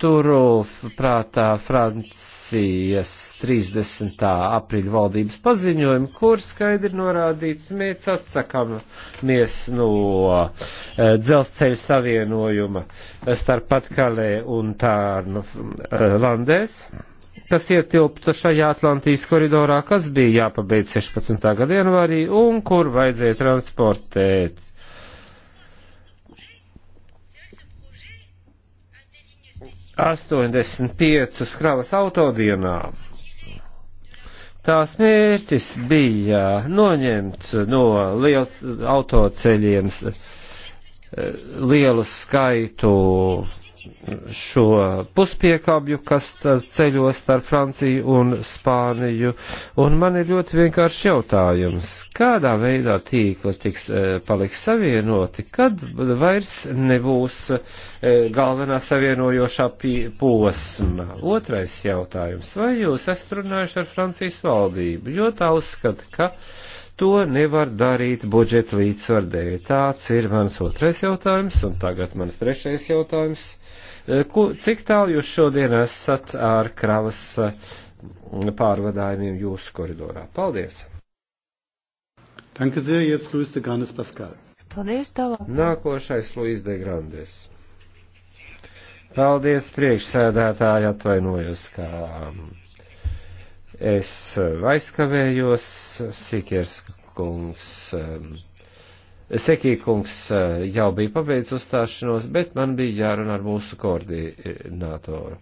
paturu prātā Francijas 30. apriļa valdības paziņojumu, kur skaidri norādīts, mēs atsakāmies no e, dzelzceļa savienojuma starp Patkalē un Tārnu e, Landēs kas ietilptu šajā Atlantijas koridorā, kas bija jāpabeidz 16. gada janvārī un kur vajadzēja transportēt 85 kravas autodienā. Tās mērķis bija noņemt no liels autoceļiem eh, lielu skaitu šo puspiekābju, kas ceļo starp Franciju un Spāniju. Un man ir ļoti vienkārši jautājums, kādā veidā tīkli tiks e, paliks savienoti, kad vairs nebūs e, galvenā savienojošā posma. Otrais jautājums, vai jūs esat runājuši ar Francijas valdību, jo tā uzskata, ka to nevar darīt budžeta līdzsvardēji. Tāds ir mans otrais jautājums, un tagad mans trešais jautājums. Eh, cik tālu jūs šodien esat ar kravas eh, pārvadājumiem jūsu koridorā? Paldies! Danke sehr, jetzt Luis de Grandes Pascal. Paldies, tālāk. Nākošais Luis de Grandes. Paldies, priekšsēdētāji, atvainojos, ka um, es eh, aizkavējos, Sikers kungs. Um, Sekīkungs eh, jau bija pabeidz uzstāšanos, bet man bija jārunā ar mūsu koordinātoru.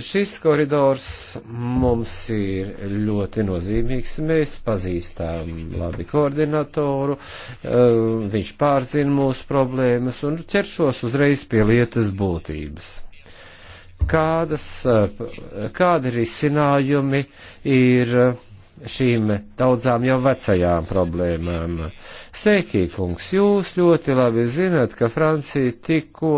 Šis koridors mums ir ļoti nozīmīgs. Mēs pazīstam labi koordinatoru, eh, viņš pārzina mūsu problēmas un ķeršos uzreiz pie lietas būtības kādas, eh, kādi risinājumi ir šīm daudzām jau vecajām problēmām. Sēkīkungs, jūs ļoti labi zinat, ka Francija tikko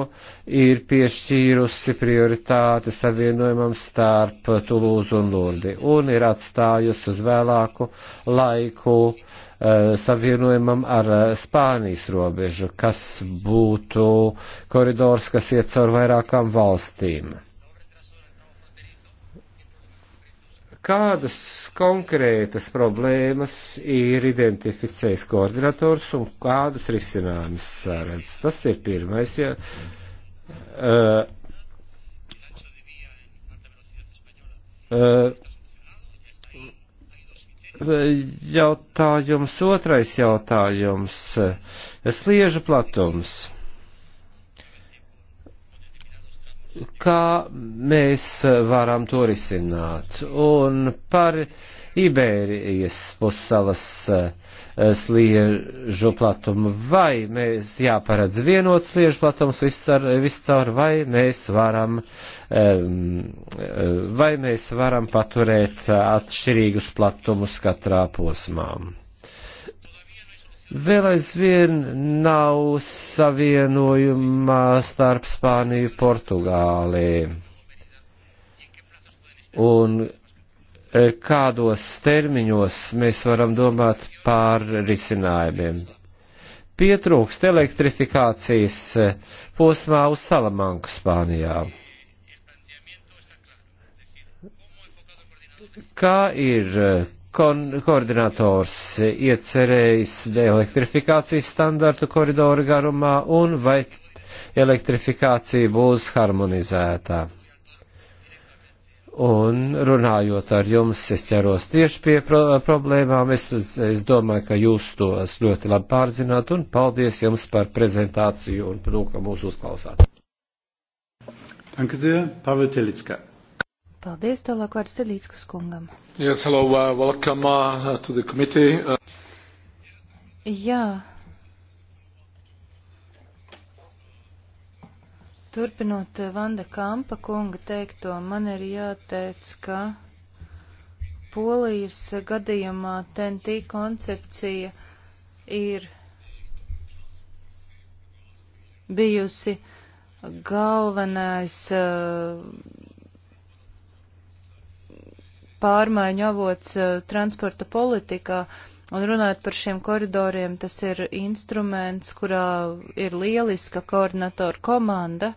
ir piešķīrusi prioritāti savienojumam starp Tulūzu un Lurdi un ir atstājusi uz vēlāku laiku uh, savienojumam ar eh, Spānijas robežu, kas būtu koridors, kas iet caur vairākām valstīm. kādas konkrētas problēmas ir identificējis koordinators un kādus risinājumus sāredz. Tas ir pirmais. Ja, uh, uh, Jautājums, otrais jautājums, sliežu platums. kā mēs varam to risināt. Un par Iberijas pussalas eh, sliežu platumu, vai mēs jāparedz vienots sliežu platums viscaur, viscaur vai mēs varam, eh, vai mēs varam paturēt atšķirīgus platumus katrā posmām. Vēl aizvien nav savienojumā starp Spāniju Portugāli. Un e, kādos termiņos mēs varam domāt par risinājumiem? Pietrūkst elektrifikācijas e, posmā uz Salamanku Spānijā. Kā ir e, kon, koordinators iecerējis elektrifikācijas standartu koridoru garumā un vai elektrifikācija būs harmonizētā. Un runājot ar jums, es ķeros tieši pie pro problēmām. Es, es domāju, ka jūs tos ļoti labi pārzināt un paldies jums par prezentāciju un par nu, to, ka mūs uzklausāt. Danke sehr, Pavel Telitska. Paldies, tālāk vārds Telītskas kungam. Yes, hello, uh, welcome uh, to the committee. Uh... Jā. Turpinot uh, Vanda Kampa kunga teikto, man ir jāteic, ka Polijas gadījumā TNT koncepcija ir bijusi galvenais uh, pārmaiņu avots eh, transporta politikā. Un runājot par šiem koridoriem, tas ir instruments, kurā ir lieliska koordinatora komanda.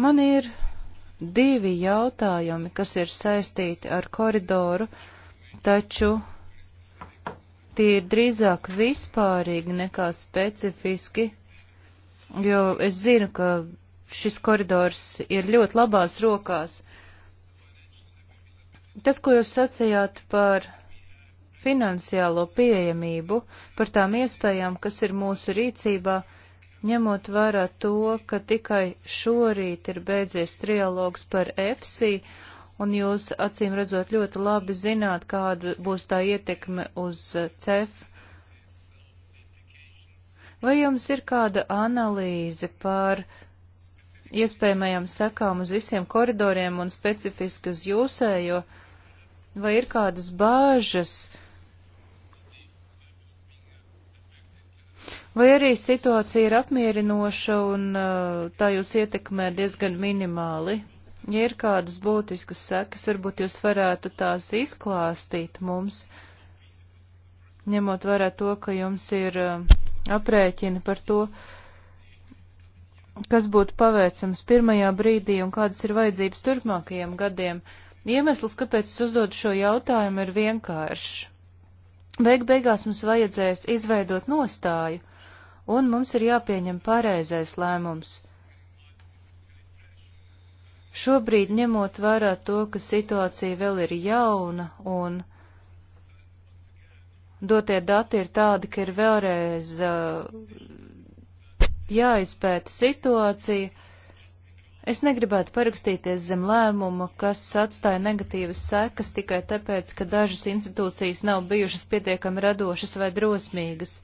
Man ir divi jautājumi, kas ir saistīti ar koridoru, taču tie ir drīzāk vispārīgi nekā specifiski, jo es zinu, ka šis koridors ir ļoti labās rokās. Uh, Tas, ko jūs sacījāt par finansiālo pieejamību, par tām iespējām, kas ir mūsu rīcībā, ņemot vērā to, ka tikai šorīt ir beidzies trialogs par EFSI, un jūs acīm redzot ļoti labi zināt, kāda būs tā ietekme uz CEF. Vai jums ir kāda analīze par uh, iespējamajām sekām uz visiem koridoriem un specifiski uz jūsējo, vai ir kādas bāžas, vai arī situācija ir apmierinoša un uh, tā jūs ietekmē diezgan minimāli? Ja ir kādas būtiskas sekas, varbūt jūs varētu tās izklāstīt mums, ņemot vērā to, ka jums ir uh, aprēķini par to, uh, kas būtu paveicams pirmajā brīdī un kādas ir vajadzības turpmākajiem gadiem. Iemesls, kāpēc es uzdodu šo jautājumu, ir vienkāršs. Beig beigās mums vajadzēs izveidot nostāju, un mums ir jāpieņem pareizais lēmums. Šobrīd, ņemot vērā to, ka situācija vēl ir jauna un dotie dati ir tādi, ka ir vēlreiz uh, jāizpēta situācija. Es negribētu parakstīties zem lēmuma, kas atstāja negatīvas sekas tikai tāpēc, ka dažas institūcijas nav bijušas pietiekami radošas vai drosmīgas.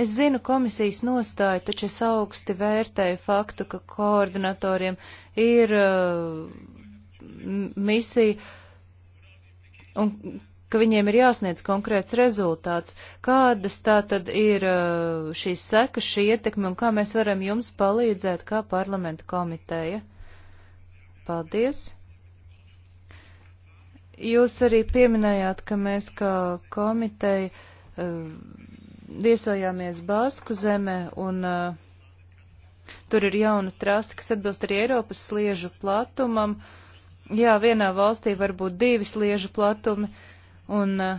Es zinu komisijas nostāju, taču es augsti vērtēju faktu, ka koordinatoriem ir uh, misija un ka viņiem ir jāsniedz konkrēts rezultāts. Kādas tā tad ir uh, šīs sekas, šī ietekme un kā mēs varam jums palīdzēt kā parlamenta komiteja? Paldies! Jūs arī pieminējāt, ka mēs kā komiteja uh, viesojāmies Bāsku zemē un uh, tur ir jauna trasa, kas atbilst arī Eiropas sliežu platumam. Jā, vienā valstī var būt divi sliežu platumi. Uh, Un eh,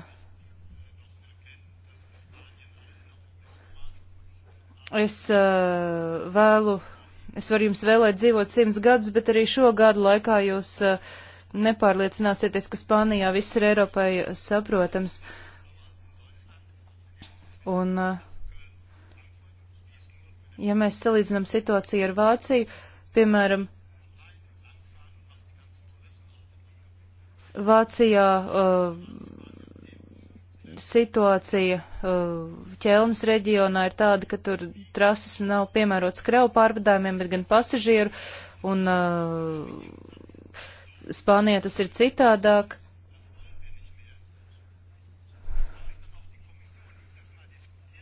es eh, vēlu, es varu jums vēlēt dzīvot simts gadus, bet arī šo gadu laikā jūs eh, nepārliecināsieties, ka Spānijā viss ir Eiropai saprotams. Un, ja mēs salīdzinām situāciju ar Vāciju, piemēram, Vācijā uh, situācija uh, ķelnes reģionā ir tāda, ka tur trases nav piemērotas kravu pārvadājumiem, bet gan pasažieru, un uh, Spānijā tas ir citādāk.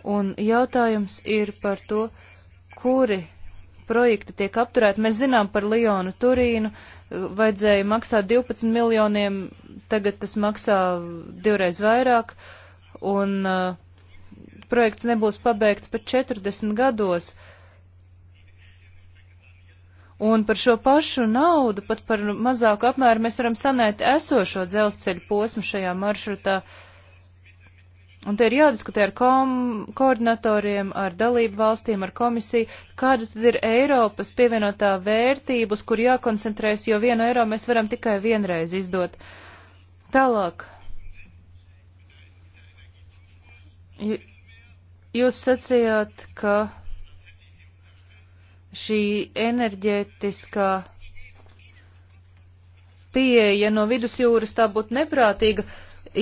Un jautājums ir par to, kuri projekti tiek apturēti. Mēs zinām par Lionu Turīnu, uh, vajadzēja maksāt 12 miljoniem, tagad tas maksā divreiz vairāk. Uh, un uh, projekts nebūs pabeigts pat 40 gados. Un par šo pašu naudu, pat par mazāku apmēru, mēs varam sanēt esošo dzelzceļa posmu šajā maršrutā. Un te ir jādiskutē ar kom, koordinatoriem, ar dalību valstīm, ar komisiju, kāda tad ir Eiropas pievienotā vērtība, uz kur jākoncentrēs, jo vienu eiro mēs varam tikai vienreiz izdot. Tālāk, Jūs sacījāt, ka šī enerģētiskā pieeja no vidusjūras tā būtu neprātīga.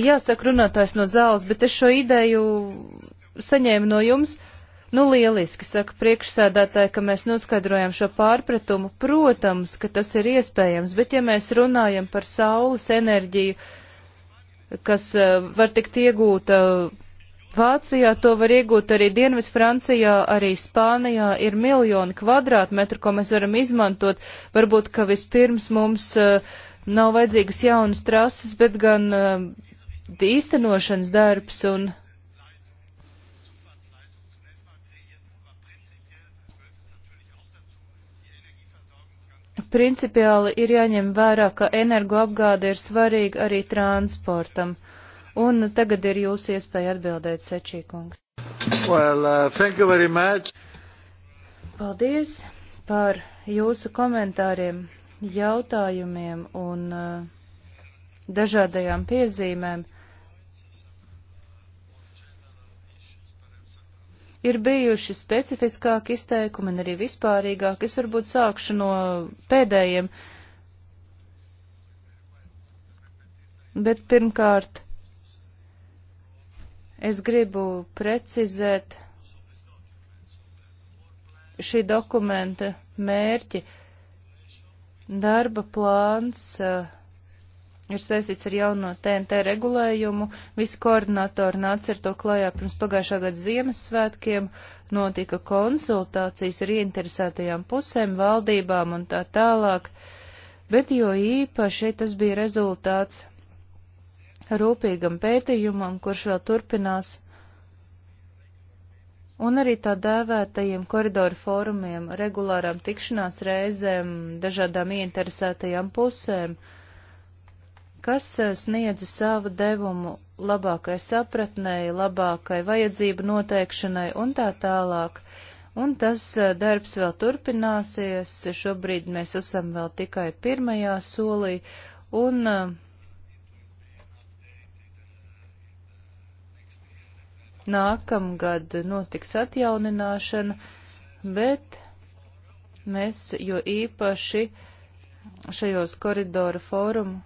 Jāsaka runātājs no zāles, bet es šo ideju saņēmu no jums. Nu, lieliski, saka priekšsēdētāji, ka mēs noskaidrojam šo pārpratumu. Protams, ka tas ir iespējams, bet ja mēs runājam par saules enerģiju, kas eh, var tikt iegūta uh, Vācijā to var iegūt arī Dienvids Francijā, arī Spānijā ir miljoni kvadrātmetru, ko mēs varam izmantot. Varbūt, ka vispirms mums uh, nav vajadzīgas jaunas trases, bet gan uh, īstenošanas darbs un principiāli ir jāņem vērā, ka energoapgāde ir svarīga arī transportam. Uh, Un tagad ir jūsu iespēja atbildēt, Sečīkungs. Well, uh, thank you very much. Paldies par jūsu komentāriem, jautājumiem un uh, dažādajām piezīmēm. Ir bijuši specifiskāki izteikumi un arī vispārīgāki. Es varbūt sākšu no pēdējiem. Bet pirmkārt, Es gribu precizēt šī dokumenta mērķi. Darba plāns uh, ir saistīts ar jauno TNT regulējumu. Visi koordinatori nāca ar to klajā pirms pagājušā gada Ziemassvētkiem. Notika konsultācijas ar ieinteresētajām pusēm, valdībām un tā tālāk. Bet jo īpaši tas bija rezultāts rūpīgam pētījumam, kurš vēl turpinās, un arī tā dēvētajiem koridoru fórumiem, regulārām tikšanās reizēm, dažādām ieinteresētajām pusēm, kas eh, sniedza savu devumu labākai sapratnei, labākai vajadzību noteikšanai un tā tālāk. Un tas eh, darbs vēl turpināsies, šobrīd mēs esam vēl tikai pirmajā solī, un uh, Nākamgad notiks atjaunināšana, bet mēs jo īpaši šajos koridora fórumu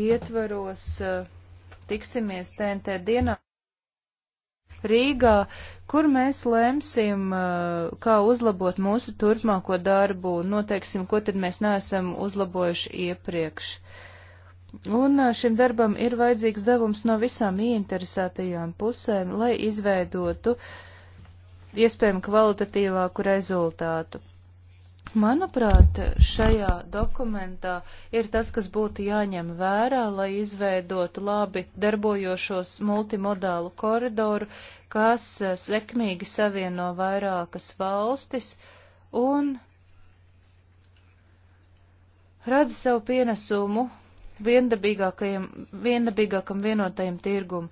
ietvaros eh, tiksimies TNT dienā Rīgā, kur mēs lemsim, eh, kā uzlabot mūsu turpmāko darbu un noteiksim, ko tad mēs neesam uzlabojuši iepriekš. Uh, Un šim darbam ir vajadzīgs devums no visām ieinteresētajām pusēm, lai izveidotu iespējami kvalitatīvāku rezultātu. Manuprāt, šajā dokumentā ir tas, kas būtu jāņem vērā, lai izveidotu labi darbojošos multimodālu koridoru, kas sekmīgi savieno vairākas valstis un rada savu pienesumu viendabīgākam vienotajam tirgum.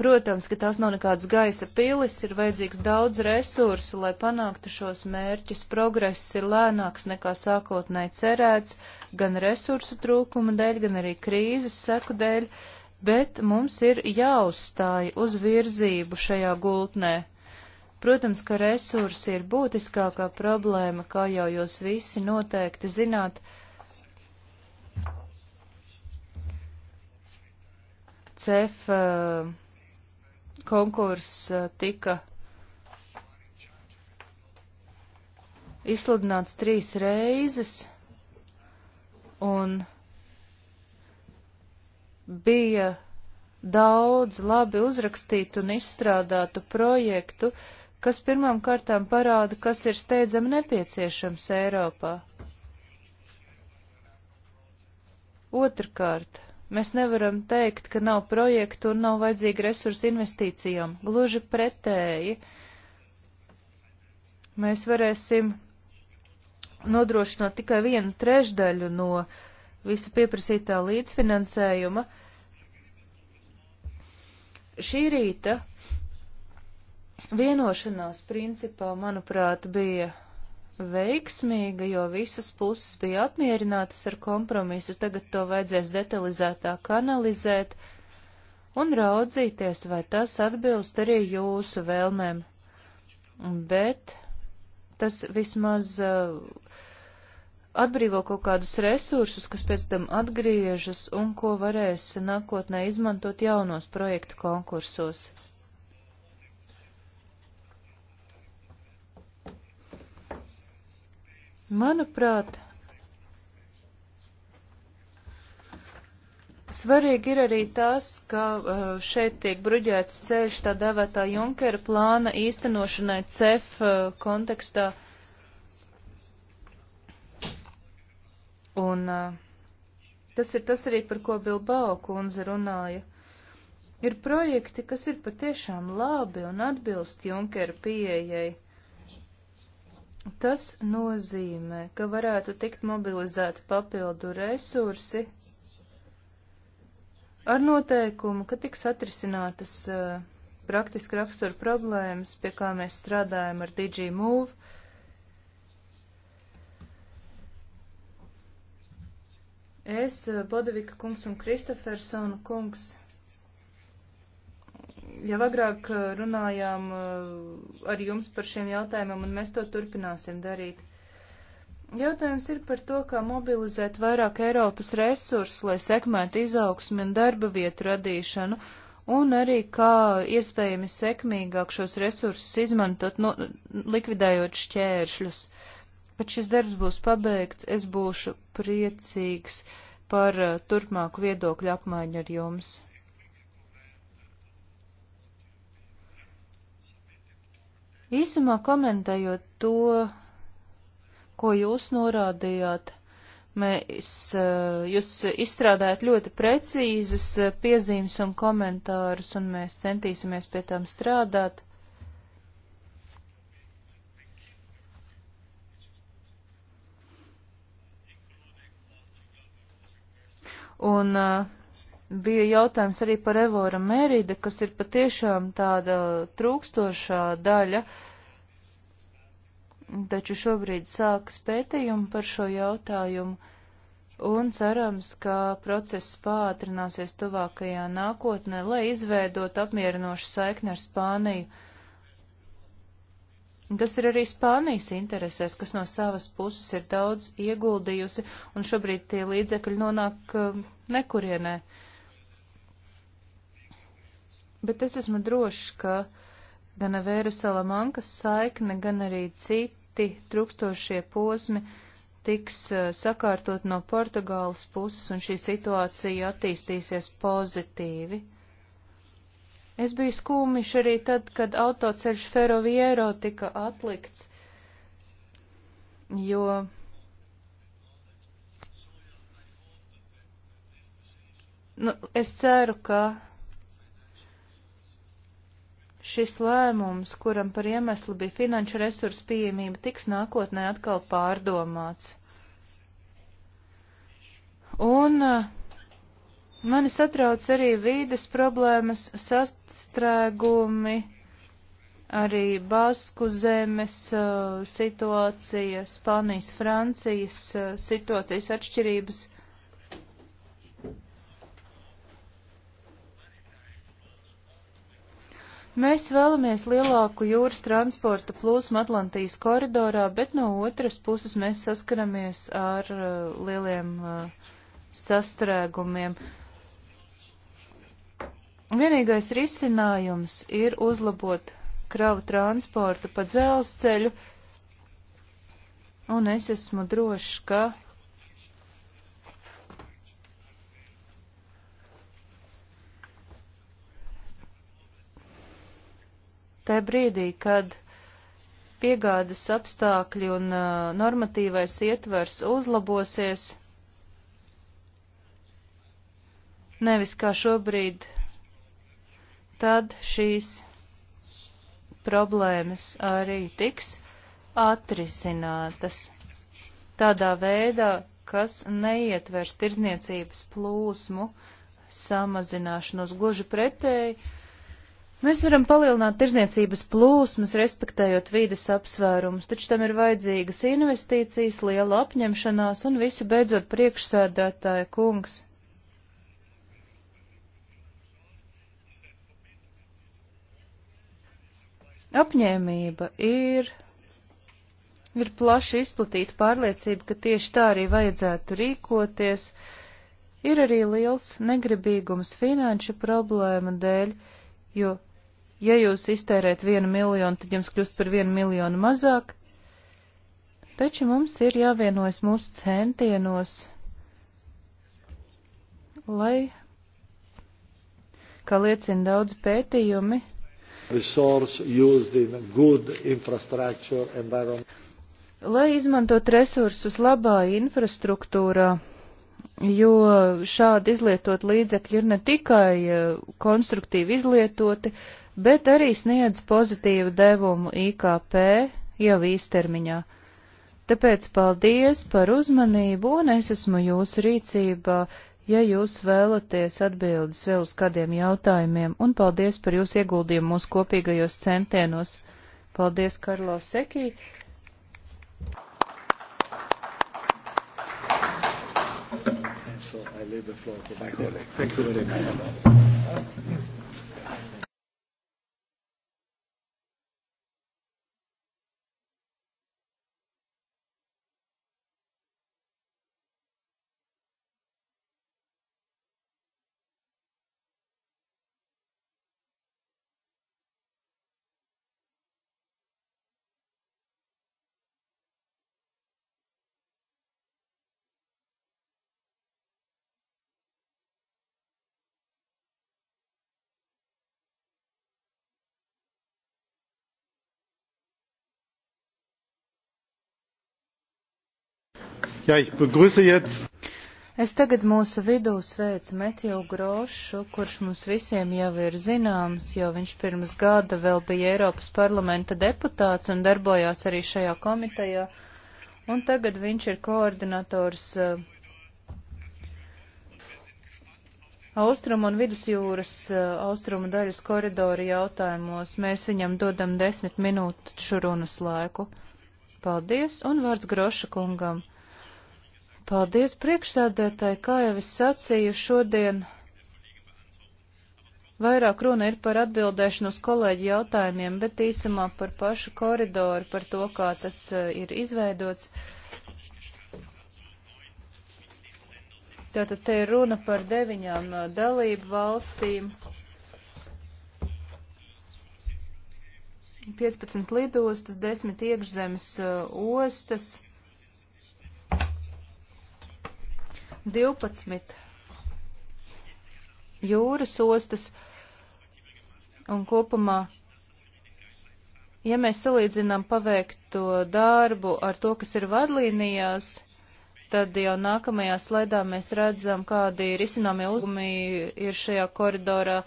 Protams, ka tās nav nekādas gaisa pilis, ir vajadzīgs daudz resursu, lai panāktu šos mērķus. Progress ir lēnāks nekā sākotnēji cerēts, gan resursu trūkuma dēļ, gan arī krīzes seku dēļ, bet mums ir jāuzstāj uz virzību šajā gultnē. Protams, ka resursi ir būtiskākā problēma, kā jau jūs visi noteikti zināt, CEF eh, konkurss eh, tika izsludināts trīs reizes un bija daudz labi uzrakstītu un izstrādātu projektu, kas pirmām kārtām parāda, kas ir steidzami nepieciešams Eiropā. Otrkārt, Mēs nevaram teikt, ka nav projektu un nav vajadzīgi resursi investīcijām. Gluži pretēji. Mēs varēsim nodrošināt tikai vienu trešdaļu no visa pieprasītā līdzfinansējuma. Šī rīta vienošanās principā, manuprāt, bija veiksmīga, jo visas puses bija apmierinātas ar kompromisu. Tagad to vajadzēs detalizētāk analizēt un raudzīties, vai tas atbilst arī jūsu vēlmēm. Bet tas vismaz uh, atbrīvo kaut kādus resursus, kas pēc tam atgriežas un ko varēs nākotnē izmantot jaunos projektu konkursos. Manuprāt, Svarīgi ir arī tas, ka uh, šeit tiek bruģēts ceļš tā devētā Junkera plāna īstenošanai CEF uh, kontekstā. Un uh, tas ir tas arī, par ko Bilbao kundze runāja. Ir projekti, kas ir patiešām labi un atbilst Junkera pieejai. Tas nozīmē, ka varētu tikt mobilizēti papildu resursi ar noteikumu, ka tiks atrisinātas uh, praktiski rakstura problēmas, pie kā mēs strādājam ar DigiMove. Es, eh, Bodavika kungs un Kristofersona kungs, Jau agrāk eh, runājām eh, ar jums par šiem jautājumiem, un mēs to turpināsim darīt. Jautājums ir par to, kā mobilizēt vairāk Eiropas resursus, lai sekmētu izaugsmi un darba vietu radīšanu, un arī kā iespējami sekmīgāk šos resursus izmantot, no, nu, likvidējot šķēršļus. Kad šis darbs būs pabeigts, es būšu priecīgs par eh, turpmāku viedokļu apmaiņu ar jums. Īsumā komentējot to, ko jūs norādījāt, mēs, eh, jūs izstrādājat ļoti precīzas eh, piezīmes un komentārus, un mēs centīsimies pie tām strādāt. Un uh, bija jautājums arī par Evora Mērīde, kas ir patiešām tāda trūkstošā daļa, taču šobrīd sākas pētījumi par šo jautājumu, un cerams, ka process pātrināsies tuvākajā nākotnē, lai izveidot apmierinošu saikni ar Spāniju. Tas ir arī Spānijas interesēs, kas no savas puses ir daudz ieguldījusi, un šobrīd tie līdzekļi nonāk uh, nekurienē. Uh, bet es esmu drošs, ka gan Avēra Salamankas saikne, gan arī citi trūkstošie posmi tiks eh, sakārtot no Portugāles puses, un šī situācija attīstīsies pozitīvi. Es biju skumjš arī tad, kad autoceļš Ferroviero tika atlikts, jo nu, es ceru, ka šis lēmums, kuram par iemeslu bija finanšu resursu pieejamība, tiks nākotnē atkal pārdomāts. Un uh, mani satrauc arī vīdes problēmas, sastrēgumi, arī Basku zemes uh, situācija, Spānijas, Francijas uh, situācijas atšķirības. Mēs vēlamies lielāku jūras transporta plūsmu Atlantijas koridorā, bet no otras puses mēs saskaramies ar uh, lieliem uh, sastrēgumiem. Vienīgais risinājums ir uzlabot kravu transportu pa dzelzceļu, un es esmu drošs, ka Te brīdī, kad piegādes apstākļi un uh, normatīvais ietvers uzlabosies, nevis kā šobrīd, tad šīs problēmas arī tiks atrisinātas tādā veidā, kas neietvers tirdzniecības plūsmu samazināšanos gluži pretēji Mēs varam palielināt tirzniecības plūsmas, respektējot vīdes apsvērumus, taču tam ir vajadzīgas investīcijas, liela apņemšanās un visu beidzot priekšsēdētāja kungs. Apņēmība ir, ir plaši izplatīta pārliecība, ka tieši tā arī vajadzētu rīkoties. Ir arī liels negribīgums finanšu problēma dēļ, jo Ja jūs iztērēt vienu miljonu, tad jums kļūst par vienu miljonu mazāk. Taču mums ir jāvienojas mūsu centienos, lai, kā liecina daudz pētījumi, lai izmantot resursus labā infrastruktūrā, jo šādi izlietot līdzekļi ir ne tikai eh, konstruktīvi izlietoti, bet arī sniedz pozitīvu devumu IKP jau īstermiņā. Tāpēc paldies par uzmanību, un es esmu jūsu rīcībā, ja jūs vēlaties atbildes vēl uz kādiem jautājumiem, un paldies par jūsu ieguldījumu mūsu kopīgajos centienos. Paldies, Karlo Sekī! So I leave the floor to my colleague. Thank you very much. Ja, ich begrüße jetzt. Es tagad mūsu vidū sveicu Metju Grošu, kurš mums visiem jau ir zināms, jo viņš pirms gada vēl bija Eiropas parlamenta deputāts un darbojās arī šajā komitejā, un tagad viņš ir koordinators eh, Austrum un Vidusjūras eh, austrumu daļas koridoru jautājumos. Mēs viņam dodam desmit minūtu šurunas laiku. Paldies, un vārds Groša kungam. Paldies priekšsēdētāji, kā jau es sacīju šodien. Vairāk runa ir par atbildēšanu uz kolēģi jautājumiem, bet īsumā par pašu koridoru, par to, kā tas eh, ir izveidots. Tātad te ir runa par deviņām eh, dalību valstīm, 15 lidostas, 10 iekšzemes eh, ostas. Uh, 12 jūras ostas un kopumā, ja mēs salīdzinām paveikto darbu ar to, kas ir vadlīnijās, tad jau nākamajā slaidā mēs redzam, kādi risināmie uzdevumi ir šajā koridorā.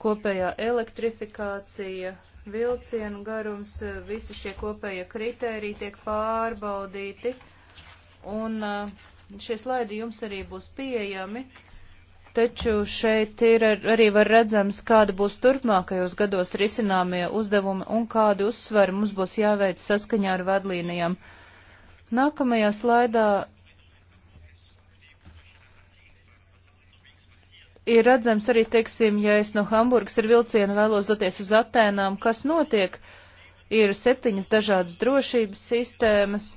Kopējā elektrifikācija, vilcienu garums, eh, visi šie kopējie kritēriji tiek pārbaudīti, un eh, šie slaidi jums arī būs pieejami, taču šeit ir arī var redzams, kāda būs turpmākajos gados risināmie uzdevumi un kādu uzsvaru mums būs jāveic saskaņā ar vadlīnijām. Nākamajā slaidā ir redzams arī, teiksim, ja es no Hamburgas ar vilcienu vēlos doties uz Atēnām, kas notiek? Ir septiņas dažādas drošības sistēmas,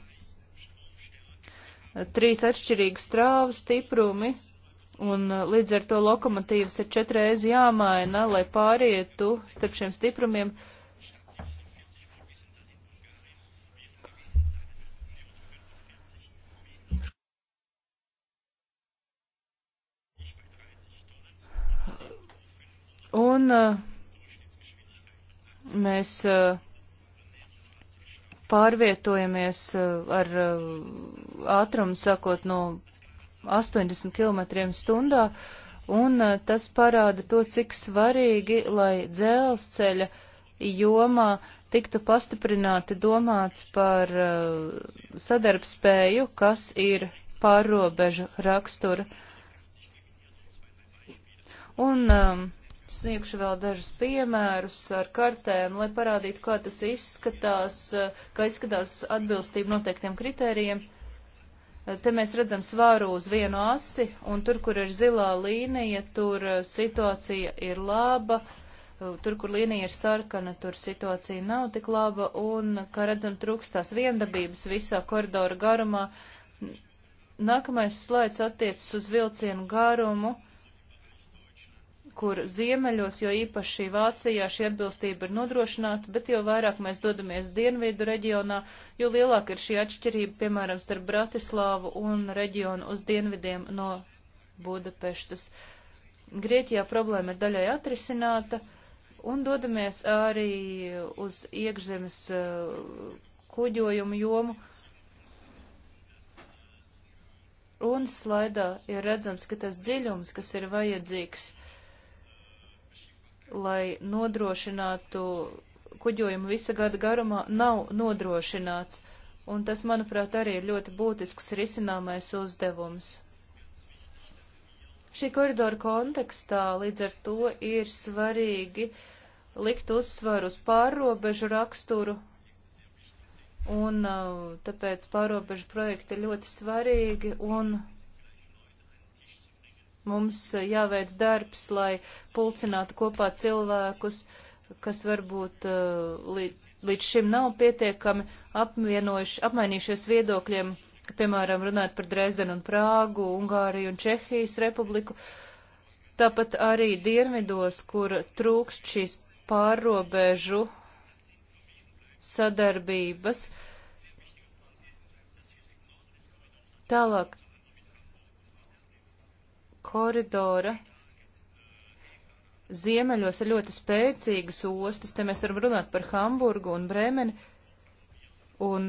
trīs atšķirīgas strāvas stiprumi, un uh, līdz ar to lokomotīvas ir četreiz jāmaina, lai pārietu starp šiem stiprumiem. Uh, Un uh, mēs uh, pārvietojamies uh, ar ātrumu sakot no 80 km stundā, un tas parāda to, cik svarīgi, lai dzelzceļa jomā tiktu pastiprināti domāts par sadarbspēju, kas ir pārrobežu rakstura. Un um, Sniegšu vēl dažus piemērus ar kartēm, lai parādītu, kā tas izskatās, kā izskatās atbilstība noteiktiem kritērijiem. Te mēs redzam svāru uz vienu asi, un tur, kur ir zilā līnija, tur eh, situācija ir laba, tur, kur līnija ir sarkana, tur situācija nav tik laba, un, kā redzam, trūkstās viendabības visā koridora garumā. Nākamais slaids attiecas uz vilcienu garumu. Uh, kur ziemeļos, jo īpaši Vācijā šī atbilstība ir nodrošināta, bet jo vairāk mēs dodamies dienvidu reģionā, jo lielāka ir šī atšķirība, piemēram, starp Bratislāvu un reģionu uz dienvidiem no Budapeštas. Grieķijā problēma ir daļai atrisināta, un dodamies arī uz iekšzemes uh, kuģojumu jomu. Un slaidā ir redzams, ka tas dziļums, kas ir vajadzīgs, lai nodrošinātu kuģojumu visa gada garumā, nav nodrošināts, un tas, manuprāt, arī ir ļoti būtisks risināmais uzdevums. Šī koridora kontekstā līdz ar to ir svarīgi likt uzsvaru uz pārrobežu raksturu, un uh, tāpēc pārrobežu projekti ļoti svarīgi, un Mums eh, jāveic darbs, lai pulcinātu kopā cilvēkus, kas varbūt eh, līdz šim nav pietiekami apmainījušies viedokļiem, piemēram, runāt par Dresdenu un Prāgu, Ungāriju un Čehijas republiku. Tāpat arī dienvidos, kur trūkst šīs pārrobežu sadarbības. Tālāk koridora ziemeļos ir ļoti spēcīgas ostas, te mēs varam runāt par Hamburgu un Bremeni, un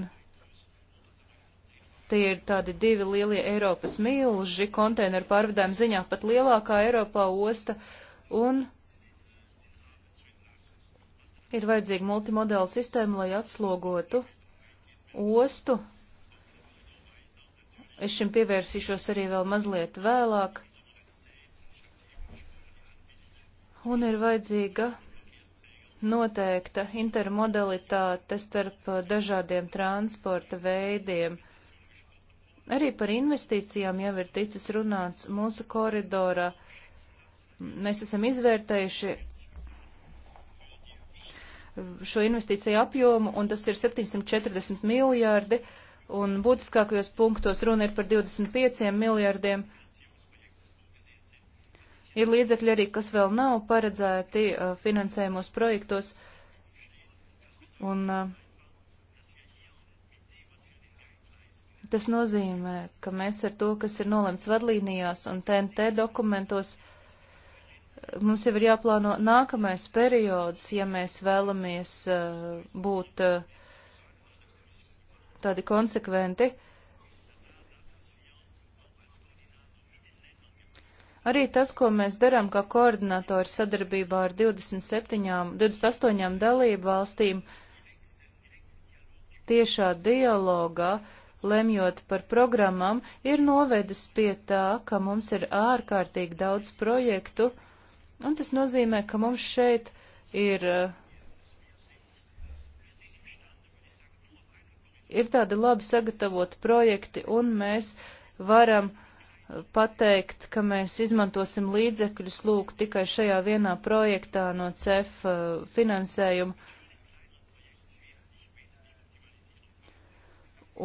tie ir tādi divi lielie Eiropas milži, konteineru pārvadājumu ziņā pat lielākā Eiropā osta, un ir vajadzīga multimodāla sistēma, lai atslogotu ostu. Es šim pievērsīšos arī vēl mazliet vēlāk. un ir vajadzīga noteikta intermodalitāte starp dažādiem transporta veidiem. Arī par investīcijām jau ir ticis runāts mūsu koridorā. Mēs esam izvērtējuši šo investīciju apjomu, un tas ir 740 miljārdi, un būtiskākajos punktos runa ir par 25 miljārdiem eiro Ir līdzekļi arī, kas vēl nav paredzēti uh, finansējumos projektos. Un uh, tas nozīmē, ka mēs ar to, kas ir nolemts vadlīnijās un TNT dokumentos, uh, mums jau ir jāplāno nākamais periods, ja mēs vēlamies būt tādi konsekventi. Uh, Arī tas, ko mēs darām kā koordinatori sadarbībā ar 27, 28 dalību valstīm, tiešā dialogā, lemjot par programmām, ir novedis pie tā, ka mums ir ārkārtīgi daudz projektu, un tas nozīmē, ka mums šeit ir, ir tādi labi sagatavoti projekti, un mēs varam uh, pateikt, ka mēs izmantosim līdzekļus lūk tikai šajā vienā projektā no CEF uh, finansējuma.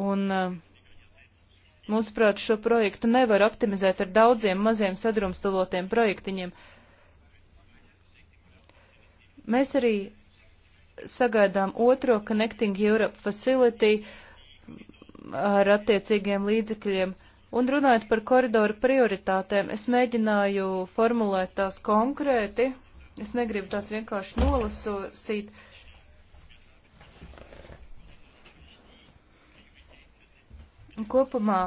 Un, uh, mūsuprāt, šo projektu nevar optimizēt ar daudziem maziem sadrumstalotiem projektiņiem. Mēs arī sagaidām otro Connecting Europe Facility ar attiecīgiem līdzekļiem. Uh, Un runājot par koridoru prioritātēm, es mēģināju formulēt tās konkrēti, es negribu tās vienkārši nolasīt. Kopumā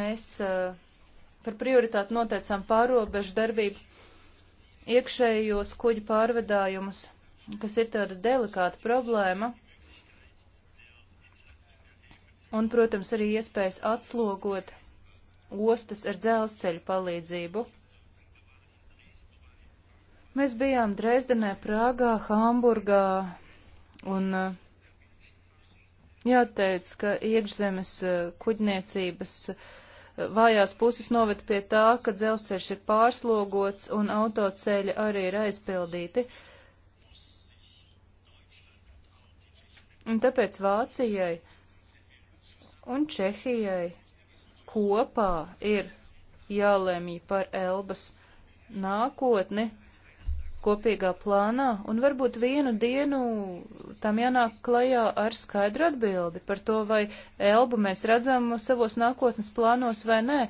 mēs eh, par prioritāti noteicām pārobežu darbību iekšējos kuģu pārvedājumus, kas ir tāda delikāta problēma. Un, protams, arī iespējas atslogot ostas ar dzelzceļu palīdzību. Mēs bijām Dresdenē, Prāgā, Hamburgā un eh, jāteic, ka iekšzemes eh, kuģniecības eh, vājās puses noved pie tā, ka dzelzceļš ir pārslogots un autoceļi arī ir aizpildīti. Un tāpēc Vācijai un Čehijai kopā ir jālēmī par Elbas nākotni kopīgā plānā, un varbūt vienu dienu tam jānāk klajā ar skaidru atbildi par to, vai Elbu mēs redzam savos nākotnes plānos vai nē.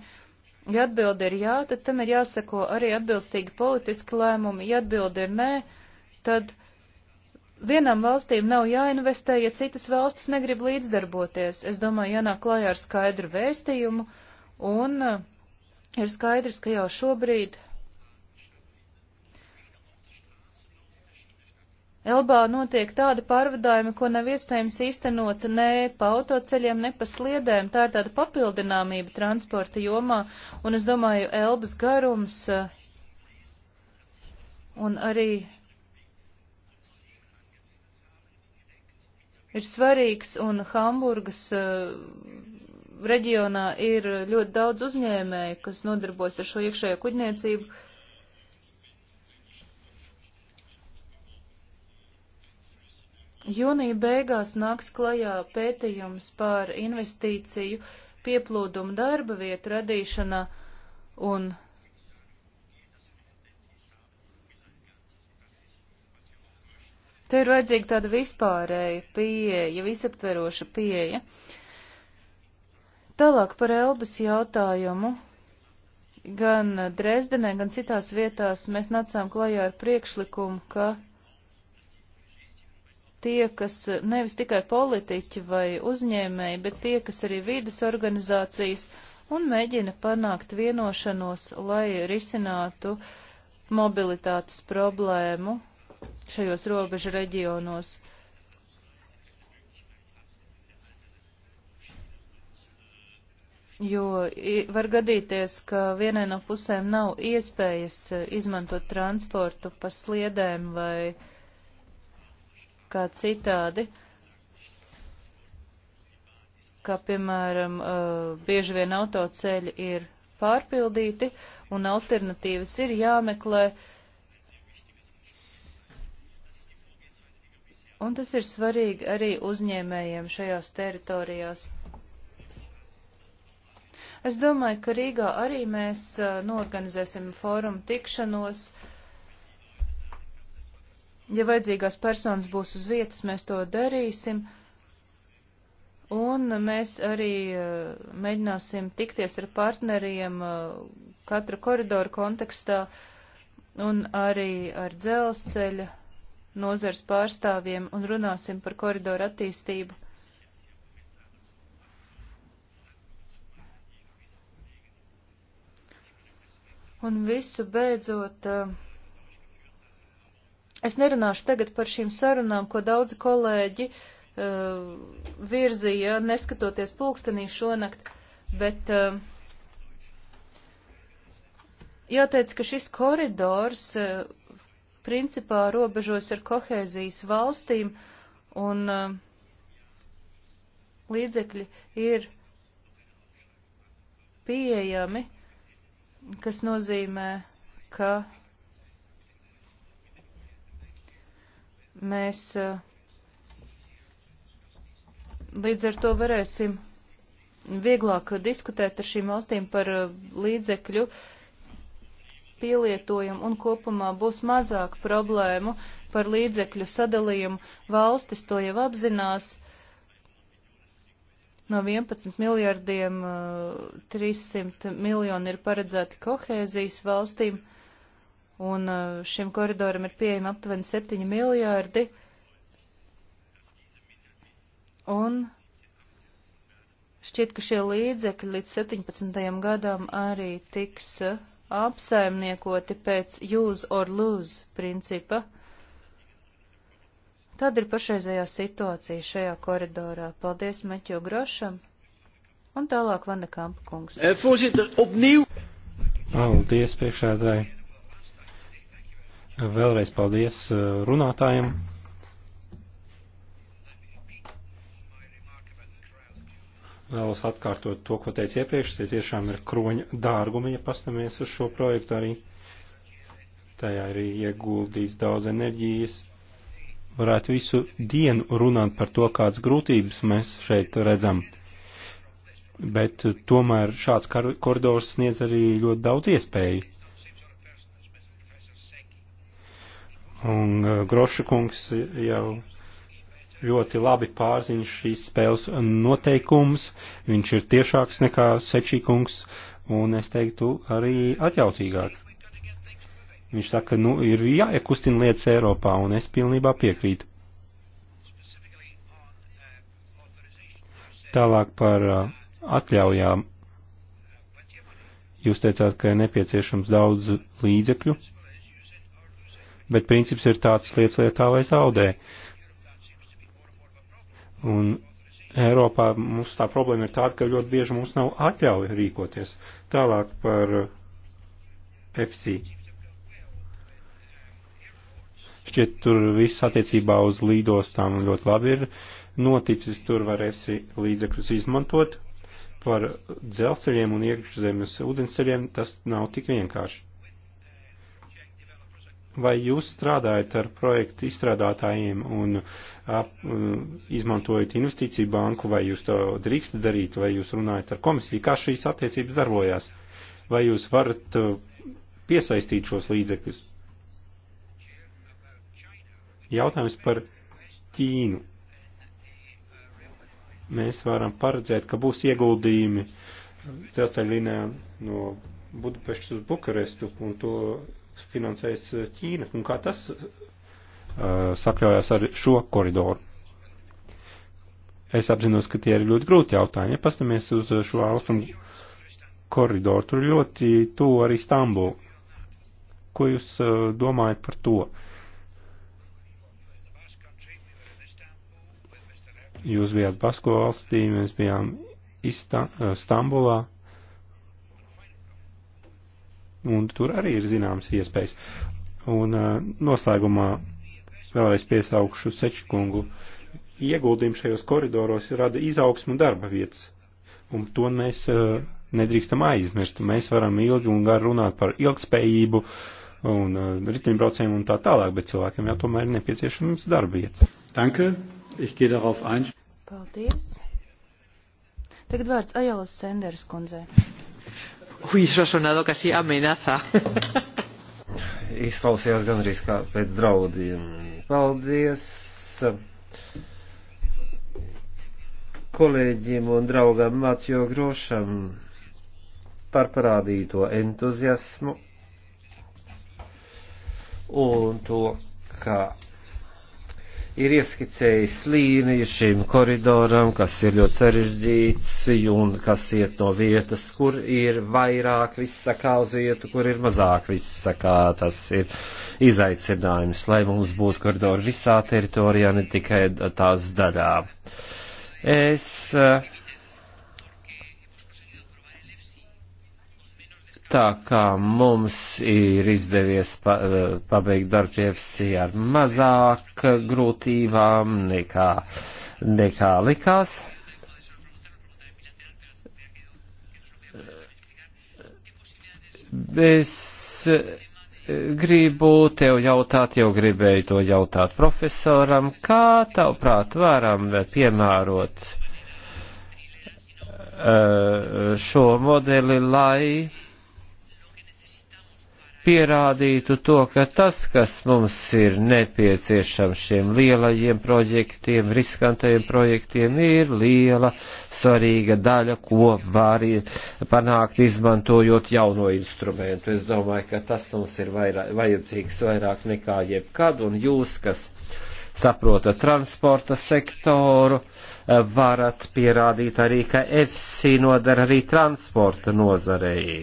Ja atbildi ir jā, tad tam ir jāsako arī atbilstīgi politiski lēmumi, ja atbildi ir nē, tad. Uh, vienām valstīm nav jāinvestē, ja citas valstis negrib līdzdarboties. Es domāju, jānāk klājā ar skaidru vēstījumu, un eh, ir skaidrs, ka jau šobrīd Elbā notiek tāda pārvadājuma, ko nav iespējams īstenot ne pa autoceļiem, ne pa sliedēm. Tā ir tāda papildināmība transporta jomā, un es domāju, Elbas garums eh, un arī ir svarīgs un Hamburgas uh, reģionā ir ļoti daudz uzņēmēju, kas nodarbojas ar šo iekšējo kuģniecību. Jūnija beigās nāks klajā pētījums par investīciju pieplūdumu darba vietu radīšanā un Te ir vajadzīga tāda vispārēja pieeja, visaptveroša pieeja. Tālāk par Elbas jautājumu. Gan Dresdenē, gan citās vietās mēs nācām klajā ar priekšlikumu, ka tie, kas nevis tikai politiķi vai uzņēmēji, bet tie, kas arī vīdas organizācijas, un mēģina panākt vienošanos, lai risinātu mobilitātes problēmu šajos robežu reģionos. Jo var gadīties, ka vienai no pusēm nav iespējas e, izmantot transportu pa sliedēm vai kā citādi, kā piemēram e, bieži vien autoceļi ir pārpildīti un alternatīvas ir jāmeklē. Uh, Un tas ir svarīgi arī uzņēmējiem šajās teritorijās. Es domāju, ka Rīgā arī mēs norganizēsim fórumu tikšanos. Ja vajadzīgās personas būs uz vietas, mēs to darīsim. Un mēs arī mēģināsim tikties ar partneriem katra koridora kontekstā un arī ar dzelzceļa nozars pārstāvjiem un runāsim par koridoru attīstību. Un visu beidzot, eh, es nerunāšu tagad par šīm sarunām, ko daudzi kolēģi uh, virzīja, neskatoties pulkstenī šonakt, bet uh, jāteic, ka šis koridors uh, principā robežos ar kohēzijas valstīm, un uh, līdzekļi ir pieejami, kas nozīmē, ka mēs uh, līdz ar to varēsim vieglāk diskutēt ar šīm valstīm par uh, līdzekļu uh, pielietojumu un kopumā būs mazāk problēmu par līdzekļu sadalījumu. Valstis to jau apzinās. No 11 miljardiem 300 eh, miljoni ir paredzēti kohēzijas valstīm, un eh, šim koridoram ir pieejama aptuveni 7 miljārdi. Un šķiet, ka šie līdzekļi līdz 17. gadam arī tiks eh, apsaimniekoti pēc use or lose principa. Tad ir pašreizējā situācija šajā koridorā. Paldies Meķo Grošam un tālāk Vanda Kampa kungs. Eh, paldies priekšēdāji. Vēlreiz paldies eh, runātājiem. vēlos atkārtot to, ko teicu iepriekš, tie tiešām ir kroņa dārgumi, ja pastamies uz šo projektu arī. Tajā arī ieguldīts daudz enerģijas. Varētu visu dienu runāt par to, kādas grūtības mēs šeit redzam. Bet tomēr šāds koridors sniedz arī ļoti daudz iespēju. Un eh, Groša kungs jau ļoti labi pārziņ šīs spēles noteikums, viņš ir tiešāks nekā Sečīkungs, un es teiktu arī atjautīgāks. Viņš saka, nu, ir jāiekustina lietas Eiropā, un es pilnībā piekrītu. Tālāk par uh, atļaujām. Jūs teicāt, ka ir nepieciešams daudz līdzekļu, bet princips ir tāds lietas lietā vai zaudē. Uh, Un Eiropā mums tā problēma ir tāda, ka ļoti bieži mums nav atļauja rīkoties. Tālāk par FC. Šķiet, tur viss attiecībā uz līdostām ļoti labi ir noticis, tur var FC līdzekļus izmantot. Par dzelzceļiem un iekšzemes ūdensceļiem tas nav tik vienkārši. Vai jūs strādājat ar projektu izstrādātājiem un ap, uh, izmantojat investīciju banku, vai jūs to drīkstat darīt, vai jūs runājat ar komisiju, kā šīs attiecības darbojās? Vai jūs varat uh, piesaistīt šos līdzekļus? Jautājums par Ķīnu. Mēs varam paredzēt, ka būs ieguldījumi dzelzceļa līnijā no Budapeštas uz Bukarestu, un to finansēs eh, Ķīna un kā tas eh, sakļaujās ar šo koridoru. Es apzinos, ka tie ir ļoti grūti jautājumi. Ja pastamies uz eh, šo austrumu koridoru, tur ļoti tuvu arī Stambulu. Ko jūs domājat par to? Jūs bijāt Basko valstī, mēs bijām Istā, Stambulā un tur arī ir zināmas iespējas. Un uh, noslēgumā vēlreiz piesaukšu Sečikungu. Ieguldījumi šajos koridoros rada izaugsmu darba vietas, un to mēs uh, nedrīkstam aizmirst. Mēs varam ilgi un gar runāt par ilgspējību un uh, riteņbraucējiem un tā tālāk, bet cilvēkiem jau tomēr ir nepieciešams darba vietas. Danke, ich gehe darauf ein. Paldies. Tagad vārds Ajalas Senders kundzei. Uy, eso ha sonado casi amenaza. Izklausījās gandrīz kā pēc draudiem. Paldies kolēģiem un draugam Matjo Grošam par parādīto entuziasmu un to, ka ir ieskicējis līniju šim koridoram, kas ir ļoti sarežģīts un kas iet no vietas, kur ir vairāk vissakā uz vietu, kur ir mazāk vissakā. Tas ir izaicinājums, lai mums būtu koridori visā teritorijā, ne tikai tās daļā. Es uh, tā kā mums ir izdevies pa, eh, pabeigt darbu PFC ar mazāk grūtībām nekā, nekā likās. Es eh, gribu tev jautāt, jau gribēju to jautāt profesoram, kā tavuprāt varam piemērot eh, šo modeli, lai pierādītu to, ka tas, kas mums ir nepieciešams šiem lielajiem projektiem, riskantajiem projektiem, ir liela, svarīga daļa, ko var panākt izmantojot jauno instrumentu. Es domāju, ka tas mums ir vairāk, vajadzīgs vairāk nekā jebkad, un jūs, kas saprota transporta sektoru, varat pierādīt arī, ka EFSI nodara arī transporta nozarei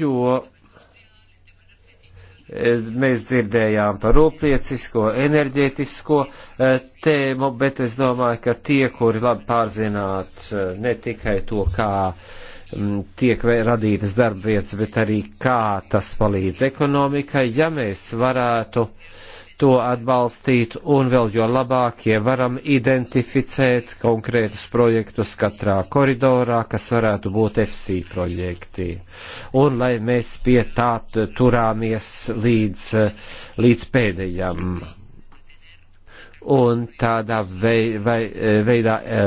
jo eh, mēs dzirdējām par rūpniecisko, enerģētisko eh, tēmu, bet es domāju, ka tie, kuri labi pārzināt eh, ne tikai to, kā mm, tiek radītas darbvietas, bet arī kā tas palīdz ekonomikai, ja mēs varētu uh, to atbalstīt un vēl jo labāk, ja varam identificēt konkrētus projektus katrā koridorā, kas varētu būt FC projekti. Un lai mēs pie tā turāmies līdz, līdz pēdējam un tādā vei, vai, veidā e,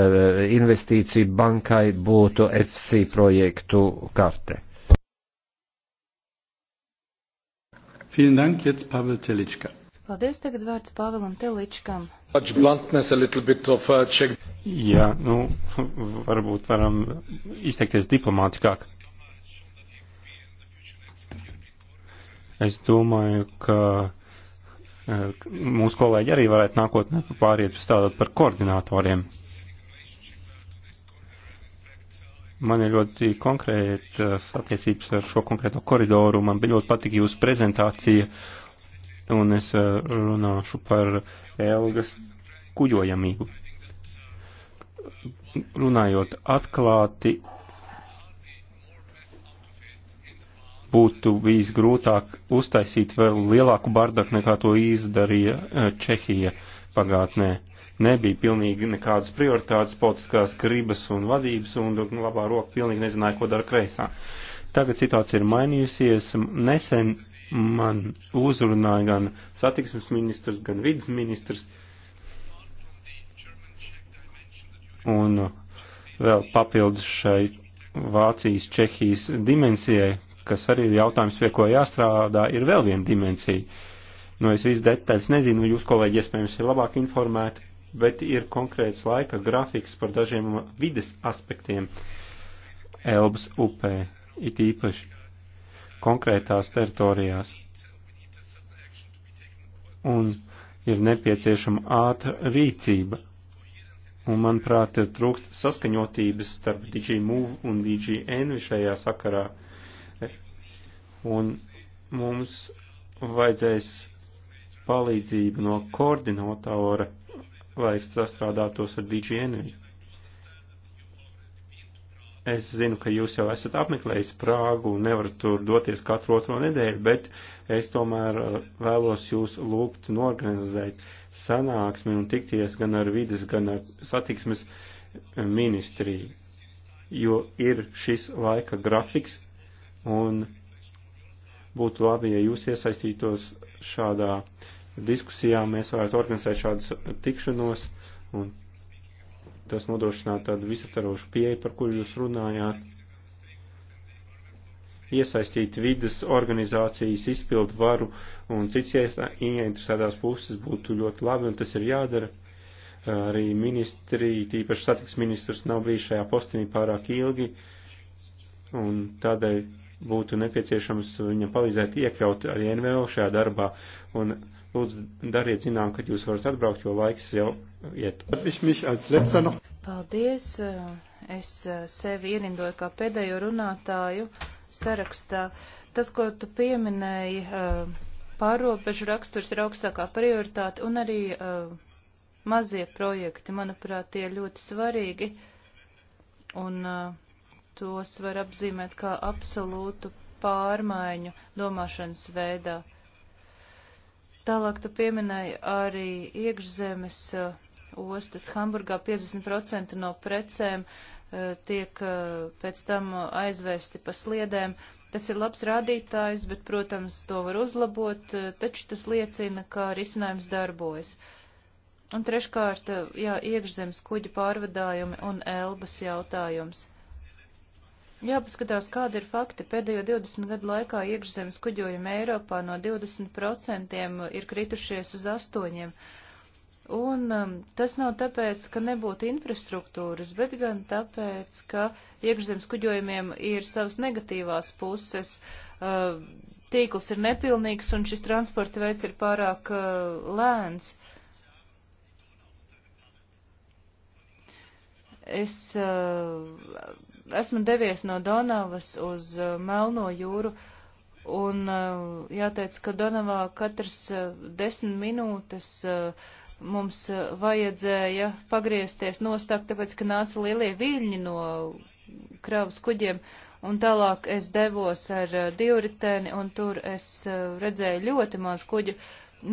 investīciju bankai būtu FC projektu karte. Vielen Dank, jetzt Pavel Telička. Paldies, tagad vārds Pāvilam Teličkam. Uh, Jā, nu, varbūt varam izteikties diplomātiskāk. Es domāju, ka e, mūsu kolēģi arī varētu nākotnē pāriet strādāt par koordinatoriem. Man ir ļoti konkrētas e, attiecības ar šo konkrēto koridoru. Man bija ļoti patika jūsu prezentācija. Uh, un es eh, runāšu par Elgas kuģojamību. Runājot atklāti, būtu bijis grūtāk uztaisīt vēl lielāku bardaku nekā to izdarīja eh, Čehija pagātnē. Nebija pilnīgi nekādas prioritātes, politiskās gribas un vadības, un nu, labā roka pilnīgi nezināja, ko dara kreisā. Tagad situācija ir mainījusies. Nesen Man uzrunāja gan satiksmes ministrs, gan vidas ministrs. Un vēl papildus šai Vācijas, Čehijas dimensijai, kas arī ir jautājums, pie ko jāstrādā, ir vēl viena dimensija. Nu, es visu detaļas nezinu, jūs kolēģi iespējams ir labāk informēti, bet ir konkrēts laika grafiks par dažiem vides aspektiem Elbas upē, it īpaši konkrētās teritorijās. Un ir nepieciešama ātra rīcība. Un, manuprāt, ir trūkst saskaņotības starp DigiMove un DigiEnvi šajā sakarā. Un mums vajadzēs palīdzību no koordinatora, lai sastrādātos ar DigiEnvi. Es zinu, ka jūs jau esat apmeklējis Prāgu un nevarat tur doties katru otro nedēļu, bet es tomēr uh, vēlos jūs lūgt norganizēt sanāksmi un tikties gan ar vides, gan ar satiksmes ministriju, jo ir šis laika grafiks un būtu labi, ja jūs iesaistītos šādā diskusijā, mēs varētu organizēt šādas tikšanos un tas nodrošinātu tādu visaptarošu pieeju, par kuru jūs runājāt, iesaistīt vidas organizācijas, izpildu varu un cits ieinteresētās puses būtu ļoti labi, un tas ir jādara. Arī ministri, tīpaši satiks ministrs, nav bijis šajā postenī pārāk ilgi, un tādēļ būtu nepieciešams viņam palīdzēt iekļaut arī NVO šajā darbā. Un lūdzu, dariet zinām, kad jūs varat atbraukt, jo laiks jau iet. Paldies. Es eh, sevi ierindoju kā pēdējo runātāju sarakstā. Tas, ko tu pieminēji, eh, pārobežu raksturs ir augstākā prioritāte un arī eh, mazie projekti, manuprāt, tie ir ļoti svarīgi, un uh, tos var apzīmēt kā absolūtu pārmaiņu domāšanas veidā. Tālāk tu pieminēji arī iekšzemes uh, ostas. Hamburgā 50% no precēm eh, tiek eh, pēc tam aizvesti pa sliedēm. Tas ir labs rādītājs, bet, protams, to var uzlabot, eh, taču tas liecina, ka risinājums darbojas. Un treškārt, jā, iekšzemes kuģu pārvadājumi un elbas jautājums. Jāpaskatās, kāda ir fakti. Pēdējo 20 gadu laikā iekšzemes kuģojumi Eiropā no 20% ir kritušies uz 8%. Un um, tas nav tāpēc, ka nebūtu infrastruktūras, bet gan tāpēc, ka iekšzemes kuģojumiem ir savas negatīvās puses, uh, tīkls ir nepilnīgs un šis transporta veids ir pārāk uh, lēns. Es uh, esmu devies no Donavas uz uh, Melno jūru. Uh, Un jāteic, ka Donavā katrs uh, desmit minūtes uh, mums eh, vajadzēja pagriezties nostāk, tāpēc, ka nāca lielie viļņi no kravas kuģiem, un tālāk es devos ar eh, divritēni, un tur es eh, redzēju ļoti maz kuģu.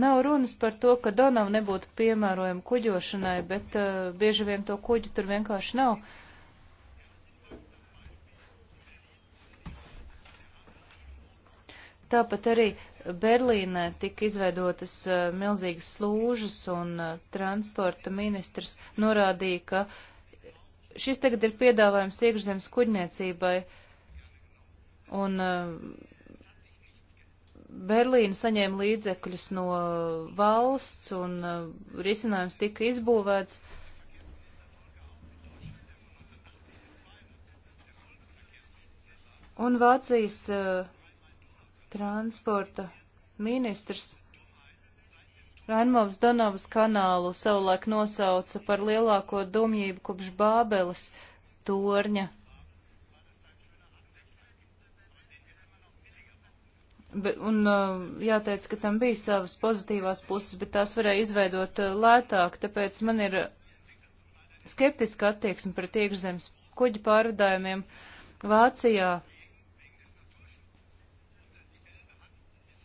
Nav runas par to, ka Donava nebūtu piemērojama kuģošanai, bet uh, bieži vien to kuģu tur vienkārši nav. Uh, Tāpat arī Berlīnē tika izveidotas uh, milzīgas slūžas, un uh, transporta ministrs norādīja, ka šis tagad ir piedāvājums iekšzemes kuģniecībai, un uh, Berlīna saņēma līdzekļus no valsts, un risinājums tika izbūvēts. Un Vācijas uh, transporta ministrs Raimovs Donavas kanālu savulaik nosauca par lielāko dumjību kopš Bābeles torņa. Be, un uh, jāteic, ka tam bija savas pozitīvās puses, bet tās varēja izveidot uh, lētāk, tāpēc man ir skeptiska attieksme pret iekšzemes kuģu pārvadājumiem Vācijā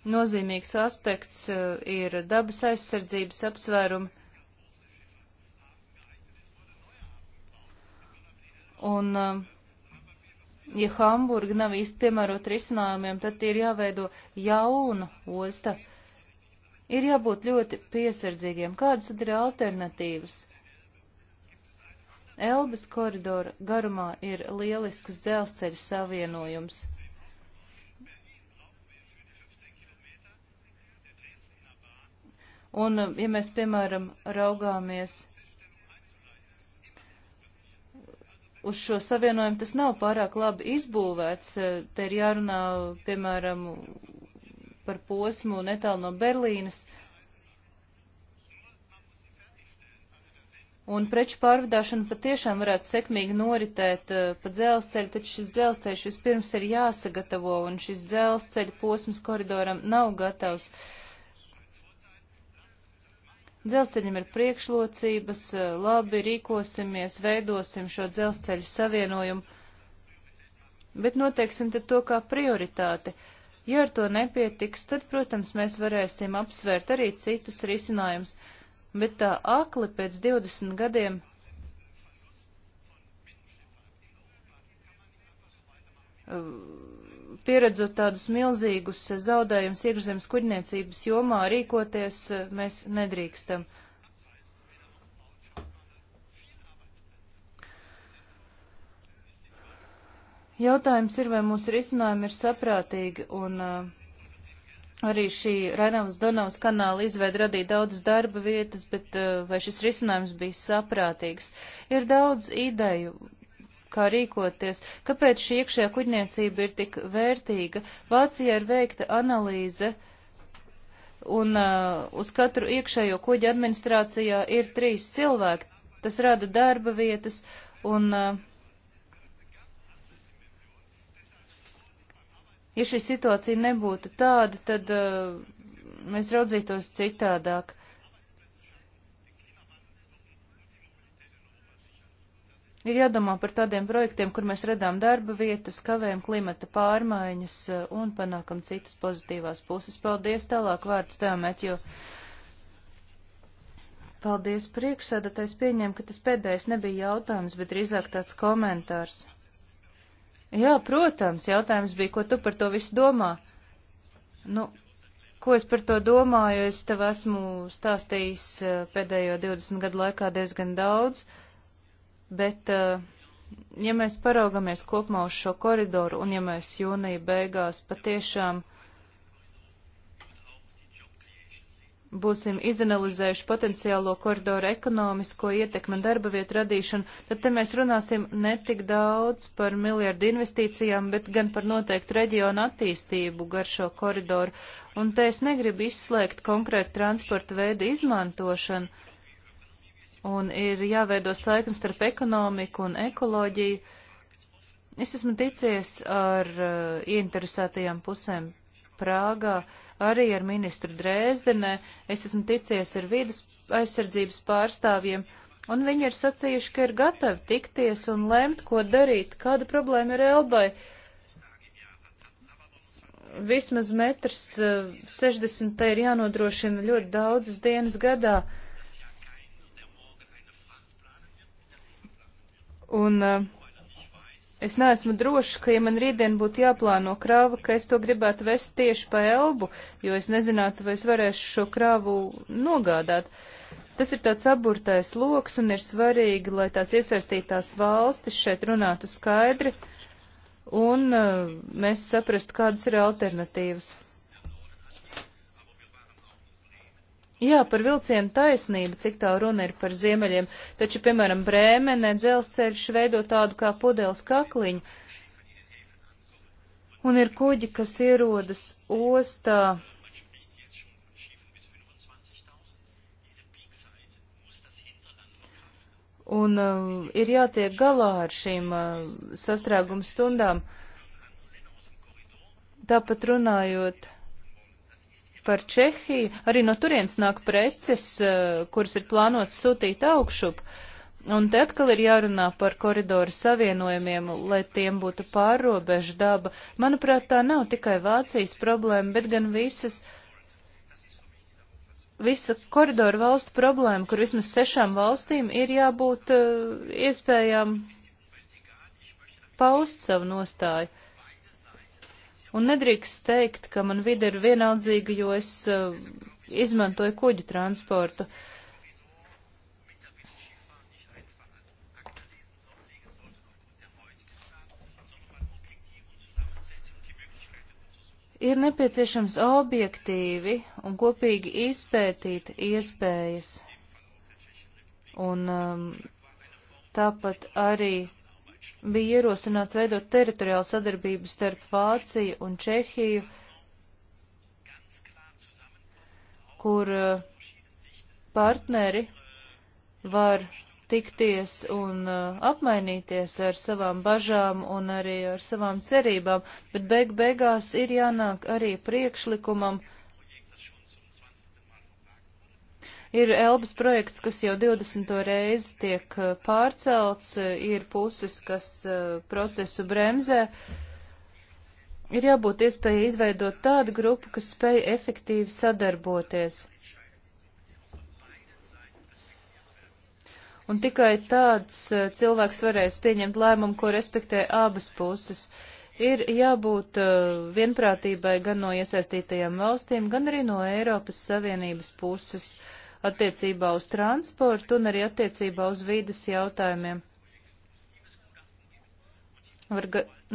Nozīmīgs aspekts eh, ir dabas aizsardzības apsvērumi. Un, eh, ja Hamburga nav īsti piemērot risinājumiem, tad ir jāveido jauna osta. Ir jābūt ļoti piesardzīgiem. Kādas tad ir alternatīvas? Elbas koridora garumā ir lielisks dzelzceļa savienojums. Un, um, ja mēs, piemēram, raugāmies uz šo savienojumu, tas nav pārāk labi izbūvēts. Uh, te ir jārunā, piemēram, par posmu netālu no Berlīnas. Un preču pārvadāšana patiešām varētu sekmīgi noritēt uh, pa dzelzceļu, taču šis dzelzceļš vispirms ir jāsagatavo, un šis dzelzceļa posms koridoram nav gatavs. Uh, Dzelzceļam ir priekšlocības, eh, labi rīkosimies, veidosim šo dzelzceļu savienojumu, bet noteiksim tad to kā prioritāti. Ja ar to nepietiks, tad, protams, mēs varēsim apsvērt arī citus risinājumus, bet tā akli pēc 20 gadiem uh, pieredzot tādus milzīgus zaudējumus iekšzemes kuģniecības jomā, rīkoties mēs nedrīkstam. Jautājums ir, vai mūsu risinājumi ir saprātīgi, un uh, arī šī Rainavas Donavas kanāla izveida radīja daudz darba vietas, bet uh, vai šis risinājums bija saprātīgs? Ir daudz ideju, kā rīkoties, kāpēc šī iekšējā kuģniecība ir tik vērtīga. Vācijā ir veikta analīze, un uh, uz katru iekšējo kuģa administrācijā ir trīs cilvēki. Tas rada darba vietas, un uh, ja šī situācija nebūtu tāda, tad uh, mēs raudzītos citādāk. Ir jādomā par tādiem projektiem, kur mēs redām darba vietas, kavējam klimata pārmaiņas eh, un panākam citas pozitīvās puses. Paldies, tālāk vārds tev, Metju. Paldies priekšsēdētājs pieņēma, ka tas pēdējais nebija jautājums, bet drīzāk tāds komentārs. Jā, protams, jautājums bija, ko tu par to visu domā. Nu, ko es par to domāju, es tev esmu stāstījis eh, pēdējo 20 gadu laikā diezgan daudz. Uh, bet eh, ja mēs paraugamies kopumā uz šo koridoru un ja mēs jūnija beigās patiešām būsim izanalizējuši potenciālo koridoru ekonomisko ietekmi un darba vietu radīšanu, tad te mēs runāsim ne tik daudz par miljardu investīcijām, bet gan par noteiktu reģionu attīstību gar šo koridoru. Un te es negribu izslēgt konkrētu transporta veidu izmantošanu, un ir jāveido saiknes starp ekonomiku un ekoloģiju. Es esmu ticies ar uh, ieinteresētajām pusēm Prāgā, arī ar ministru Drēzdenē, es esmu ticies ar vīdas aizsardzības pārstāvjiem, un viņi ir sacījuši, ka ir gatavi tikties un lemt, ko darīt, kāda problēma ir Elbai. Vismaz metrs uh, eh, 60 ir jānodrošina ļoti daudzas dienas gadā. Uh, Un eh, es neesmu drošs, ka, ja man rītdien būtu jāplāno krāva, ka es to gribētu vest tieši pa elbu, jo es nezinātu, vai es varēšu šo krāvu nogādāt. Tas ir tāds aburtais loks un ir svarīgi, lai tās iesaistītās valstis šeit runātu skaidri un eh, mēs saprastu, kādas ir alternatīvas. Jā, par vilcienu taisnību, cik tā runa ir par ziemeļiem, taču, piemēram, Brēmenē dzelzceļš veido tādu kā pudeles kakliņu. Un ir kuģi, kas ierodas ostā. Un uh, ir jātiek galā ar šīm uh, sastrēguma stundām. Tāpat runājot par Čehiju. Arī no turienes nāk preces, eh, kuras ir plānotas sūtīt augšup. Un te atkal ir jārunā par koridoru savienojumiem, lai tiem būtu pārrobežu daba. Manuprāt, tā nav tikai Vācijas problēma, bet gan visas, visa koridoru valstu problēma, kur vismaz sešām valstīm ir jābūt uh, iespējām paust savu nostāju. Un nedrīkst teikt, ka man vide ir vienaldzīga, jo es uh, izmantoju kuģu transportu. Ir nepieciešams objektīvi un kopīgi izpētīt iespējas. Un um, tāpat arī bija ierosināts veidot teritoriālu sadarbību starp Vāciju un Čehiju, kur uh, partneri var tikties un uh, apmainīties ar savām bažām un arī ar savām cerībām, bet beig beigās ir jānāk arī priekšlikumam, uh, Ir Elbas projekts, kas jau 20. reizi tiek eh, pārcelts, eh, ir puses, kas eh, procesu bremzē. Ir jābūt iespēja izveidot tādu grupu, kas spēj efektīvi sadarboties. un tikai tāds cilvēks varēs pieņemt lēmumu, ko respektē abas puses. Ir jābūt vienprātībai gan no iesaistītajām valstīm, gan arī no Eiropas Savienības puses. Uh, attiecībā uz transportu un arī attiecībā uz vīdes jautājumiem. Var,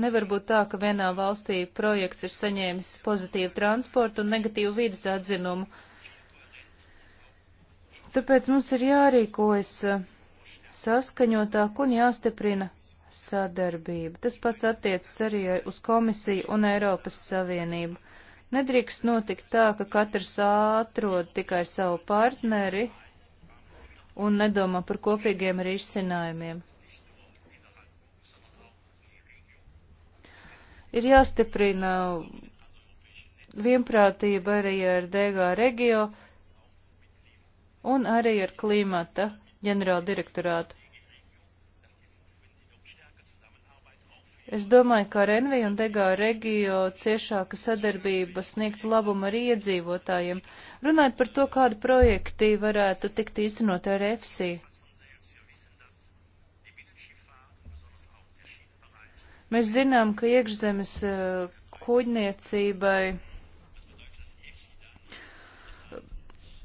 nevar būt tā, ka vienā valstī projekts ir saņēmis pozitīvu transportu un negatīvu vīdes atzinumu. Tāpēc mums ir jārīkojas eh, saskaņotāk un jāstiprina sadarbība. Tas pats attiecas arī eh, uz komisiju un Eiropas Savienību. Nedrīkst notikt tā, ka katrs atrod tikai savu partneri un nedomā par kopīgiem risinājumiem. Ir jāstiprina vienprātība arī ar DG regio un arī ar klimata ģenerāldirektorātu. Es domāju, ka ar Envi un Degā regio ciešāka sadarbība sniegtu labumu arī iedzīvotājiem. Runājot par to, kādi projekti varētu tikt īstenot ar EFSI. Mēs zinām, ka iekšzemes eh, kuģniecībai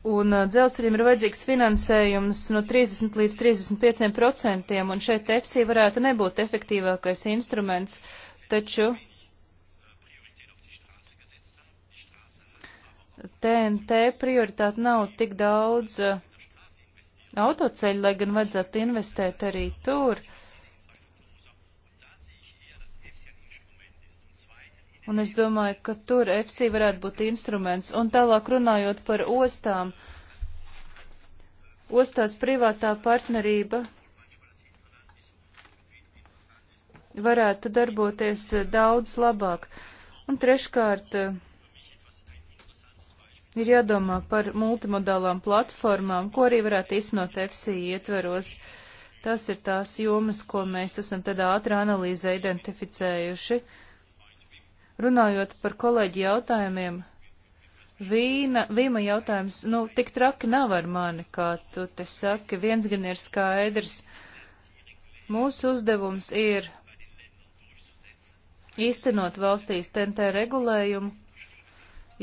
Un uh, dzelzceļiem ir vajadzīgs finansējums no 30 līdz 35 procentiem, un šeit EFSI varētu nebūt efektīvākais instruments, taču TNT prioritāte nav tik daudz uh, autoceļu, lai gan vajadzētu investēt arī tur. Uh, Un es domāju, ka tur FC varētu būt instruments. Un tālāk runājot par ostām. Ostās privātā partnerība varētu darboties eh, daudz labāk. Un treškārt eh, ir jādomā par multimodālām platformām, ko arī varētu iznot FC ietveros. Tas ir tās jomas, ko mēs esam tādā ātrā analīzē identificējuši. Uh, Runājot par kolēģi jautājumiem, vīna, vīma jautājums, nu, tik traki nav ar mani, kā tu te saki, viens gan ir skaidrs. Mūsu uzdevums ir īstenot valstīs TNT regulējumu,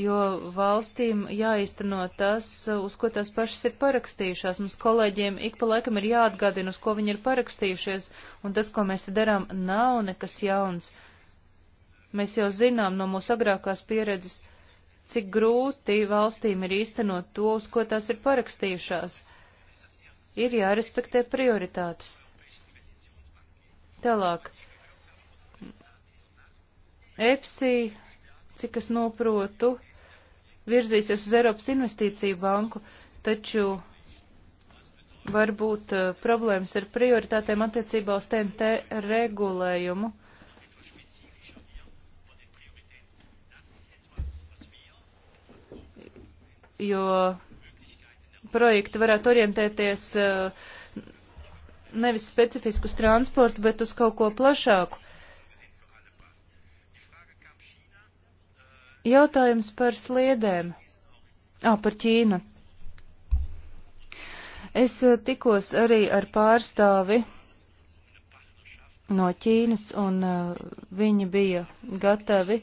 jo valstīm jāīsteno tas, uz ko tās pašas ir parakstījušās. Mums kolēģiem ik pa laikam ir jāatgādina, uz ko viņi ir parakstījušies, un tas, ko mēs te darām, nav nekas jauns. Uh, Mēs jau zinām no mūsu agrākās pieredzes, cik grūti valstīm ir īstenot to, uz ko tās ir parakstījušās. Ir jārespektē prioritātes. Tālāk. EPSI, cik es noprotu, virzīsies uz Eiropas investīciju banku, taču varbūt uh, problēmas ar prioritātēm attiecībā uz TNT regulējumu. Uh, jo projekti varētu orientēties eh, nevis specifiski uz transportu, bet uz kaut ko plašāku. Jautājums par sliedēm. Ā, par Ķīnu. Es eh, tikos arī ar pārstāvi no Ķīnas, un eh, viņi bija gatavi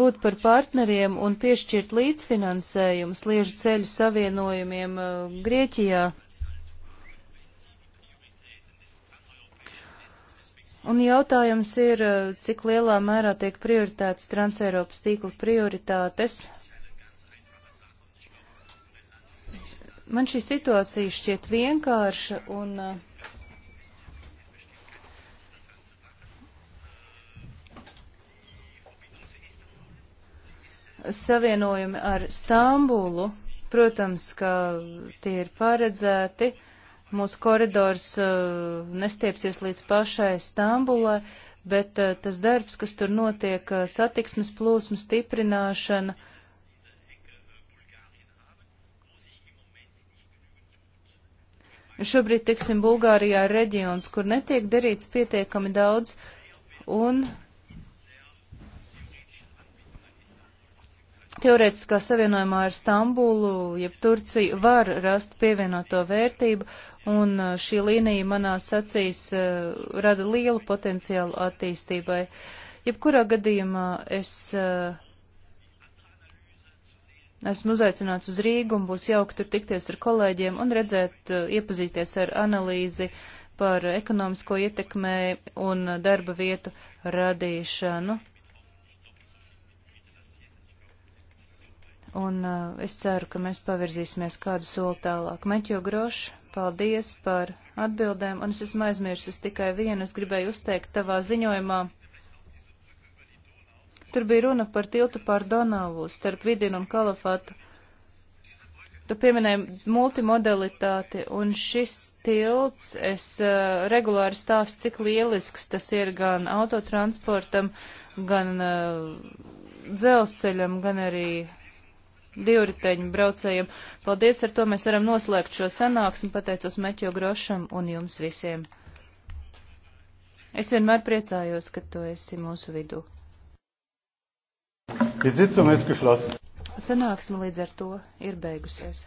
būt par partneriem un piešķirt līdzfinansējumu sliežu ceļu savienojumiem uh, Grieķijā. Un jautājums ir, uh, cik lielā mērā tiek prioritētas Transeiropas tīkla prioritātes. Man šī situācija šķiet vienkārša un uh, savienojumi ar Stambulu, protams, ka tie ir paredzēti. Mūsu koridors uh, nestiepsies līdz pašai Stambulai, bet uh, tas darbs, kas tur notiek, uh, satiksmes plūsmu stiprināšana, Šobrīd, tiksim, Bulgārijā ir reģions, kur netiek darīts pietiekami daudz, un Teorētiskā savienojumā ar Stambulu, jeb Turciju, var rast pievienoto vērtību, un uh, šī līnija manās acīs uh, rada lielu potenciālu attīstībai. Jebkurā gadījumā es uh, esmu uzaicināts uz Rīgu un būs jauki tur tikties ar kolēģiem un redzēt, uh, iepazīties ar analīzi par ekonomisko ietekmē un uh, darba vietu radīšanu. un uh, es ceru, ka mēs pavirzīsimies kādu soli tālāk. Meķo Grošs, paldies par atbildēm, un es esmu aizmirsis tikai vienu, es gribēju uzteikt tavā ziņojumā. Tur bija runa par tiltu pār Donavu starp Vidinu un Kalafatu. Tu pieminēji multimodalitāti, un šis tilts, es uh, regulāri stāstu, cik lielisks tas ir gan autotransportam, gan uh, dzelzceļam, gan arī divriteņu braucējiem. Paldies, ar to mēs varam noslēgt šo sanāksmi, pateicos Meķo Grošam un jums visiem. Es vienmēr priecājos, ka tu esi mūsu vidū. Sanāksme līdz ar to ir beigusies.